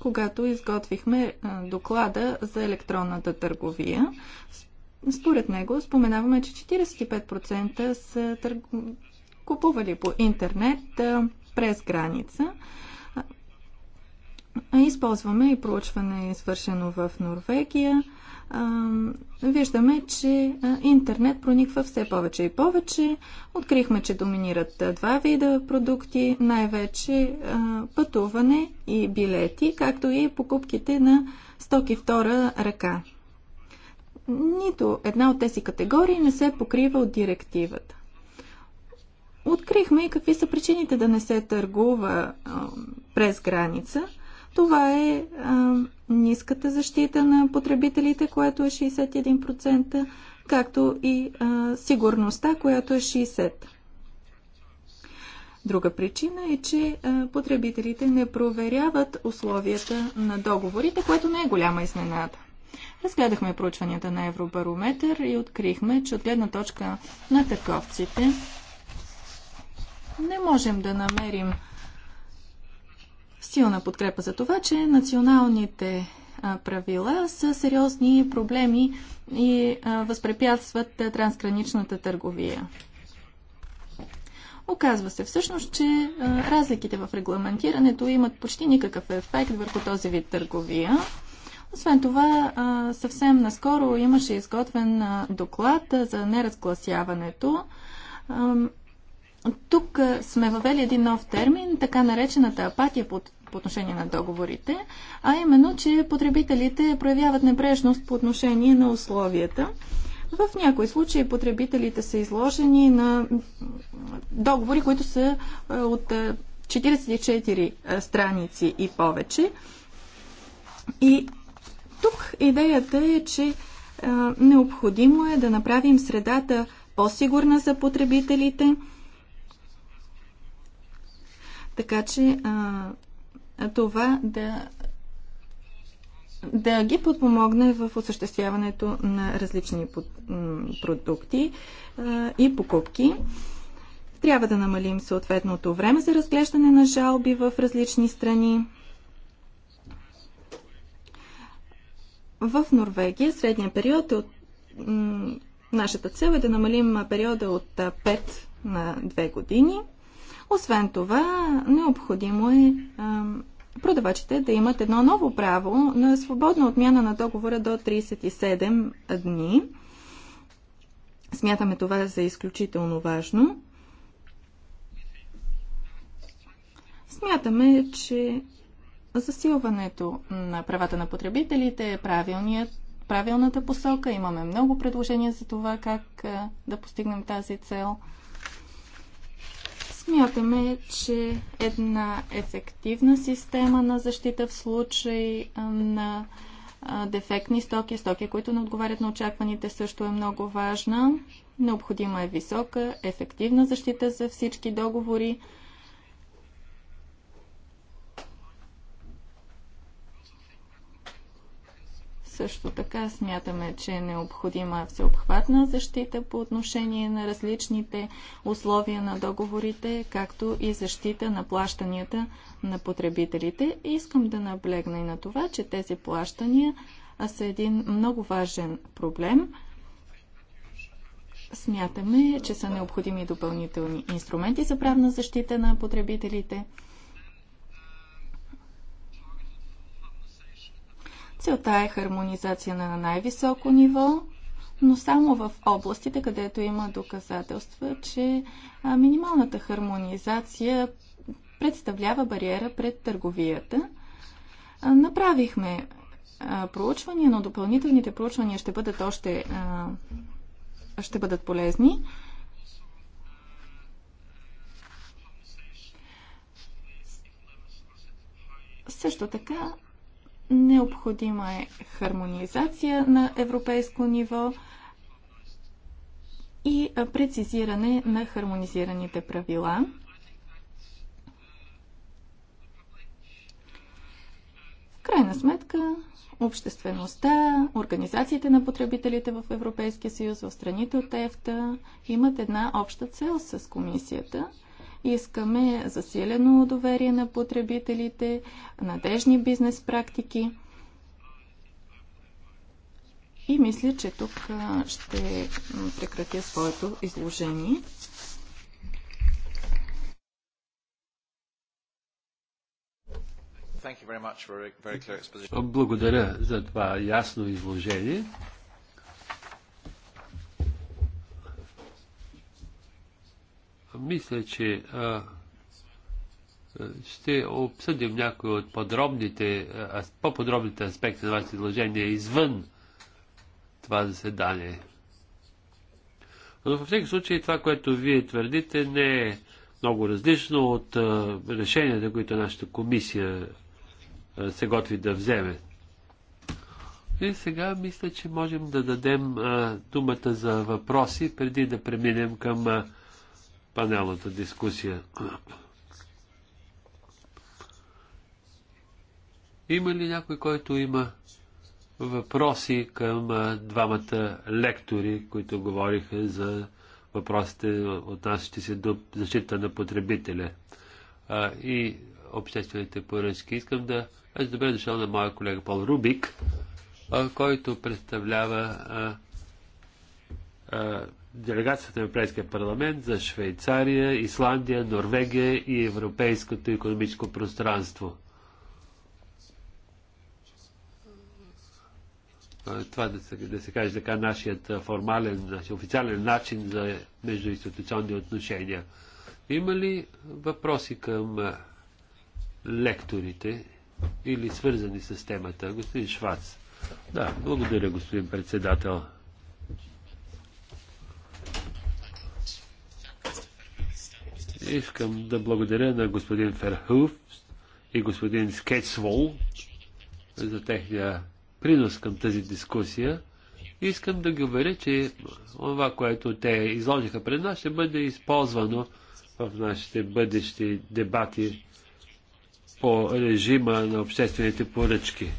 когато изготвихме доклада за електронната търговия, според него споменаваме, че 45% са търг... купували по интернет а, през граница. Използваме и проучване, свършено в Норвегия. Виждаме, че интернет прониква все повече и повече. Открихме, че доминират два вида продукти, най-вече пътуване и билети, както и покупките на стоки втора ръка. Нито една от тези категории не се покрива от директивата. Открихме и какви са причините да не се търгува а, през граница. Това е а, ниската защита на потребителите, което е 61%, както и а, сигурността, която е 60%. Друга причина е, че потребителите не проверяват условията на договорите, което не е голяма изненада. Разгледахме проучванията на Евробарометър и открихме, че от гледна точка на търговците не можем да намерим силна подкрепа за това, че националните правила са сериозни проблеми и възпрепятстват трансграничната търговия. Оказва се всъщност, че разликите в регламентирането имат почти никакъв ефект върху този вид търговия. Освен това, съвсем наскоро имаше изготвен доклад за неразгласяването. Тук сме въвели един нов термин, така наречената апатия под по отношение на договорите, а именно, че потребителите проявяват небрежност по отношение на условията. В някои случаи потребителите са изложени на договори, които са от 44 страници и повече. И тук идеята е, че а, е, необходимо е да направим средата по-сигурна за потребителите, така че а, това да да ги подпомогне в осъществяването на различни продукти и покупки. Трябва да намалим съответното време за разглеждане на жалби в различни страни. В Норвегия средния период е от... Нашата цел е да намалим периода от 5 на 2 години. Освен това, необходимо е продавачите да имат едно ново право на свободна отмяна на договора до 37 дни. Смятаме това за изключително важно. Смятаме, че засилването на правата на потребителите е правилният правилната посока. Имаме много предложения за това как да постигнем тази цел. Смятаме, че една ефективна система на защита в случай на дефектни стоки, стоки, които не отговарят на очакваните, също е много важна. Необходима е висока, ефективна защита за всички договори, Също така смятаме, че е необходима всеобхватна защита по отношение на различните условия на договорите, както и защита на плащанията на потребителите. И искам да наблегна и на това, че тези плащания са един много важен проблем. Смятаме, че са необходими допълнителни инструменти за правна защита на потребителите – Целта е хармонизация на най-високо ниво, но само в областите, където има доказателства, че минималната хармонизация представлява бариера пред търговията. Направихме проучвания, но допълнителните проучвания ще бъдат още ще бъдат полезни. Също така Необходима е хармонизация на европейско ниво и прецизиране на хармонизираните правила. В крайна сметка, обществеността, организациите на потребителите в Европейския съюз, в страните от ЕФТА имат една обща цел с комисията – Искаме засилено доверие на потребителите, надежни бизнес практики. И мисля, че тук ще прекратя своето изложение. Благодаря за това ясно изложение. мисля, че ще обсъдим някои от подробните, по-подробните аспекти на вашето изложение извън това заседание. Но във всеки случай това, което вие твърдите, не е много различно от решенията, които нашата комисия се готви да вземе. И сега мисля, че можем да дадем думата за въпроси, преди да преминем към панелната дискусия. Има ли някой, който има въпроси към двамата лектори, които говориха за въпросите, отнасящи се до защита на потребителя а, и обществените поръчки. Искам да... Аз добре дошъл на моя колега Пол Рубик, а, който представлява а, делегацията на Европейския парламент за Швейцария, Исландия, Норвегия и Европейското економическо пространство. Това да се, да се каже така нашият формален, нашия официален начин за междуинституционни отношения. Има ли въпроси към лекторите или свързани с темата? Господин Швац. Да, благодаря, господин председател. Искам да благодаря на господин Ферхуф и господин Скетсвол за техния принос към тази дискусия. Искам да ги уверя, че това, което те изложиха пред нас, ще бъде използвано в нашите бъдещи дебати по режима на обществените поръчки.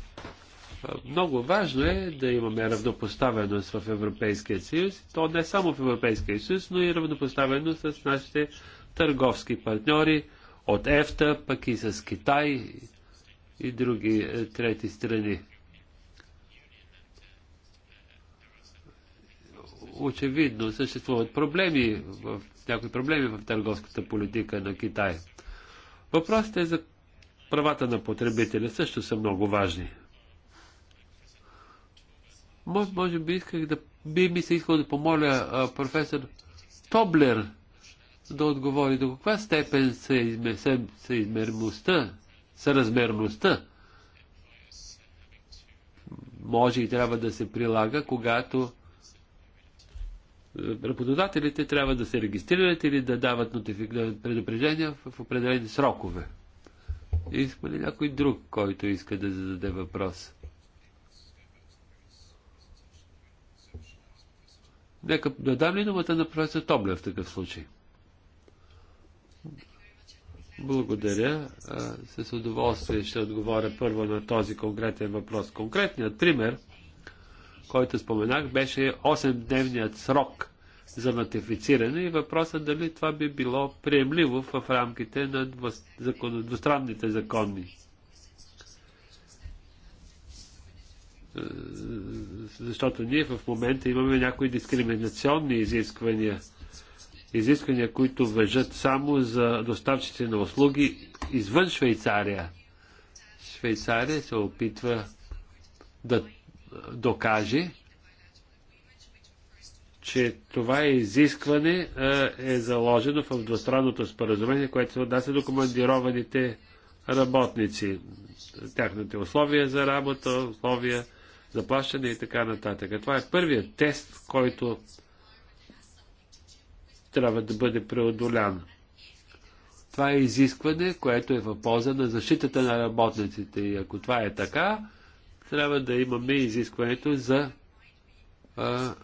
Много важно е да имаме равнопоставеност в Европейския съюз, то не само в Европейския съюз, но и равнопоставеност с нашите търговски партньори от ЕФТА, пък и с Китай и други е, трети страни. Очевидно съществуват проблеми, в, някои проблеми в търговската политика на Китай. Въпросите за правата на потребителя също са много важни. Може, може би исках да би ми се искал да помоля а, професор Тоблер да отговори до каква степен съизмерността, съразмерността може и трябва да се прилага, когато е, работодателите трябва да се регистрират или да дават нотифик... предупреждения в определени срокове. Иска ли някой друг, който иска да зададе въпрос? Нека дадам дам ли думата на професор Тобле в такъв случай? Благодаря. С удоволствие ще отговоря първо на този конкретен въпрос. Конкретният пример, който споменах, беше 8-дневният срок за нотифициране и въпросът дали това би било приемливо в рамките на двустранните закони. Е, защото ние в момента имаме някои дискриминационни изисквания – изисквания, които въжат само за доставчици на услуги извън Швейцария. Швейцария се опитва да докаже, че това изискване е заложено в двустранното споразумение, което се отнася до командированите работници, тяхните условия за работа, условия за плащане и така нататък. Това е първият тест, който трябва да бъде преодолян. Това е изискване, което е в полза на защитата на работниците. И ако това е така, трябва да имаме изискването за а, а,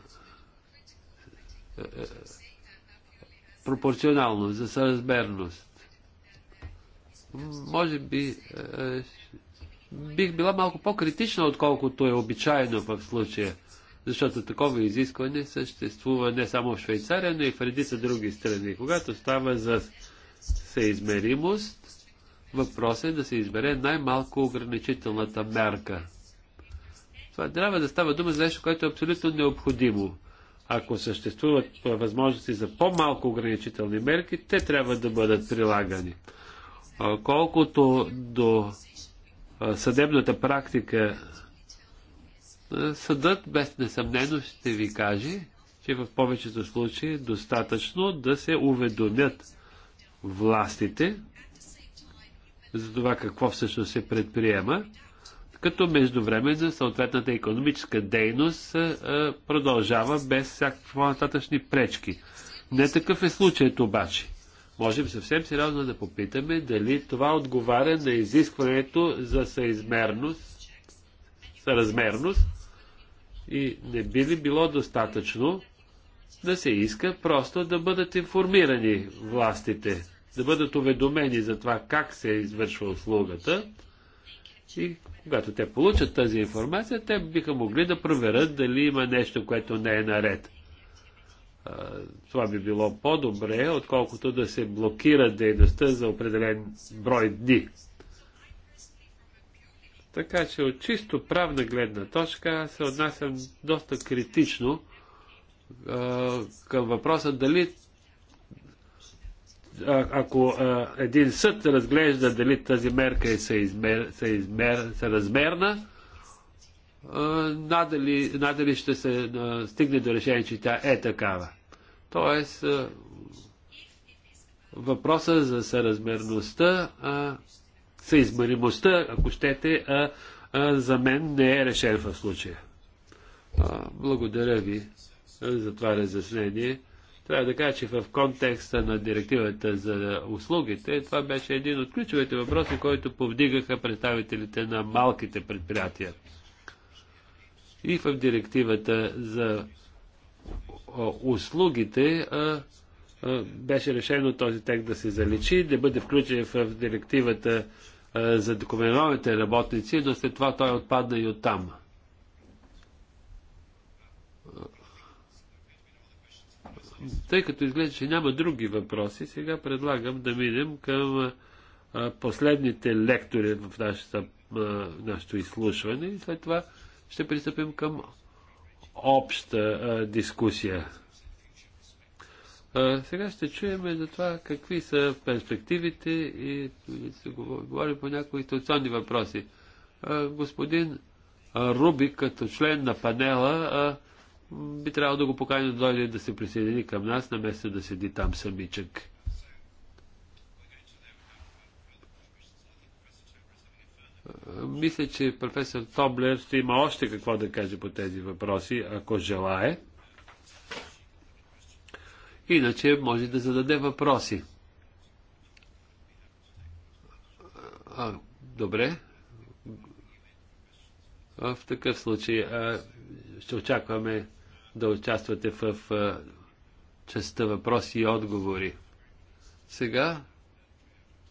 пропорционалност, за съразмерност. Може би а, бих била малко по-критична, отколкото е обичайно в случая защото такова изискване съществува не само в Швейцария, но и в редица други страни. Когато става за съизмеримост, въпрос е да се избере най-малко ограничителната мерка. Това трябва да става дума за нещо, което е абсолютно необходимо. Ако съществуват възможности за по-малко ограничителни мерки, те трябва да бъдат прилагани. Колкото до съдебната практика е, съдът без несъмнено ще ви каже, че в повечето случаи е достатъчно да се уведомят властите за това какво всъщност се предприема, като междувременно съответната економическа дейност е, е, продължава без всякакви нататъчни пречки. Не такъв е случаят обаче. Можем съвсем сериозно да попитаме дали това отговаря на изискването за съизмерност, съразмерност и не би ли било достатъчно да се иска просто да бъдат информирани властите, да бъдат уведомени за това как се извършва услугата и когато те получат тази информация, те биха могли да проверят дали има нещо, което не е наред. Това би било по-добре, отколкото да се блокира дейността за определен брой дни. Така че от чисто правна гледна точка се отнасям доста критично а, към въпроса дали а, ако а, един съд разглежда дали тази мерка е съизмер, съизмер, съразмерна, надали, надали ще се а, стигне до решение, че тя е такава. Тоест, а, въпроса за съразмерността а, съизмеримостта, ако щете, а, а, за мен не е решен в случая. А, благодаря ви за това разяснение. Трябва да кажа, че в контекста на директивата за услугите, това беше един от ключовите въпроси, който повдигаха представителите на малките предприятия. И в директивата за услугите а, а, беше решено този текст да се заличи, да бъде включен в директивата е, за документалните работници, но след това той отпадна и оттам. Тъй като изглежда, че няма други въпроси, сега предлагам да минем към е, последните лектори в нашата, е, нашето изслушване и след това ще пристъпим към обща дискусия. Сега ще чуем за това какви са перспективите и се говори по някои институционни въпроси. Господин Руби, като член на панела, би трябвало да го поканим да дойде да се присъедини към нас, на место да седи там самичък. Мисля, че професор Тоблер ще има още какво да каже по тези въпроси, ако желае. Иначе може да зададе въпроси. А, добре. В такъв случай а, ще очакваме да участвате в а, частта въпроси и отговори. Сега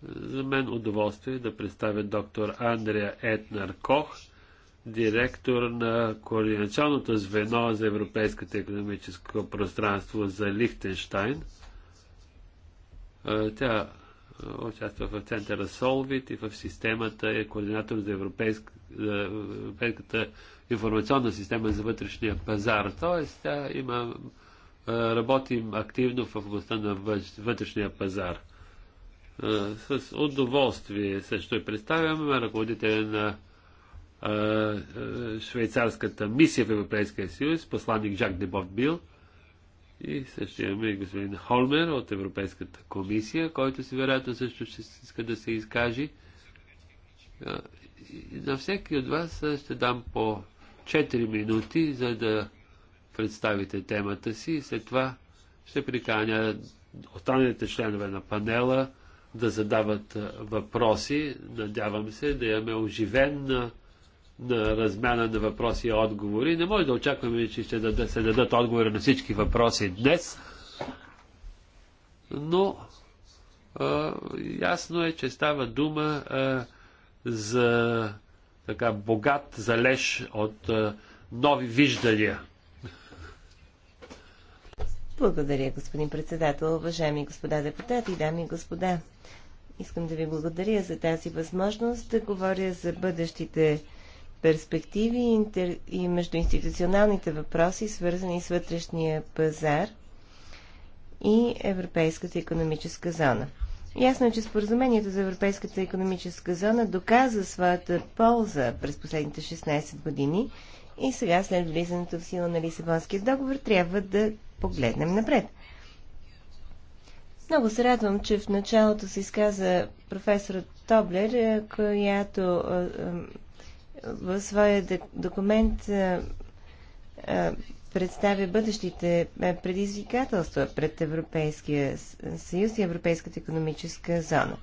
за мен удоволствие да представя доктор Андрея Етнар Кох – директор на Координационното звено за Европейското економическо пространство за Лихтенштайн. Тя участва в центъра Солвит и в системата е координатор за, за Европейската информационна система за вътрешния пазар. Тоест, тя има, работим активно в областта на вътрешния пазар. С удоволствие също и представям ръководителя на швейцарската мисия в Европейския съюз, посланник Жак де Бил, и също имаме и господин Холмер от Европейската комисия, който си вероятно също ще иска да се изкаже. И на всеки от вас ще дам по 4 минути, за да представите темата си и след това ще приканя останалите членове на панела да задават въпроси. Надявам се да имаме оживен на размяна на въпроси и отговори. Не може да очакваме, че ще дадат, се дадат отговори на всички въпроси днес, но а, ясно е, че става дума а, за така богат залеж от а, нови виждания. Благодаря, господин председател, уважаеми господа депутати, дами и господа. Искам да ви благодаря за тази възможност да говоря за бъдещите перспективи интер... и междуинституционалните въпроси, свързани с вътрешния пазар и Европейската економическа зона. Ясно е, че споразумението за Европейската економическа зона доказа своята полза през последните 16 години и сега, след влизането в сила на Лисабонския договор, трябва да погледнем напред. Много се радвам, че в началото се изказа професор Тоблер, която в своя документ е, е, представя бъдещите е, предизвикателства пред Европейския съюз и Европейската економическа зона.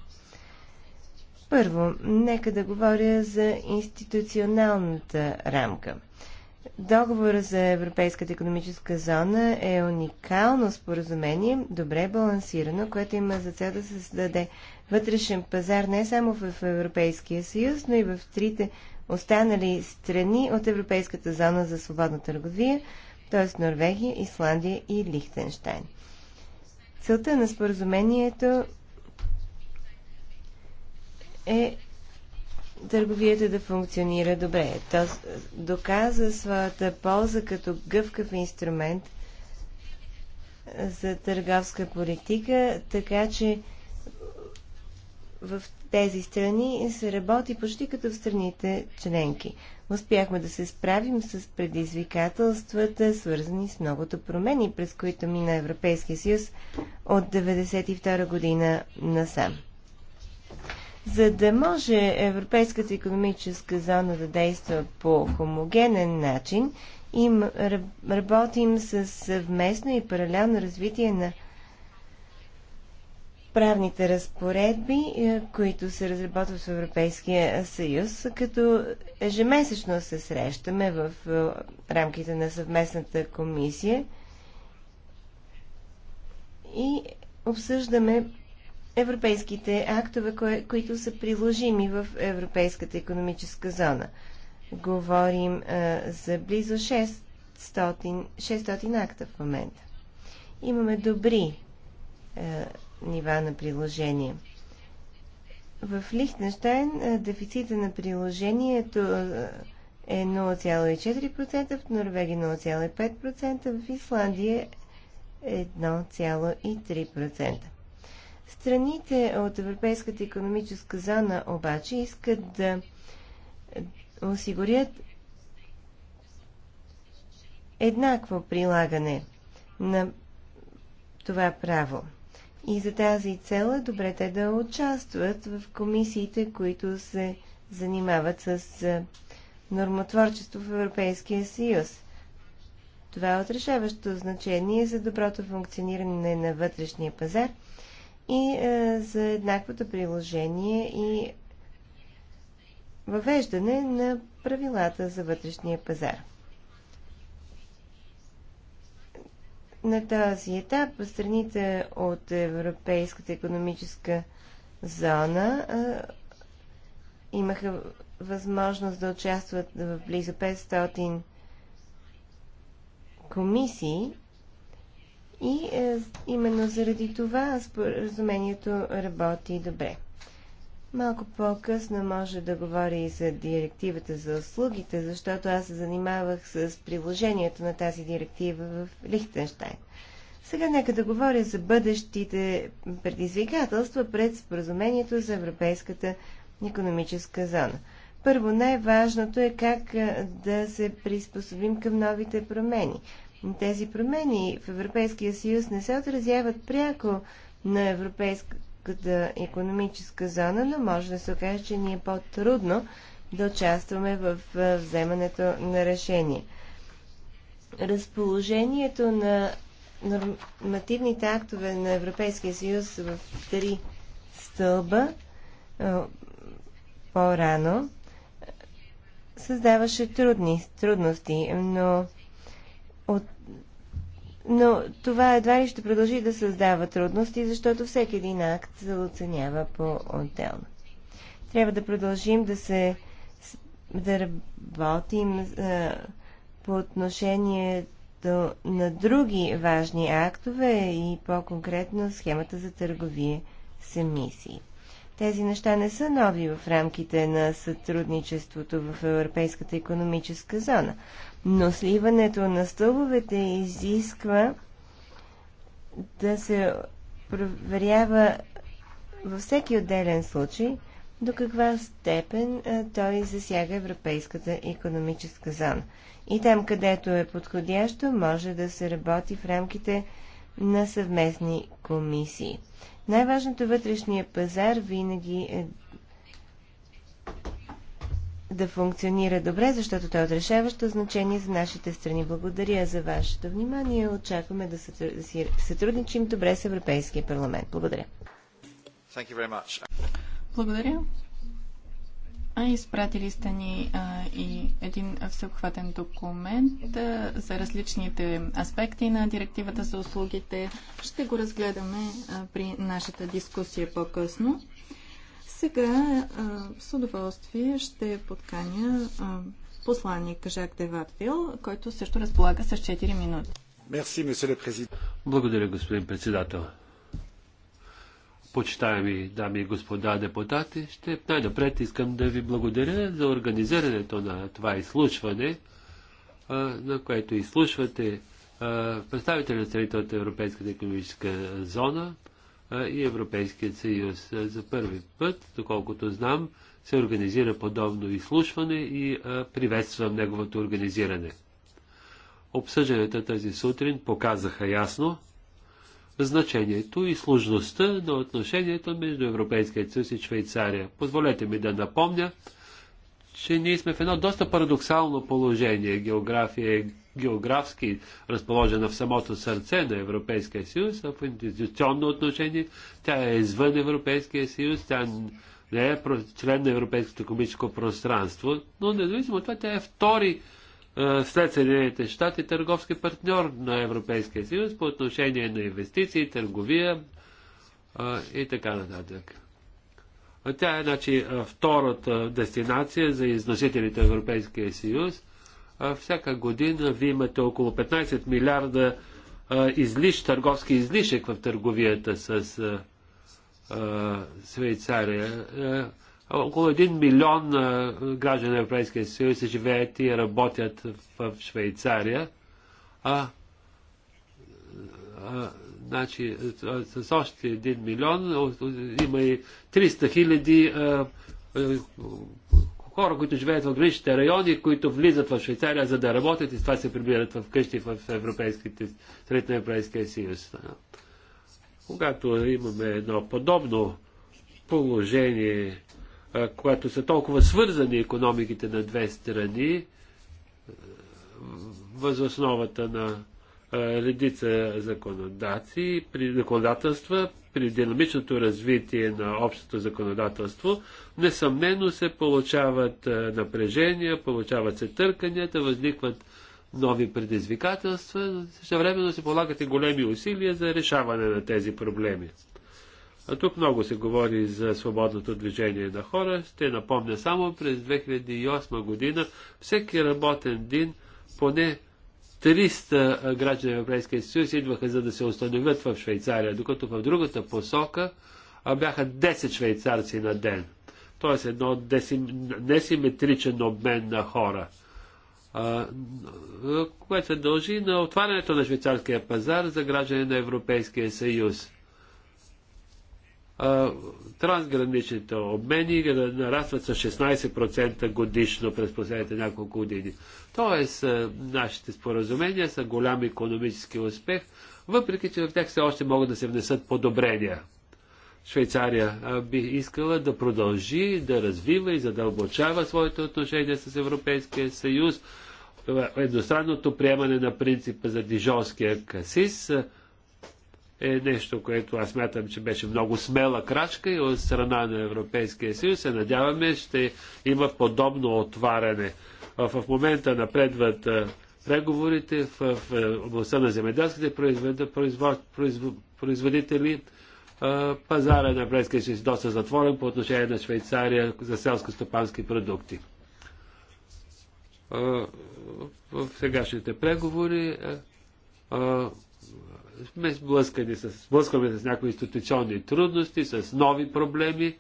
Първо, нека да говоря за институционалната рамка. Договор за Европейската економическа зона е уникално споразумение, добре балансирано, което има за цел да се създаде вътрешен пазар не само в Европейския съюз, но и в трите останали страни от Европейската зона за свободна търговия, т.е. Норвегия, Исландия и Лихтенштайн. Целта на споразумението е търговията да функционира добре. То доказа своята полза като гъвкав инструмент за търговска политика, така че в тези страни се работи почти като в страните членки. Успяхме да се справим с предизвикателствата, свързани с многото промени, през които мина Европейския съюз от 1992 година насам. За да може Европейската економическа зона да действа по хомогенен начин, им работим с съвместно и паралелно развитие на правните разпоредби, е, които се разработват в Европейския съюз, като ежемесечно се срещаме в е, рамките на съвместната комисия и обсъждаме европейските актове, които са приложими в Европейската економическа зона. Говорим е, за близо 600, 600 акта в момента. Имаме добри нива на приложение. В Лихтенштайн дефицита на приложението е 0,4%, в Норвегия 0,5%, в Исландия 1,3%. Страните от Европейската економическа зона обаче искат да осигурят еднакво прилагане на това право. И за тази цел е добре те да участват в комисиите, които се занимават с нормотворчество в Европейския съюз. Това е отрешаващо значение за доброто функциониране на вътрешния пазар и е, за еднаквото приложение и въвеждане на правилата за вътрешния пазар. на този етап страните от Европейската економическа зона имаха възможност да участват в близо 500 комисии и е, именно заради това споразумението работи добре. Малко по-късно може да говори и за директивата за услугите, защото аз се занимавах с приложението на тази директива в Лихтенштайн. Сега нека да говоря за бъдещите предизвикателства пред споразумението за Европейската економическа зона. Първо, най-важното е как да се приспособим към новите промени. Тези промени в Европейския съюз не се отразяват пряко на европейската економическа зона, но може да се окаже, че ни е по-трудно да участваме в вземането на решение. Разположението на нормативните актове на Европейския съюз в три стълба по-рано създаваше трудни трудности, но от но това едва ли ще продължи да създава трудности, защото всеки един акт се оценява по-отделно. Трябва да продължим да се да работим а, по отношение до, на други важни актове и по-конкретно схемата за търговия с емисии. Тези неща не са нови в рамките на сътрудничеството в Европейската економическа зона но сливането на стълбовете изисква да се проверява във всеки отделен случай до каква степен той засяга Европейската економическа зона. И там, където е подходящо, може да се работи в рамките на съвместни комисии. Най-важното вътрешния пазар винаги е да функционира добре, защото той е от решаващо значение за нашите страни. Благодаря за вашето внимание. Очакваме да, си сътрудничим добре с Европейския парламент. Благодаря. Благодаря. А изпратили сте ни а, и един всеобхватен документ а, за различните аспекти на директивата за услугите. Ще го разгледаме а, при нашата дискусия по-късно. Сега а, с удоволствие ще подканя а, посланник Жак Девардил, който също разполага с 4 минути. Merci, Благодаря, господин председател. Почитаеми дами и господа депутати, ще най-напред искам да ви благодаря за организирането на това изслушване, а, на което изслушвате представители на страните от Европейската економическа зона, и Европейският съюз. За първи път, доколкото знам, се организира подобно изслушване и приветствам неговото организиране. Обсъжданията тази сутрин показаха ясно значението и сложността на отношението между Европейския съюз и Швейцария. Позволете ми да напомня, че ние сме в едно доста парадоксално положение. География е географски разположена в самото сърце на Европейския съюз, а в институционно отношение тя е извън Европейския съюз, тя не е член на Европейското комическо пространство, но независимо от това тя е втори е, след Съединените щати търговски партньор на Европейския съюз по отношение на инвестиции, търговия е, и така нататък. Тя е значи, втората дестинация за износителите в Европейския съюз. Всяка година вие имате около 15 милиарда излиш, търговски излишък в търговията с Швейцария. Около 1 милион граждани на Европейския съюз живеят и работят в Швейцария. А, Значи, е, с още 1 милион има и 300 хиляди е, е, хора, които живеят в граничните райони, които влизат в Швейцария за да работят и с това се прибират в къщи в европейските, сред на Европейския съюз. Когато имаме едно подобно положение, когато са толкова свързани економиките на две страни, възосновата на редица законодации при законодателства, при динамичното развитие на общото законодателство, несъмнено се получават напрежения, получават се търканията, възникват нови предизвикателства, същевременно се полагат и големи усилия за решаване на тези проблеми. А тук много се говори за свободното движение на хора. Ще напомня само през 2008 година всеки работен ден поне 300 граждани на Европейския съюз идваха за да се установят в Швейцария, докато в другата посока бяха 10 швейцарци на ден. Тоест едно несиметричен обмен на хора, което се дължи на отварянето на швейцарския пазар за граждани на Европейския съюз трансграничните обмени нарастват с 16% годишно през последните няколко години. Тоест, нашите споразумения са голям економически успех, въпреки че в тях все още могат да се внесат подобрения. Швейцария би искала да продължи да развива и задълбочава своите отношения с Европейския съюз. Е едностранното приемане на принципа за Дижонския касис – е нещо, което аз мятам, че беше много смела крачка и от страна на Европейския съюз се надяваме ще има подобно отваряне. В момента напредват преговорите в областта на земеделските производители. Пазара на Европейския съюз е доста затворен по отношение на Швейцария за селско-стопански продукти. В сегашните преговори сме сблъскани с, сблъскваме с някои институционни трудности, с нови проблеми,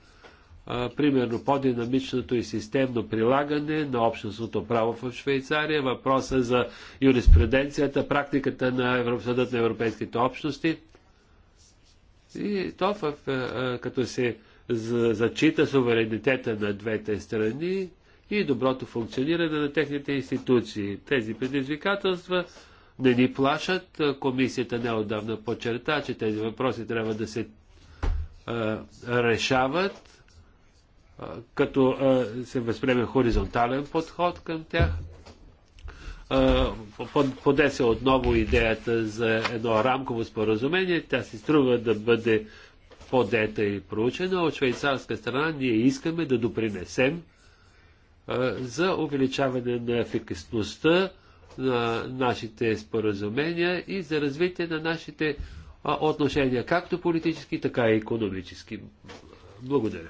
а, примерно по-динамичното и системно прилагане на общностното право в Швейцария, въпроса за юриспруденцията, практиката на съдът на европейските общности. И то в, а, като се зачита суверенитета на двете страни и доброто функциониране на техните институции. Тези предизвикателства не ни плашат. Комисията неодавна подчерта, че тези въпроси трябва да се а, е, решават, а, е, като а, е, се възприеме хоризонтален подход към тях. Подесе отново идеята за едно рамково споразумение. Тя си струва да бъде подета и проучена. От швейцарска страна ние искаме да допринесем за увеличаване на ефикасността на нашите споразумения и за развитие на нашите отношения, както политически, така и економически. Благодаря.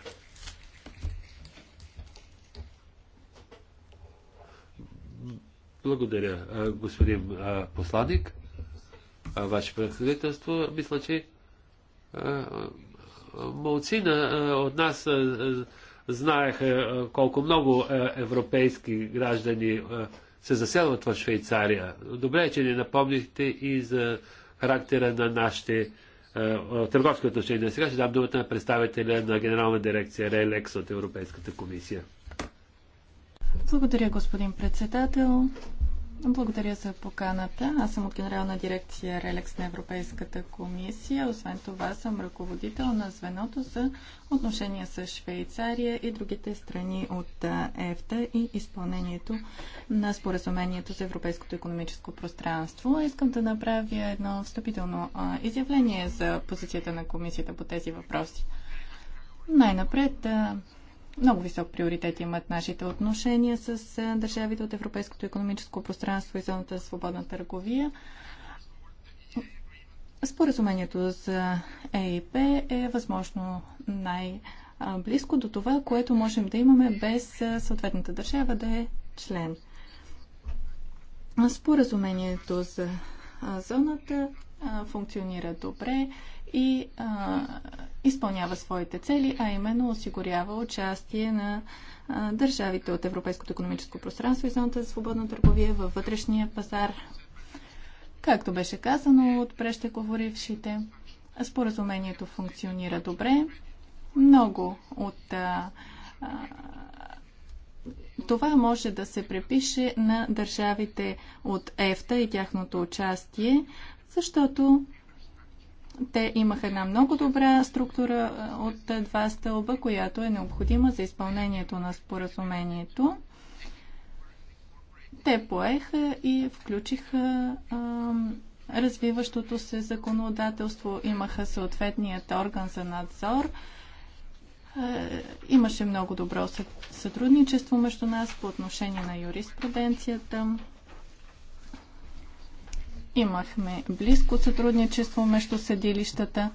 Благодаря, господин посланник. Ваше председателство, мисля, че малцина от нас знаеха колко много европейски граждани се заселват в Швейцария. Добре, е, че ни напомнихте и за характера на нашите е, е, търговски отношения. Сега ще дам думата на представителя на Генерална дирекция РЕЛЕКС от Европейската комисия. Благодаря, господин председател. Благодаря за поканата. Аз съм от Генерална дирекция Релекс на Европейската комисия. Освен това съм ръководител на звеното за отношения с Швейцария и другите страни от ЕФТА и изпълнението на споразумението за Европейското економическо пространство. Искам да направя едно встъпително изявление за позицията на комисията по тези въпроси. Най-напред много висок приоритет имат нашите отношения с държавите от Европейското економическо пространство и зоната за свободна търговия. Споразумението за ЕИП е възможно най-близко до това, което можем да имаме без съответната държава да е член. Споразумението за зоната функционира добре и а, изпълнява своите цели, а именно осигурява участие на а, държавите от Европейското економическо пространство и зоната за свободна търговия във вътрешния пазар. Както беше казано от прещеговорившите, споразумението функционира добре. Много от а, а, това може да се препише на държавите от ЕФТА и тяхното участие, защото те имаха една много добра структура е, от е, два стълба, която е необходима за изпълнението на споразумението. Те поеха и включиха а, е, развиващото се законодателство, имаха съответният орган за надзор. А, имаше много добро сътрудничество между нас по отношение на юриспруденцията. Имахме близко сътрудничество между съдилищата.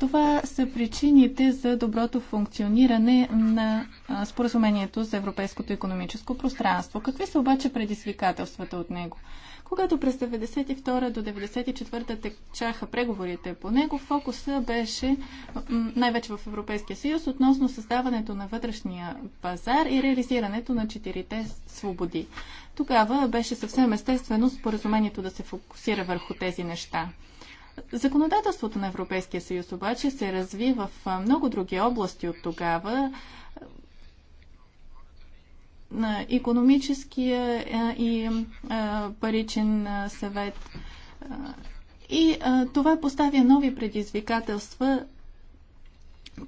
Това са причините за доброто функциониране на споразумението за Европейското економическо пространство. Какви са обаче предизвикателствата от него? Когато през 1992 до 1994 течаха преговорите по него, фокуса беше най-вече в Европейския съюз относно създаването на вътрешния пазар и реализирането на четирите свободи тогава беше съвсем естествено споразумението да се фокусира върху тези неща. Законодателството на Европейския съюз обаче се разви в много други области от тогава на економическия и паричен съвет. И това поставя нови предизвикателства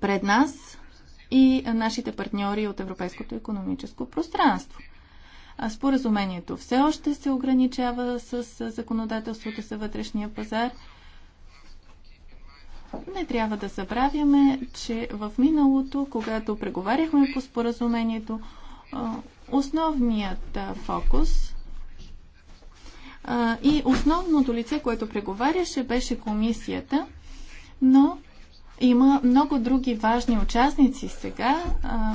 пред нас и нашите партньори от Европейското економическо пространство. А споразумението все още се ограничава с законодателството за вътрешния пазар. Не трябва да забравяме, че в миналото, когато преговаряхме по споразумението, основният фокус и основното лице, което преговаряше, беше комисията, но има много други важни участници сега,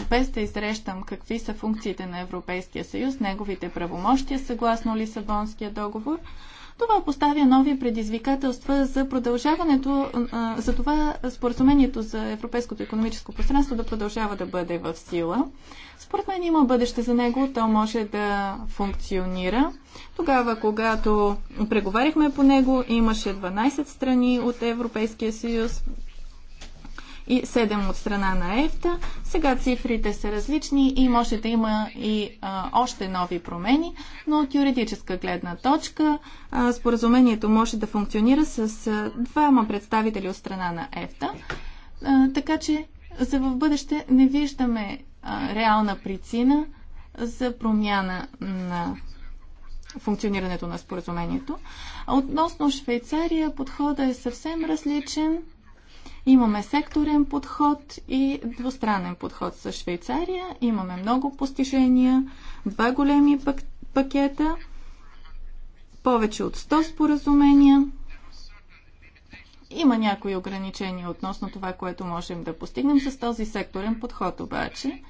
без да изрещам какви са функциите на Европейския съюз, неговите правомощия съгласно Лисабонския договор. Това поставя нови предизвикателства за продължаването, за това споразумението за Европейското економическо пространство да продължава да бъде в сила. Според мен има бъдеще за него, то може да функционира. Тогава, когато преговаряхме по него, имаше 12 страни от Европейския съюз, и 7 от страна на ЕФТА. Сега цифрите са различни и може да има и а, още нови промени, но от юридическа гледна точка а, споразумението може да функционира с а, двама представители от страна на ЕФТА. А, така че за в бъдеще не виждаме а, реална причина за промяна на функционирането на споразумението. Относно Швейцария подходът е съвсем различен. Имаме секторен подход и двустранен подход с Швейцария. Имаме много постижения, два големи пакета, повече от 100 споразумения. Има някои ограничения относно това, което можем да постигнем с този секторен подход обаче.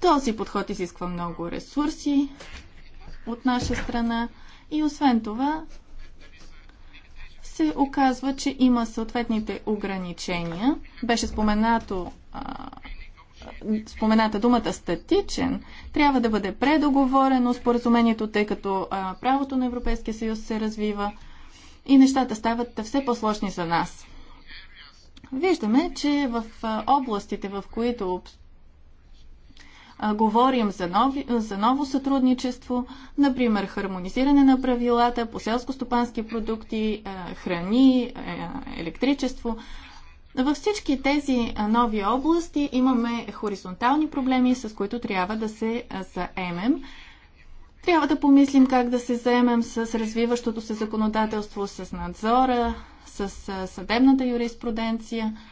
Този подход изисква много ресурси от наша страна и освен това се оказва, че има съответните ограничения. Беше споменато а, спомената думата статичен, трябва да бъде предоговорено споразумението, тъй като а, правото на Европейския съюз се развива и нещата стават все по-сложни за нас. Виждаме, че в областите, в които говорим за, нови, за ново сътрудничество, например хармонизиране на правилата по селско-стопански продукти, храни, електричество. Във всички тези нови области имаме хоризонтални проблеми, с които трябва да се заемем. Трябва да помислим как да се заемем с развиващото се законодателство, с надзора, с съдебната юриспруденция –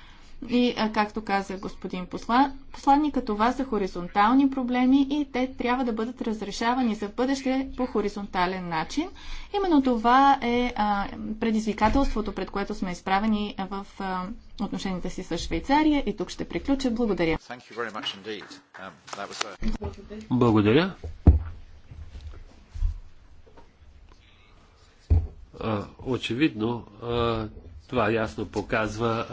и, както каза господин посла, посланника, това са хоризонтални проблеми и те трябва да бъдат разрешавани за бъдеще по хоризонтален начин. Именно това е а, предизвикателството, пред което сме изправени в а, отношенията си с Швейцария. И тук ще приключа. Благодаря. Um, Благодаря. очевидно, това ясно показва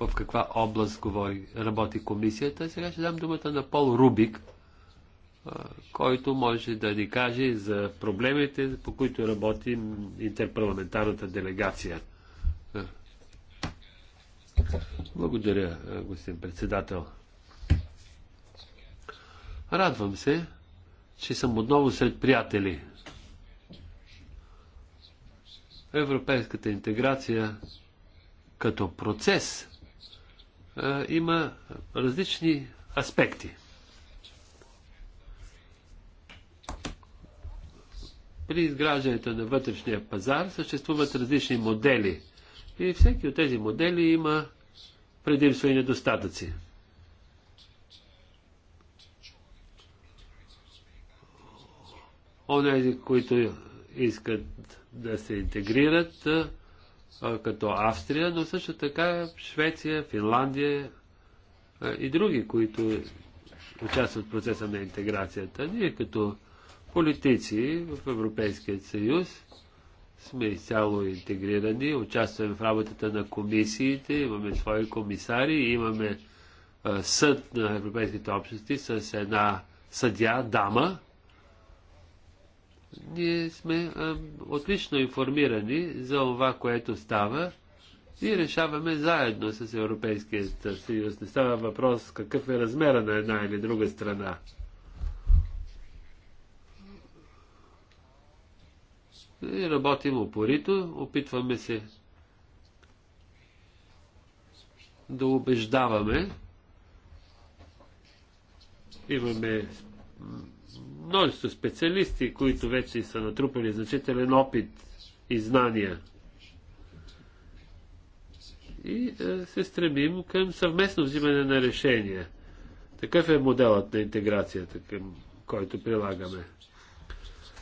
в каква област говори, работи комисията. Сега ще дам думата на Пол Рубик, който може да ни каже за проблемите, по които работи интерпарламентарната делегация. Благодаря, господин председател. Радвам се, че съм отново сред приятели. Европейската интеграция като процес има различни аспекти. При изграждането на вътрешния пазар съществуват различни модели и всеки от тези модели има предимства и недостатъци. Онези, които искат да се интегрират, като Австрия, но също така Швеция, Финландия и други, които участват в процеса на интеграцията. Ние като политици в Европейския съюз сме изцяло интегрирани, участваме в работата на комисиите, имаме свои комисари, имаме съд на европейските общности с една съдя, дама, ние сме а, отлично информирани за това, което става и решаваме заедно с Европейския съюз. Не става въпрос какъв е размера на една или друга страна. И работим опорито, опитваме се да убеждаваме. Имаме множество специалисти, които вече са натрупали значителен опит и знания. И е, се стремим към съвместно взимане на решения. Такъв е моделът на интеграцията, към който прилагаме.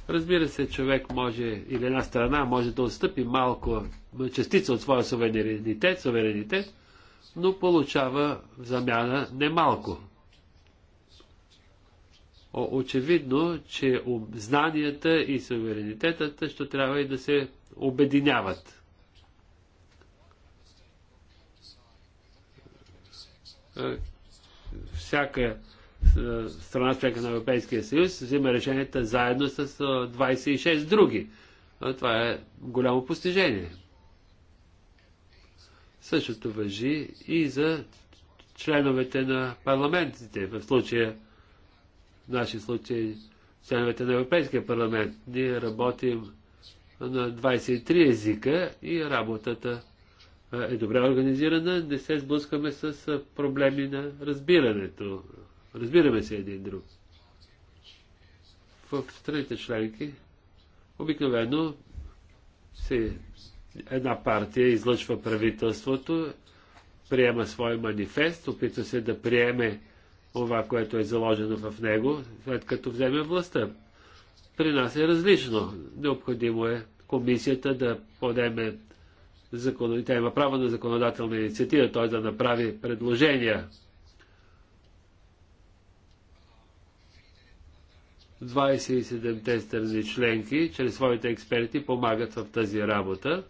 Разбира се, човек може, или една страна може да отстъпи малко частица от своя суверенитет, суверенитет, но получава в замяна немалко очевидно, че знанията и суверенитетът ще трябва и да се обединяват. Е, всяка е, страна членка на Европейския съюз взима решенията заедно с 26 е, други. Това е голямо постижение. Същото въжи и за членовете на парламентите, в случая в нашия случай членовете на Европейския парламент. Ние работим на 23 езика и работата е добре организирана, не се сблъскаме с проблеми на разбирането. Разбираме се един друг. В страните членки обикновено се една партия излъчва правителството, приема свой манифест, опитва се да приеме това, което е заложено в него, след като вземе властта. При нас е различно. Необходимо е комисията да подеме закон... тя има право на законодателна инициатива, т.е. да направи предложения. 27-те страни членки чрез своите експерти помагат в тази работа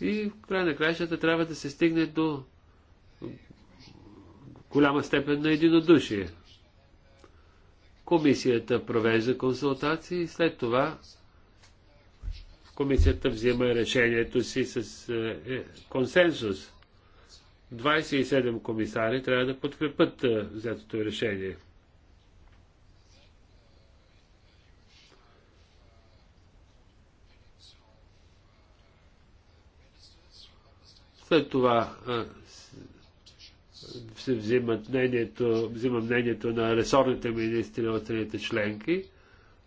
и в край на краищата трябва да се стигне до голяма степен на единодушие. Комисията провежда консултации и след това комисията взима решението си с е, е консенсус. 27 комисари трябва да подкрепят е, взетото решение. След това е, се взимат мнението, взима мнението на ресорните министри от страните членки,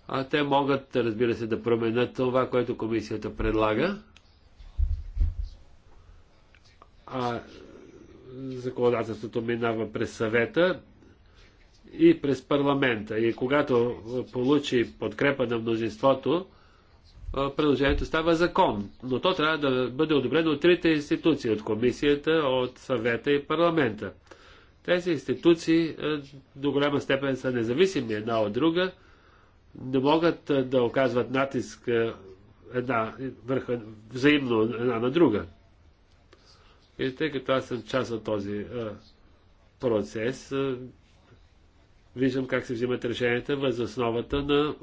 а те могат, разбира се, да променят това, което комисията предлага. А законодателството минава през съвета и през парламента. И когато получи подкрепа на мнозинството, предложението става закон. Но то трябва да бъде одобрено от трите институции, от комисията, от съвета и парламента. Тези институции е, до голяма степен са независими една от друга, не могат е, да оказват натиск е, една, върха, взаимно една на друга. И тъй като аз съм част от този процес, виждам как се взимат решенията въз основата на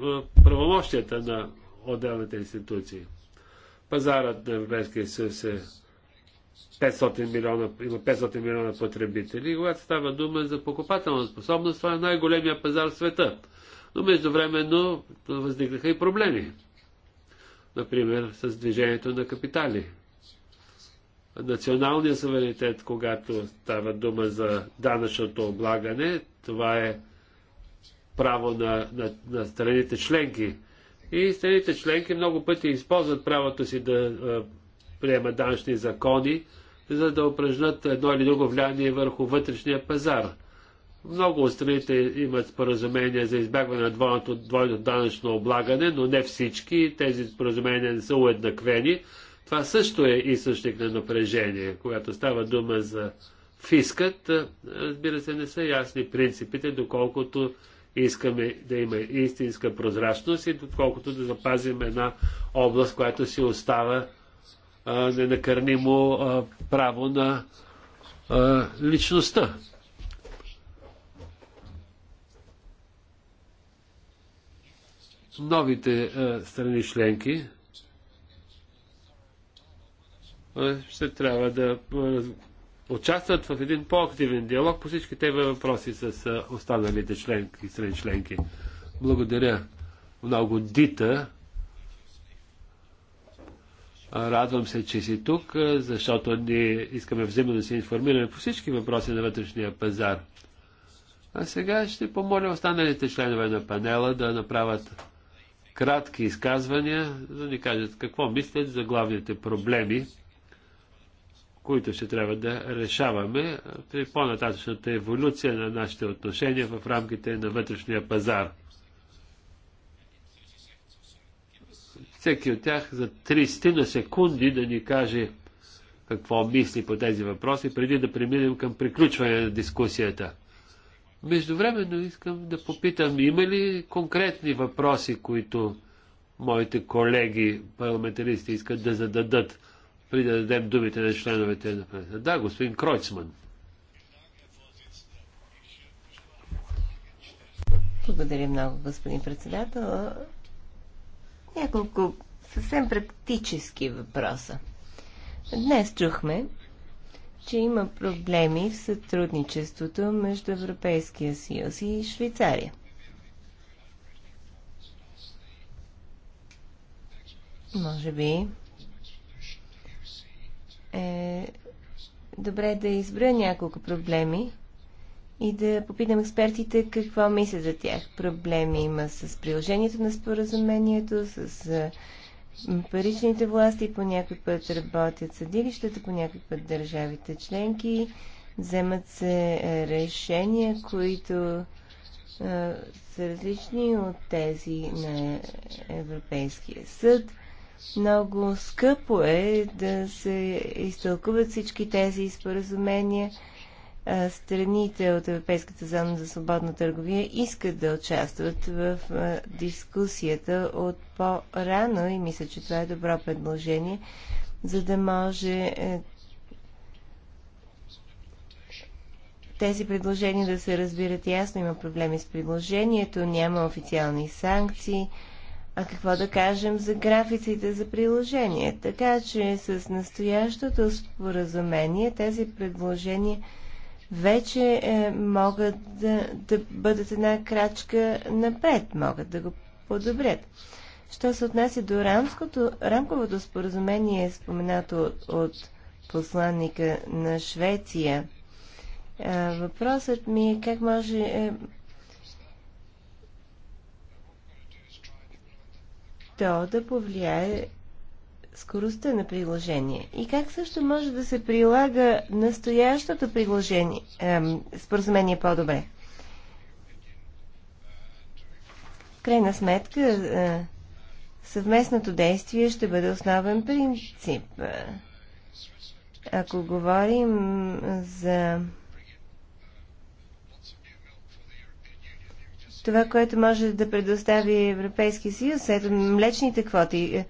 правомощията на отделните институции. Пазарът на Европейския съюз е 500 милиона, има 500 милиона потребители. И когато става дума за покупателна способност, това е най-големия пазар в света. Но междувременно възникнаха и проблеми. Например, с движението на капитали. Националният суверенитет, когато става дума за данъчното облагане, това е право на, на, на страните членки. И страните членки много пъти използват правото си да приемат данъчни закони, за да упражнат едно или друго влияние върху вътрешния пазар. Много от страните имат споразумения за избягване на двойното, двойно данъчно облагане, но не всички. Тези споразумения не са уеднаквени. Това също е източник на напрежение. Когато става дума за фискът, разбира се, не са ясни принципите, доколкото искаме да има истинска прозрачност и доколкото да запазим една област, която си остава ненакърнимо право на личността. Новите страни членки ще трябва да участват в един по-активен диалог по всички тези въпроси с останалите членки, страни членки. Благодаря много Дита Радвам се, че си тук, защото ние искаме взаимно да се информираме по всички въпроси на вътрешния пазар. А сега ще помоля останалите членове на панела да направят кратки изказвания, да ни кажат какво мислят за главните проблеми, които ще трябва да решаваме при по-нататъчната еволюция на нашите отношения в рамките на вътрешния пазар. всеки от тях за 30 на секунди да ни каже какво мисли по тези въпроси, преди да преминем към приключване на дискусията. Междувременно искам да попитам, има ли конкретни въпроси, които моите колеги парламентаристи искат да зададат, преди да дадем думите на членовете на преса? Да, господин Кройцман. Благодаря много, господин председател. Няколко съвсем практически въпроса. Днес чухме, че има проблеми в сътрудничеството между Европейския съюз и Швейцария. Може би е добре да избра няколко проблеми, и да попитам експертите какво мислят за тях. Проблеми има с приложението на споразумението, с паричните власти, по някой път работят съдилищата, по някой път държавите членки, вземат се решения, които са различни от тези на Европейския съд. Много скъпо е да се изтълкуват всички тези споразумения страните от Европейската зона за свободна търговия искат да участват в дискусията от по-рано и мисля, че това е добро предложение, за да може е, тези предложения да се разбират ясно. Има проблеми с приложението, няма официални санкции. А какво да кажем за графиците за приложение? Така че с настоящото споразумение тези предложения вече е, могат да, да бъдат една крачка напред, могат да го подобрят. Що се отнася до рамското, рамковото споразумение, споменато от, от посланника на Швеция, е, въпросът ми е как може е, то да повлияе скоростта на приложение и как също може да се прилага настоящото приложение, е, споразумение по-добре? В крайна сметка, е, съвместното действие ще бъде основен принцип. Е, ако говорим за това, което може да предостави Европейския съюз, ето млечните квоти. Е,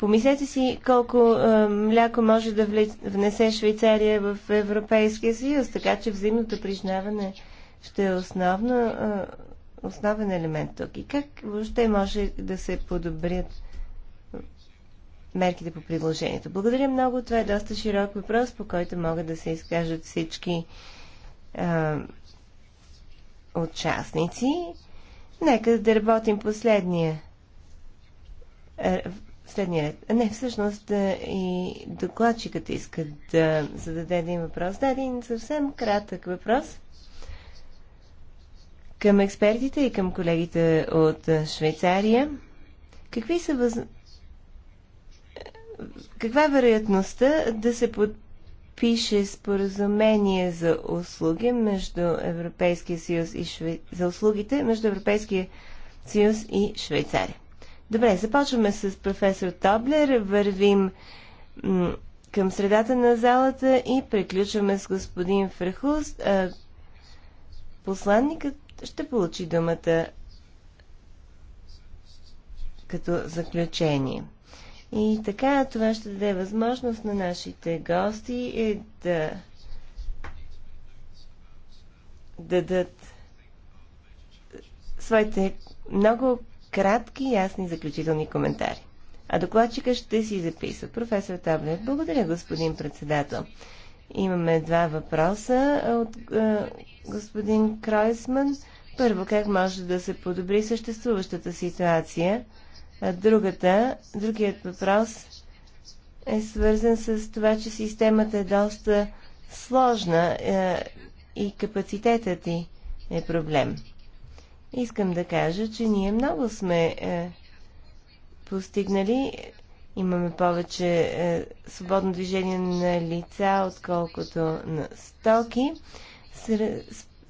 Помислете си колко е, мляко може да внесе Швейцария в Европейския съюз, така че взаимното признаване ще е основно, е, основен елемент тук. И как въобще може да се подобрят мерките по приложението? Благодаря много. Това е доста широк въпрос, по който могат да се изкажат всички е, участници. Нека да работим последния следния ред. Не, всъщност е, и докладчикът иска да зададе един въпрос. Да, един съвсем кратък въпрос към експертите и към колегите от е, Швейцария. Какви са въз... Е, каква е вероятността да се подпише споразумение за услуги между Европейския съюз и Шве... за услугите между Европейския съюз и Швейцария? Добре, започваме с професор Тоблер, вървим към средата на залата и приключваме с господин Фрехус. Посланникът ще получи думата като заключение. И така това ще даде възможност на нашите гости е да дадат своите много кратки и ясни заключителни коментари. А докладчика ще си записва. Професор Таблев, благодаря, господин председател. Имаме два въпроса от е, господин Кройсман. Първо, как може да се подобри съществуващата ситуация? А другата, другият въпрос е свързан с това, че системата е доста сложна е, и капацитетът ти е проблем искам да кажа, че ние много сме е, постигнали. Имаме повече е, свободно движение на лица, отколкото на стоки.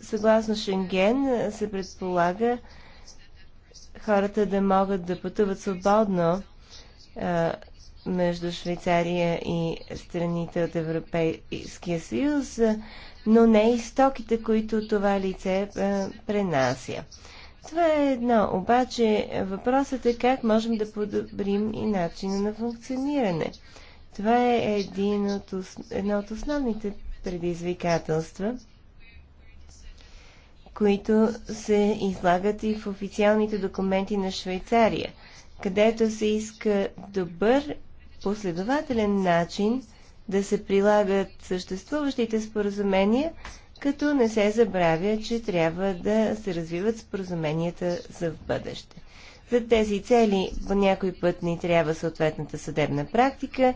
Съгласно Шенген е, се предполага хората да могат да пътуват свободно е, между Швейцария и страните от Европейския съюз. Е, но не и стоките, които това лице а, е, пренася. Това е едно, обаче въпросът е как можем да подобрим и начина на функциониране. Това е един от, едно от основните предизвикателства, които се излагат и в официалните документи на Швейцария, където се иска добър, последователен начин да се прилагат съществуващите споразумения, като не се забравя, че трябва да се развиват споразуменията за в бъдеще. За тези цели по някой път ни трябва съответната съдебна практика,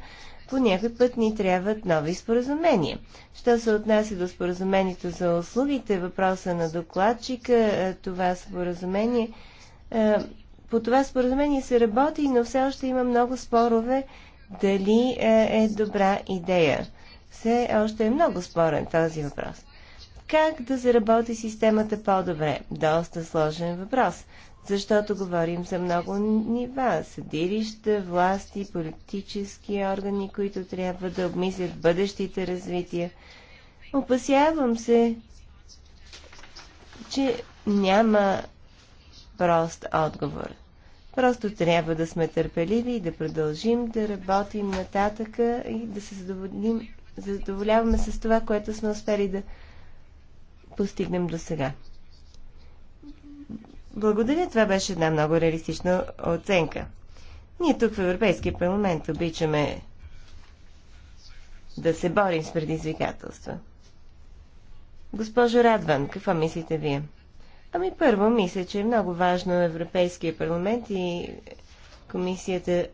по някой път ни трябват нови споразумения. Що се отнася до споразумението за услугите, въпроса на докладчика, е, това споразумение, е, по това споразумение се работи, но все още има много спорове дали е, е добра идея. Все още е много спорен този въпрос. Как да заработи системата по-добре? Доста сложен въпрос, защото говорим за много нива съдилища, власти, политически органи, които трябва да обмислят бъдещите развития. Опасявам се, че няма прост отговор. Просто трябва да сме търпеливи и да продължим да работим нататъка и да се задоволим, задоволяваме с това, което сме успели да постигнем до сега. Благодаря, това беше една много реалистична оценка. Ние тук в Европейския парламент обичаме да се борим с предизвикателства. Госпожо Радван, какво мислите вие? Ами първо, мисля, че е много важно Европейския парламент и Комисията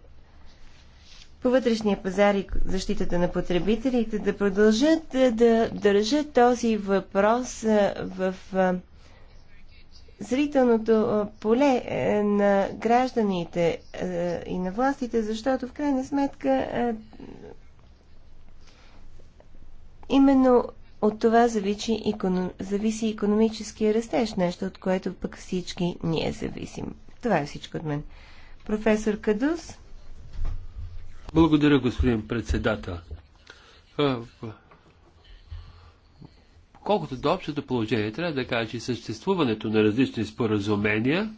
по вътрешния пазар и защитата на потребителите да продължат да държат този въпрос в зрителното поле е, на гражданите е, и на властите, защото в крайна сметка е, именно от това зависи, економ... зависи економическия растеж, нещо от което пък всички ние зависим. Това е всичко от мен. Професор Кадус? Благодаря, господин председател. Колкото до общото положение, трябва да кажа, че съществуването на различни споразумения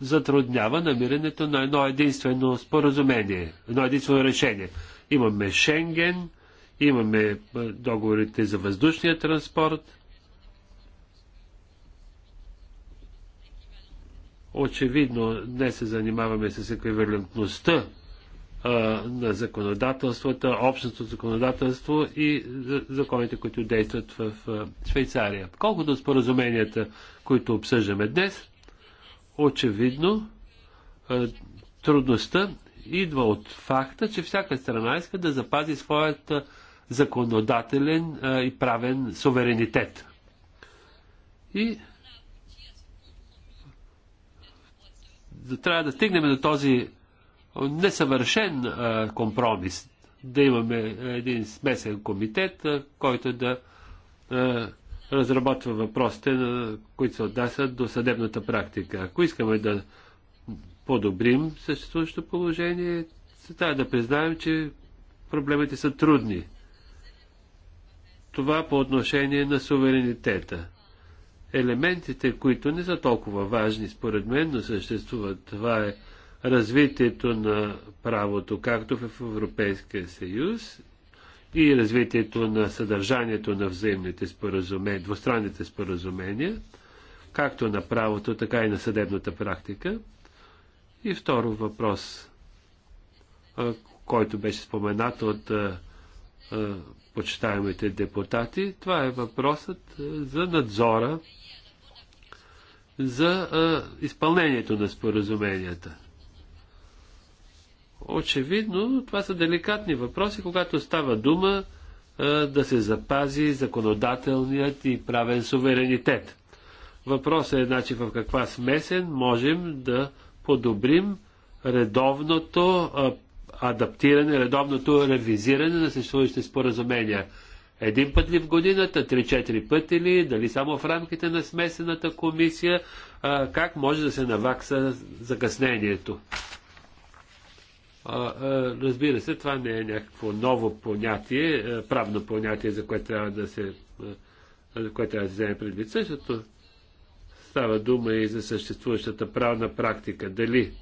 затруднява намирането на едно единствено споразумение, едно единствено решение. Имаме Шенген, Имаме е, договорите за въздушния транспорт. Очевидно, днес се занимаваме с еквивалентността е, на законодателствата, общото законодателство и законите, които действат в е, Швейцария. Колкото споразуменията, които обсъждаме днес, очевидно трудността идва от факта, че всяка страна иска да запази своята законодателен и правен суверенитет. И трябва да стигнем до този несъвършен компромис. Да имаме един смесен комитет, който да разработва въпросите, които се отнасят до съдебната практика. Ако искаме да подобрим съществуващото положение, трябва да признаем, че проблемите са трудни. Това по отношение на суверенитета. Елементите, които не са толкова важни според мен, но съществуват, това е развитието на правото, както в Европейския съюз и развитието на съдържанието на взаимните споразумения, двустранните споразумения, както на правото, така и на съдебната практика. И второ въпрос, който беше споменат от е, почитаемите депутати. Това е въпросът е, за надзора за е, изпълнението на споразуменията. Очевидно, това са деликатни въпроси, когато става дума да се запази законодателният и правен суверенитет. Въпросът е, значи, в каква смесен можем да подобрим редовното адаптиране, редовното ревизиране на съществуващите споразумения. Един път ли в годината, три 4 пъти ли, дали само в рамките на смесената комисия, а, как може да се навакса закъснението? А, а, разбира се, това не е някакво ново понятие, а, правно понятие, за което трябва да се, а, за което трябва да се вземе предвид. Същото става дума и за съществуващата правна практика. Дали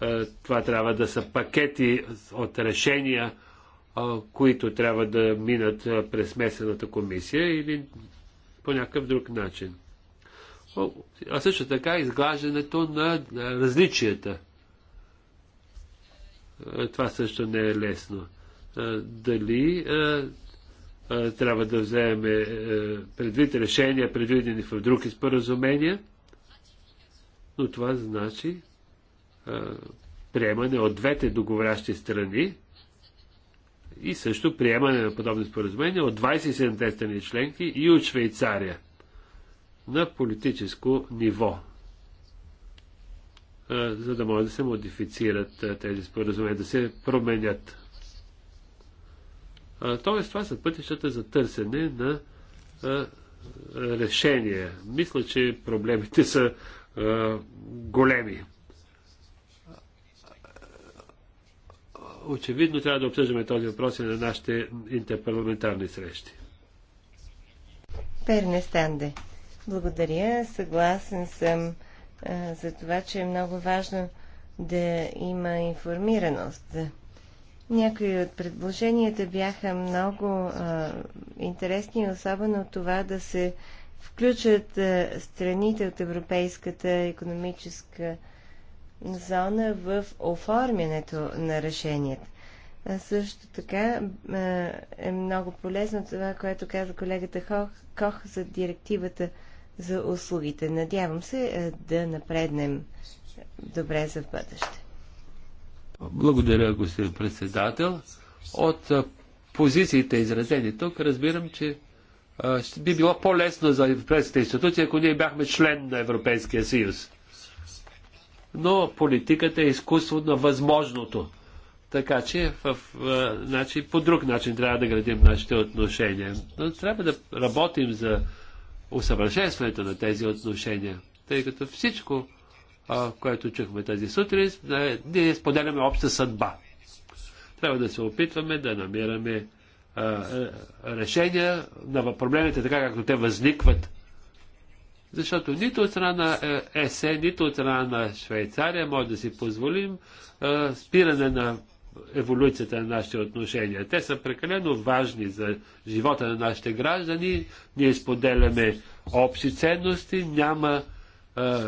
е, това трябва да са пакети от решения, е, които трябва да минат е, през смесената комисия или по някакъв друг начин. А също така изглаждането на различията. Това също не е лесно. Дали трябва да вземе предвид решения, предвидени в други споразумения, но това значи е, приемане от двете договорящи страни и също приемане на подобни споразумения от 27-те страни членки и от Швейцария на политическо ниво, е, за да може да се модифицират е, тези споразумения, да се променят. Тоест, това са пътищата за търсене на решение. Мисля, че проблемите са големи. очевидно трябва да обсъждаме този въпрос и на нашите интерпарламентарни срещи. Перне Станде. Благодаря. Съгласен съм а, за това, че е много важно да има информираност. Някои от предложенията бяха много а, интересни, особено това да се включат а, страните от Европейската економическа а, зона в оформянето на решението. също така е много полезно това, което каза колегата Кох за директивата за услугите. Надявам се да напреднем добре за в бъдеще. Благодаря, господин председател. От позициите изразени тук разбирам, че би било по-лесно за европейската институция, ако ние бяхме член на Европейския съюз но политиката е изкуство на възможното. Така че в, в, значи, по друг начин трябва да градим нашите отношения. Но трябва да работим за усъвършенстването на тези отношения, тъй като всичко, а, което чухме тази сутрин, да, е, ние споделяме обща съдба. Трябва да се опитваме да намираме а, решения на проблемите така, както те възникват защото нито от страна на е, ЕСЕ, нито от страна на Швейцария може да си позволим е, спиране на еволюцията на нашите отношения. Те са прекалено важни за живота на нашите граждани. Ние споделяме общи ценности, няма а, е,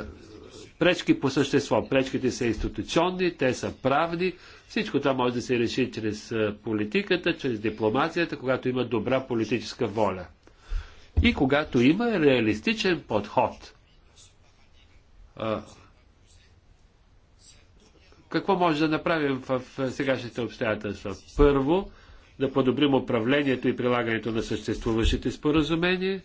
пречки по същество. Пречките са институционни, те са правни. Всичко това може да се реши чрез политиката, чрез дипломацията, когато има добра политическа воля и когато има реалистичен подход. Какво може да направим в сегашните обстоятелства? Първо, да подобрим управлението и прилагането на съществуващите споразумения,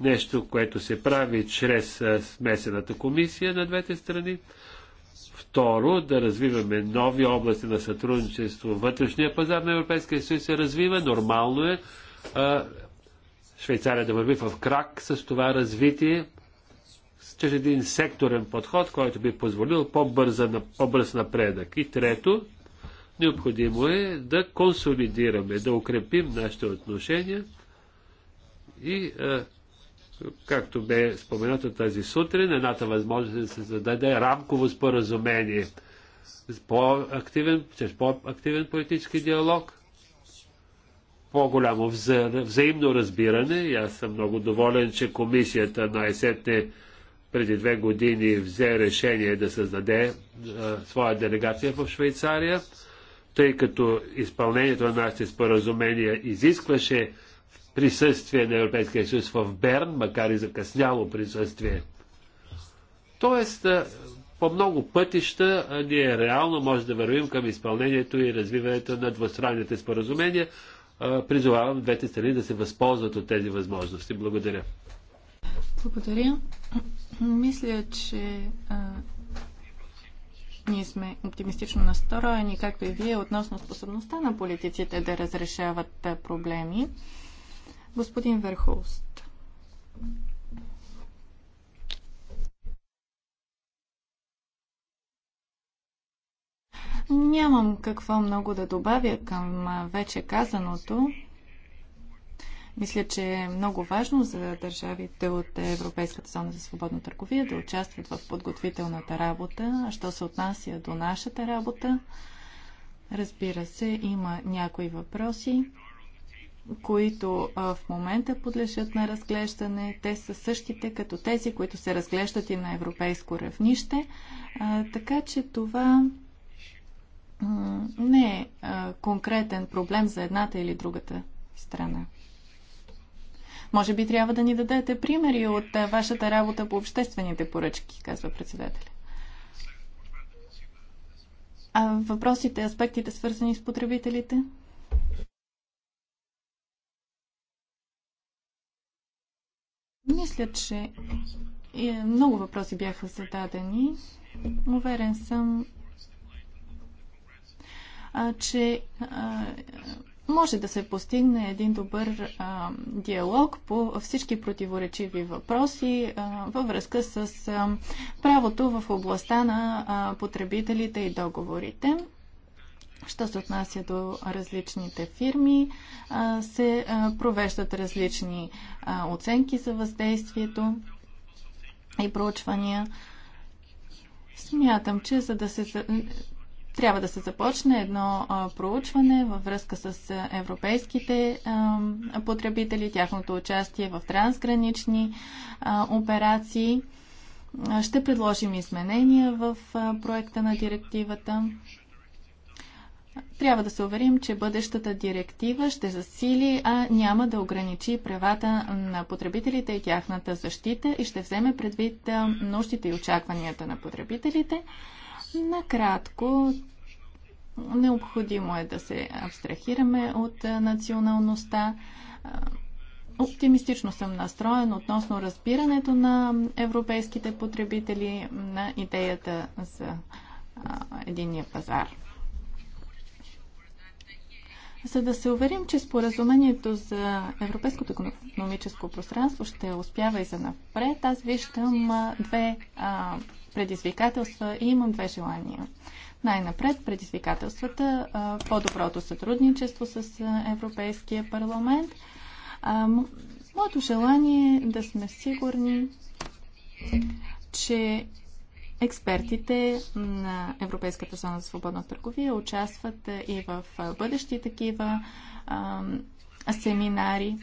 нещо, което се прави чрез смесената комисия на двете страни. Второ, да развиваме нови области на сътрудничество. Вътрешния пазар на Европейския съюз се развива, нормално е. Швейцария да върви в крак с това развитие, чрез един секторен подход, който би позволил по-бърз по напредък. И трето, необходимо е да консолидираме, да укрепим нашите отношения и, както бе споменато тази сутрин, едната възможност е да се зададе рамково споразумение по-активен, чрез по-активен политически диалог – по-голямо вза... взаимно разбиране и аз съм много доволен, че комисията на Есетне преди две години взе решение да създаде а, своя делегация в Швейцария, тъй като изпълнението на нашите споразумения изискваше присъствие на Европейския съюз в Берн, макар и закъсняло присъствие. Тоест, по много пътища ние реално може да вървим към изпълнението и развиването на двустранните споразумения, призовавам двете страни да се възползват от тези възможности. Благодаря. Благодаря. Мисля, че а, ние сме оптимистично настроени, както и вие, относно способността на политиците да разрешават проблеми. Господин Верховст. Нямам какво много да добавя към вече казаното. Мисля, че е много важно за държавите от Европейската зона за свободна търговия да участват в подготвителната работа. А що се отнася до нашата работа, разбира се, има някои въпроси, които в момента подлежат на разглеждане. Те са същите като тези, които се разглеждат и на европейско равнище. така че това не е конкретен проблем за едната или другата страна. Може би трябва да ни дадете примери от вашата работа по обществените поръчки, казва председателя. А въпросите, аспектите, свързани с потребителите? Мисля, че е, много въпроси бяха зададени. Уверен съм, че може да се постигне един добър а, диалог по всички противоречиви въпроси а, във връзка с а, правото в областта на а, потребителите и договорите. Що се отнася до различните фирми, а, се а, провеждат различни а, оценки за въздействието и проучвания. Смятам, че за да се трябва да се започне едно проучване във връзка с европейските потребители, тяхното участие в трансгранични операции. Ще предложим изменения в проекта на директивата. Трябва да се уверим, че бъдещата директива ще засили, а няма да ограничи правата на потребителите и тяхната защита и ще вземе предвид нуждите и очакванията на потребителите. Накратко, необходимо е да се абстрахираме от националността. Оптимистично съм настроен относно разбирането на европейските потребители на идеята за единния пазар. За да се уверим, че споразумението за Европейското економическо пространство ще успява и за напред, аз виждам две а, предизвикателства и имам две желания. Най-напред предизвикателствата, по-доброто сътрудничество с Европейския парламент. Моето желание е да сме сигурни, че експертите на Европейската зона за свободна търговия участват и в бъдещи такива семинари.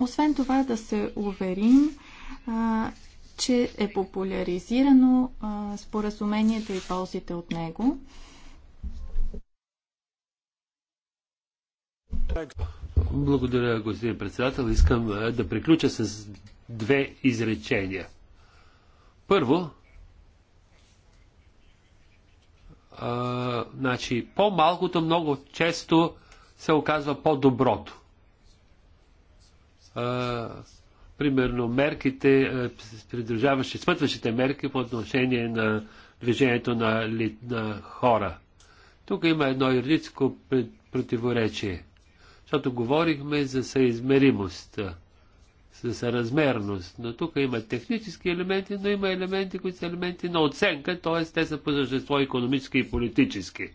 Освен това да се уверим, че е популяризирано а, споразумението и ползите от него. Благодаря, господин председател. Искам а, да приключа с две изречения. Първо, а, значи, по-малкото много често се оказва по-доброто примерно мерките, е, придържаващи смътващите мерки по отношение на движението на, ли, на хора. Тук има едно юридическо противоречие, защото говорихме за съизмеримост, е, за съразмерност, но тук има технически елементи, но има елементи, които са елементи на оценка, т.е. те са по същество економически и политически. Е,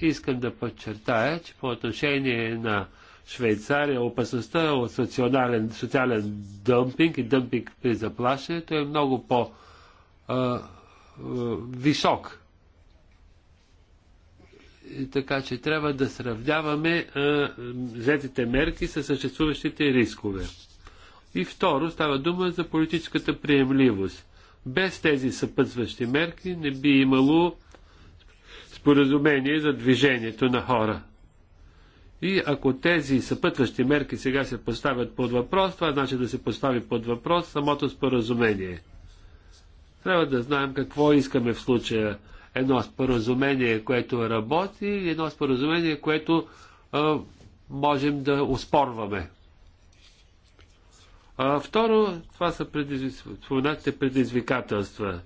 искам да подчертая, че по отношение на Швейцария, опасността от социален, социален дъмпинг и дъмпинг при заплащането е много по-висок. така че трябва да сравняваме взетите мерки с съществуващите рискове. И второ, става дума за политическата приемливост. Без тези съпътстващи мерки не би имало споразумение за движението на хора. И ако тези съпътващи мерки сега се поставят под въпрос, това значи да се постави под въпрос самото споразумение. Трябва да знаем какво искаме в случая. Едно споразумение, което работи, и едно споразумение, което а, можем да успорваме. А, второ, това са споменатите предизвикателства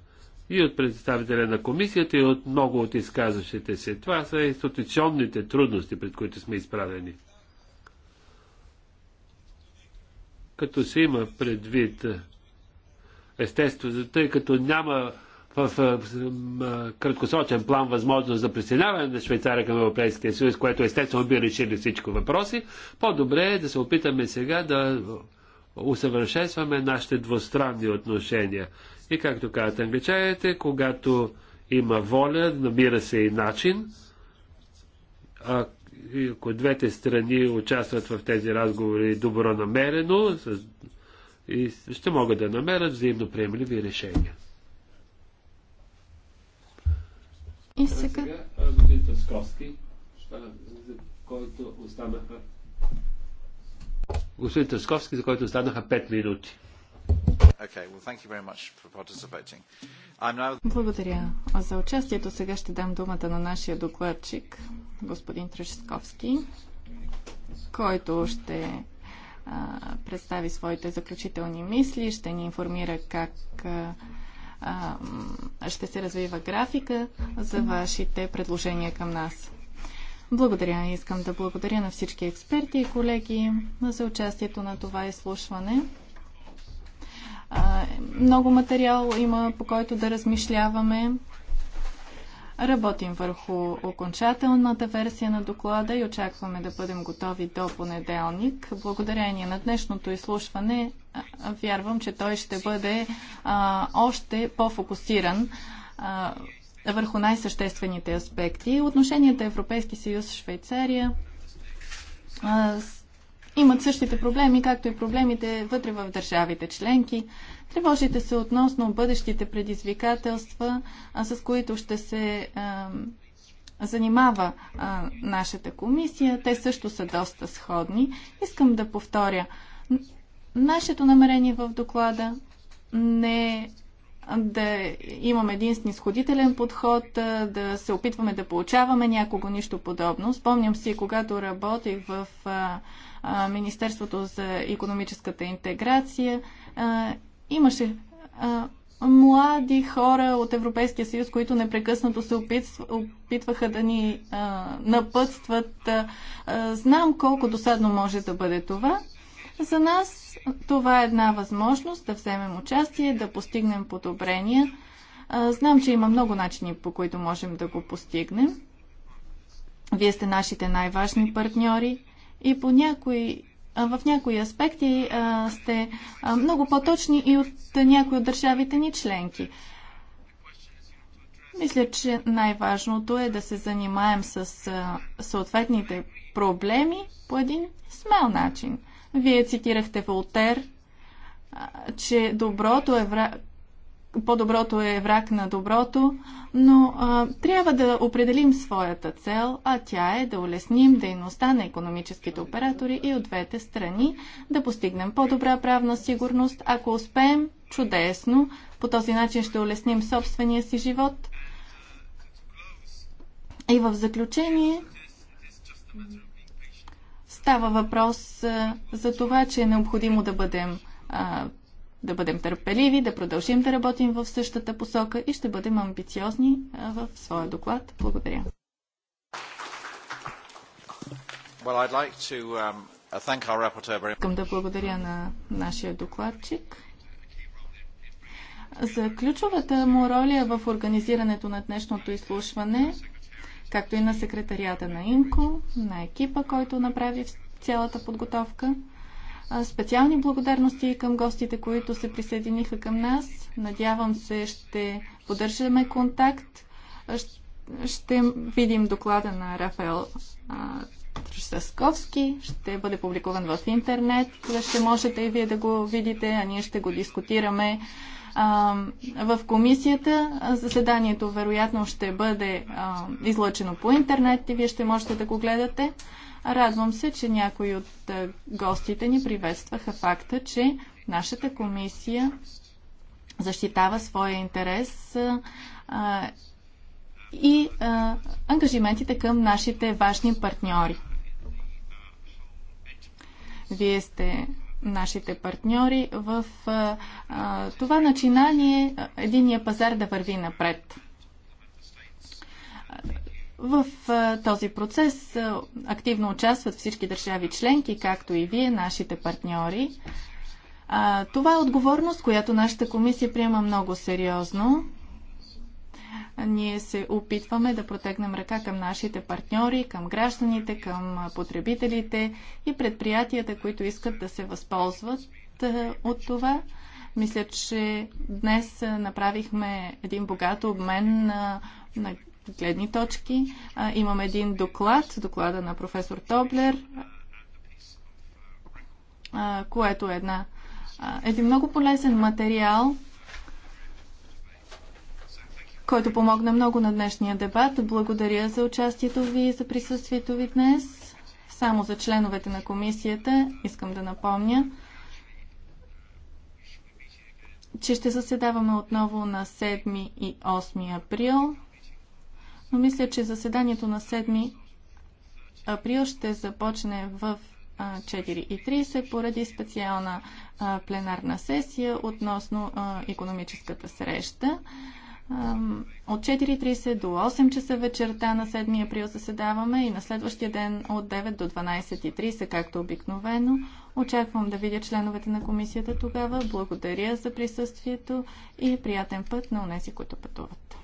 и от представителя на комисията, и от много от изказващите се. Това са институционните трудности, пред които сме изправени. Като се има предвид, естествено, тъй като няма в, в, в краткосрочен план възможност за присъединяване на Швейцария към Европейския съюз, което естествено би решили всичко въпроси, по-добре е да се опитаме сега да усъвършенстваме нашите двустранни отношения. И както казват англичаните, когато има воля, намира се и начин. А, ако двете страни участват в тези разговори добронамерено, с, и ще могат да намерят взаимно приемливи решения. И сега, господин Тосковски, който останаха господин Търсковски, за който останаха 5 минути. Okay, well, now... Благодаря за участието. Сега ще дам думата на нашия докладчик, господин Трешковски, който ще а, представи своите заключителни мисли, ще ни информира как а, а, ще се развива графика за вашите предложения към нас. Благодаря. Искам да благодаря на всички експерти и колеги за участието на това изслушване. Много материал има, по който да размишляваме. Работим върху окончателната версия на доклада и очакваме да бъдем готови до понеделник. Благодарение на днешното изслушване вярвам, че той ще бъде още по-фокусиран върху най-съществените аспекти. Отношенията Европейски съюз Швейцария а, с, имат същите проблеми, както и проблемите вътре в държавите членки. Тревожите се относно бъдещите предизвикателства, а, с които ще се а, занимава а, нашата комисия. Те също са доста сходни. Искам да повторя. Нашето намерение в доклада не е да имаме един снисходителен подход, да се опитваме да получаваме някого нищо подобно. Спомням си, когато работих в Министерството за економическата интеграция, имаше млади хора от Европейския съюз, които непрекъснато се опитваха да ни напътстват. Знам колко досадно може да бъде това. За нас това е една възможност да вземем участие, да постигнем подобрения. Знам, че има много начини, по които можем да го постигнем. Вие сте нашите най-важни партньори и по някои, в някои аспекти а, сте а, много по-точни и от някои от държавите ни членки. Мисля, че най-важното е да се занимаем с а, съответните проблеми по един смел начин. Вие цитирахте Волтер, че доброто е враг, по-доброто е враг на доброто, но а, трябва да определим своята цел, а тя е да улесним дейността на економическите оператори и от двете страни, да постигнем по-добра правна сигурност. Ако успеем, чудесно, по този начин ще улесним собствения си живот. И в заключение, Става въпрос за това, че е необходимо да бъдем, да бъдем търпеливи, да продължим да работим в същата посока и ще бъдем амбициозни в своя доклад. Благодаря. Well, I'd like to, um, thank our very... Искам да благодаря на нашия докладчик за ключовата му роля в организирането на днешното изслушване както и на секретарията на Инко, на екипа, който направи цялата подготовка. Специални благодарности към гостите, които се присъединиха към нас. Надявам се, ще поддържаме контакт. Ще видим доклада на Рафаел Трусасковски. Ще бъде публикуван в интернет. Ще можете и вие да го видите, а ние ще го дискутираме а, в комисията. Заседанието вероятно ще бъде а, излъчено по интернет и вие ще можете да го гледате. Радвам се, че някои от гостите ни приветстваха факта, че нашата комисия защитава своя интерес а, и а, ангажиментите към нашите важни партньори. Вие сте нашите партньори в а, това начинание единия пазар да върви напред. В а, този процес а, активно участват всички държави членки, както и вие, нашите партньори. А, това е отговорност, която нашата комисия приема много сериозно. Ние се опитваме да протегнем ръка към нашите партньори, към гражданите, към потребителите и предприятията, които искат да се възползват е, от това. Мисля, че днес е, направихме един богат обмен на, е, на гледни точки. Имам един доклад, доклада на професор Тоблер, което е една, един много полезен материал – който помогна много на днешния дебат. Благодаря за участието ви и за присъствието ви днес. Само за членовете на комисията искам да напомня, че ще заседаваме отново на 7 и 8 април. Но мисля, че заседанието на 7 април ще започне в 4.30 поради специална пленарна сесия относно економическата среща. От 4.30 до 8 часа вечерта на 7 април заседаваме и на следващия ден от 9 до 12.30, както обикновено. Очаквам да видя членовете на комисията тогава. Благодаря за присъствието и приятен път на унеси, които пътуват.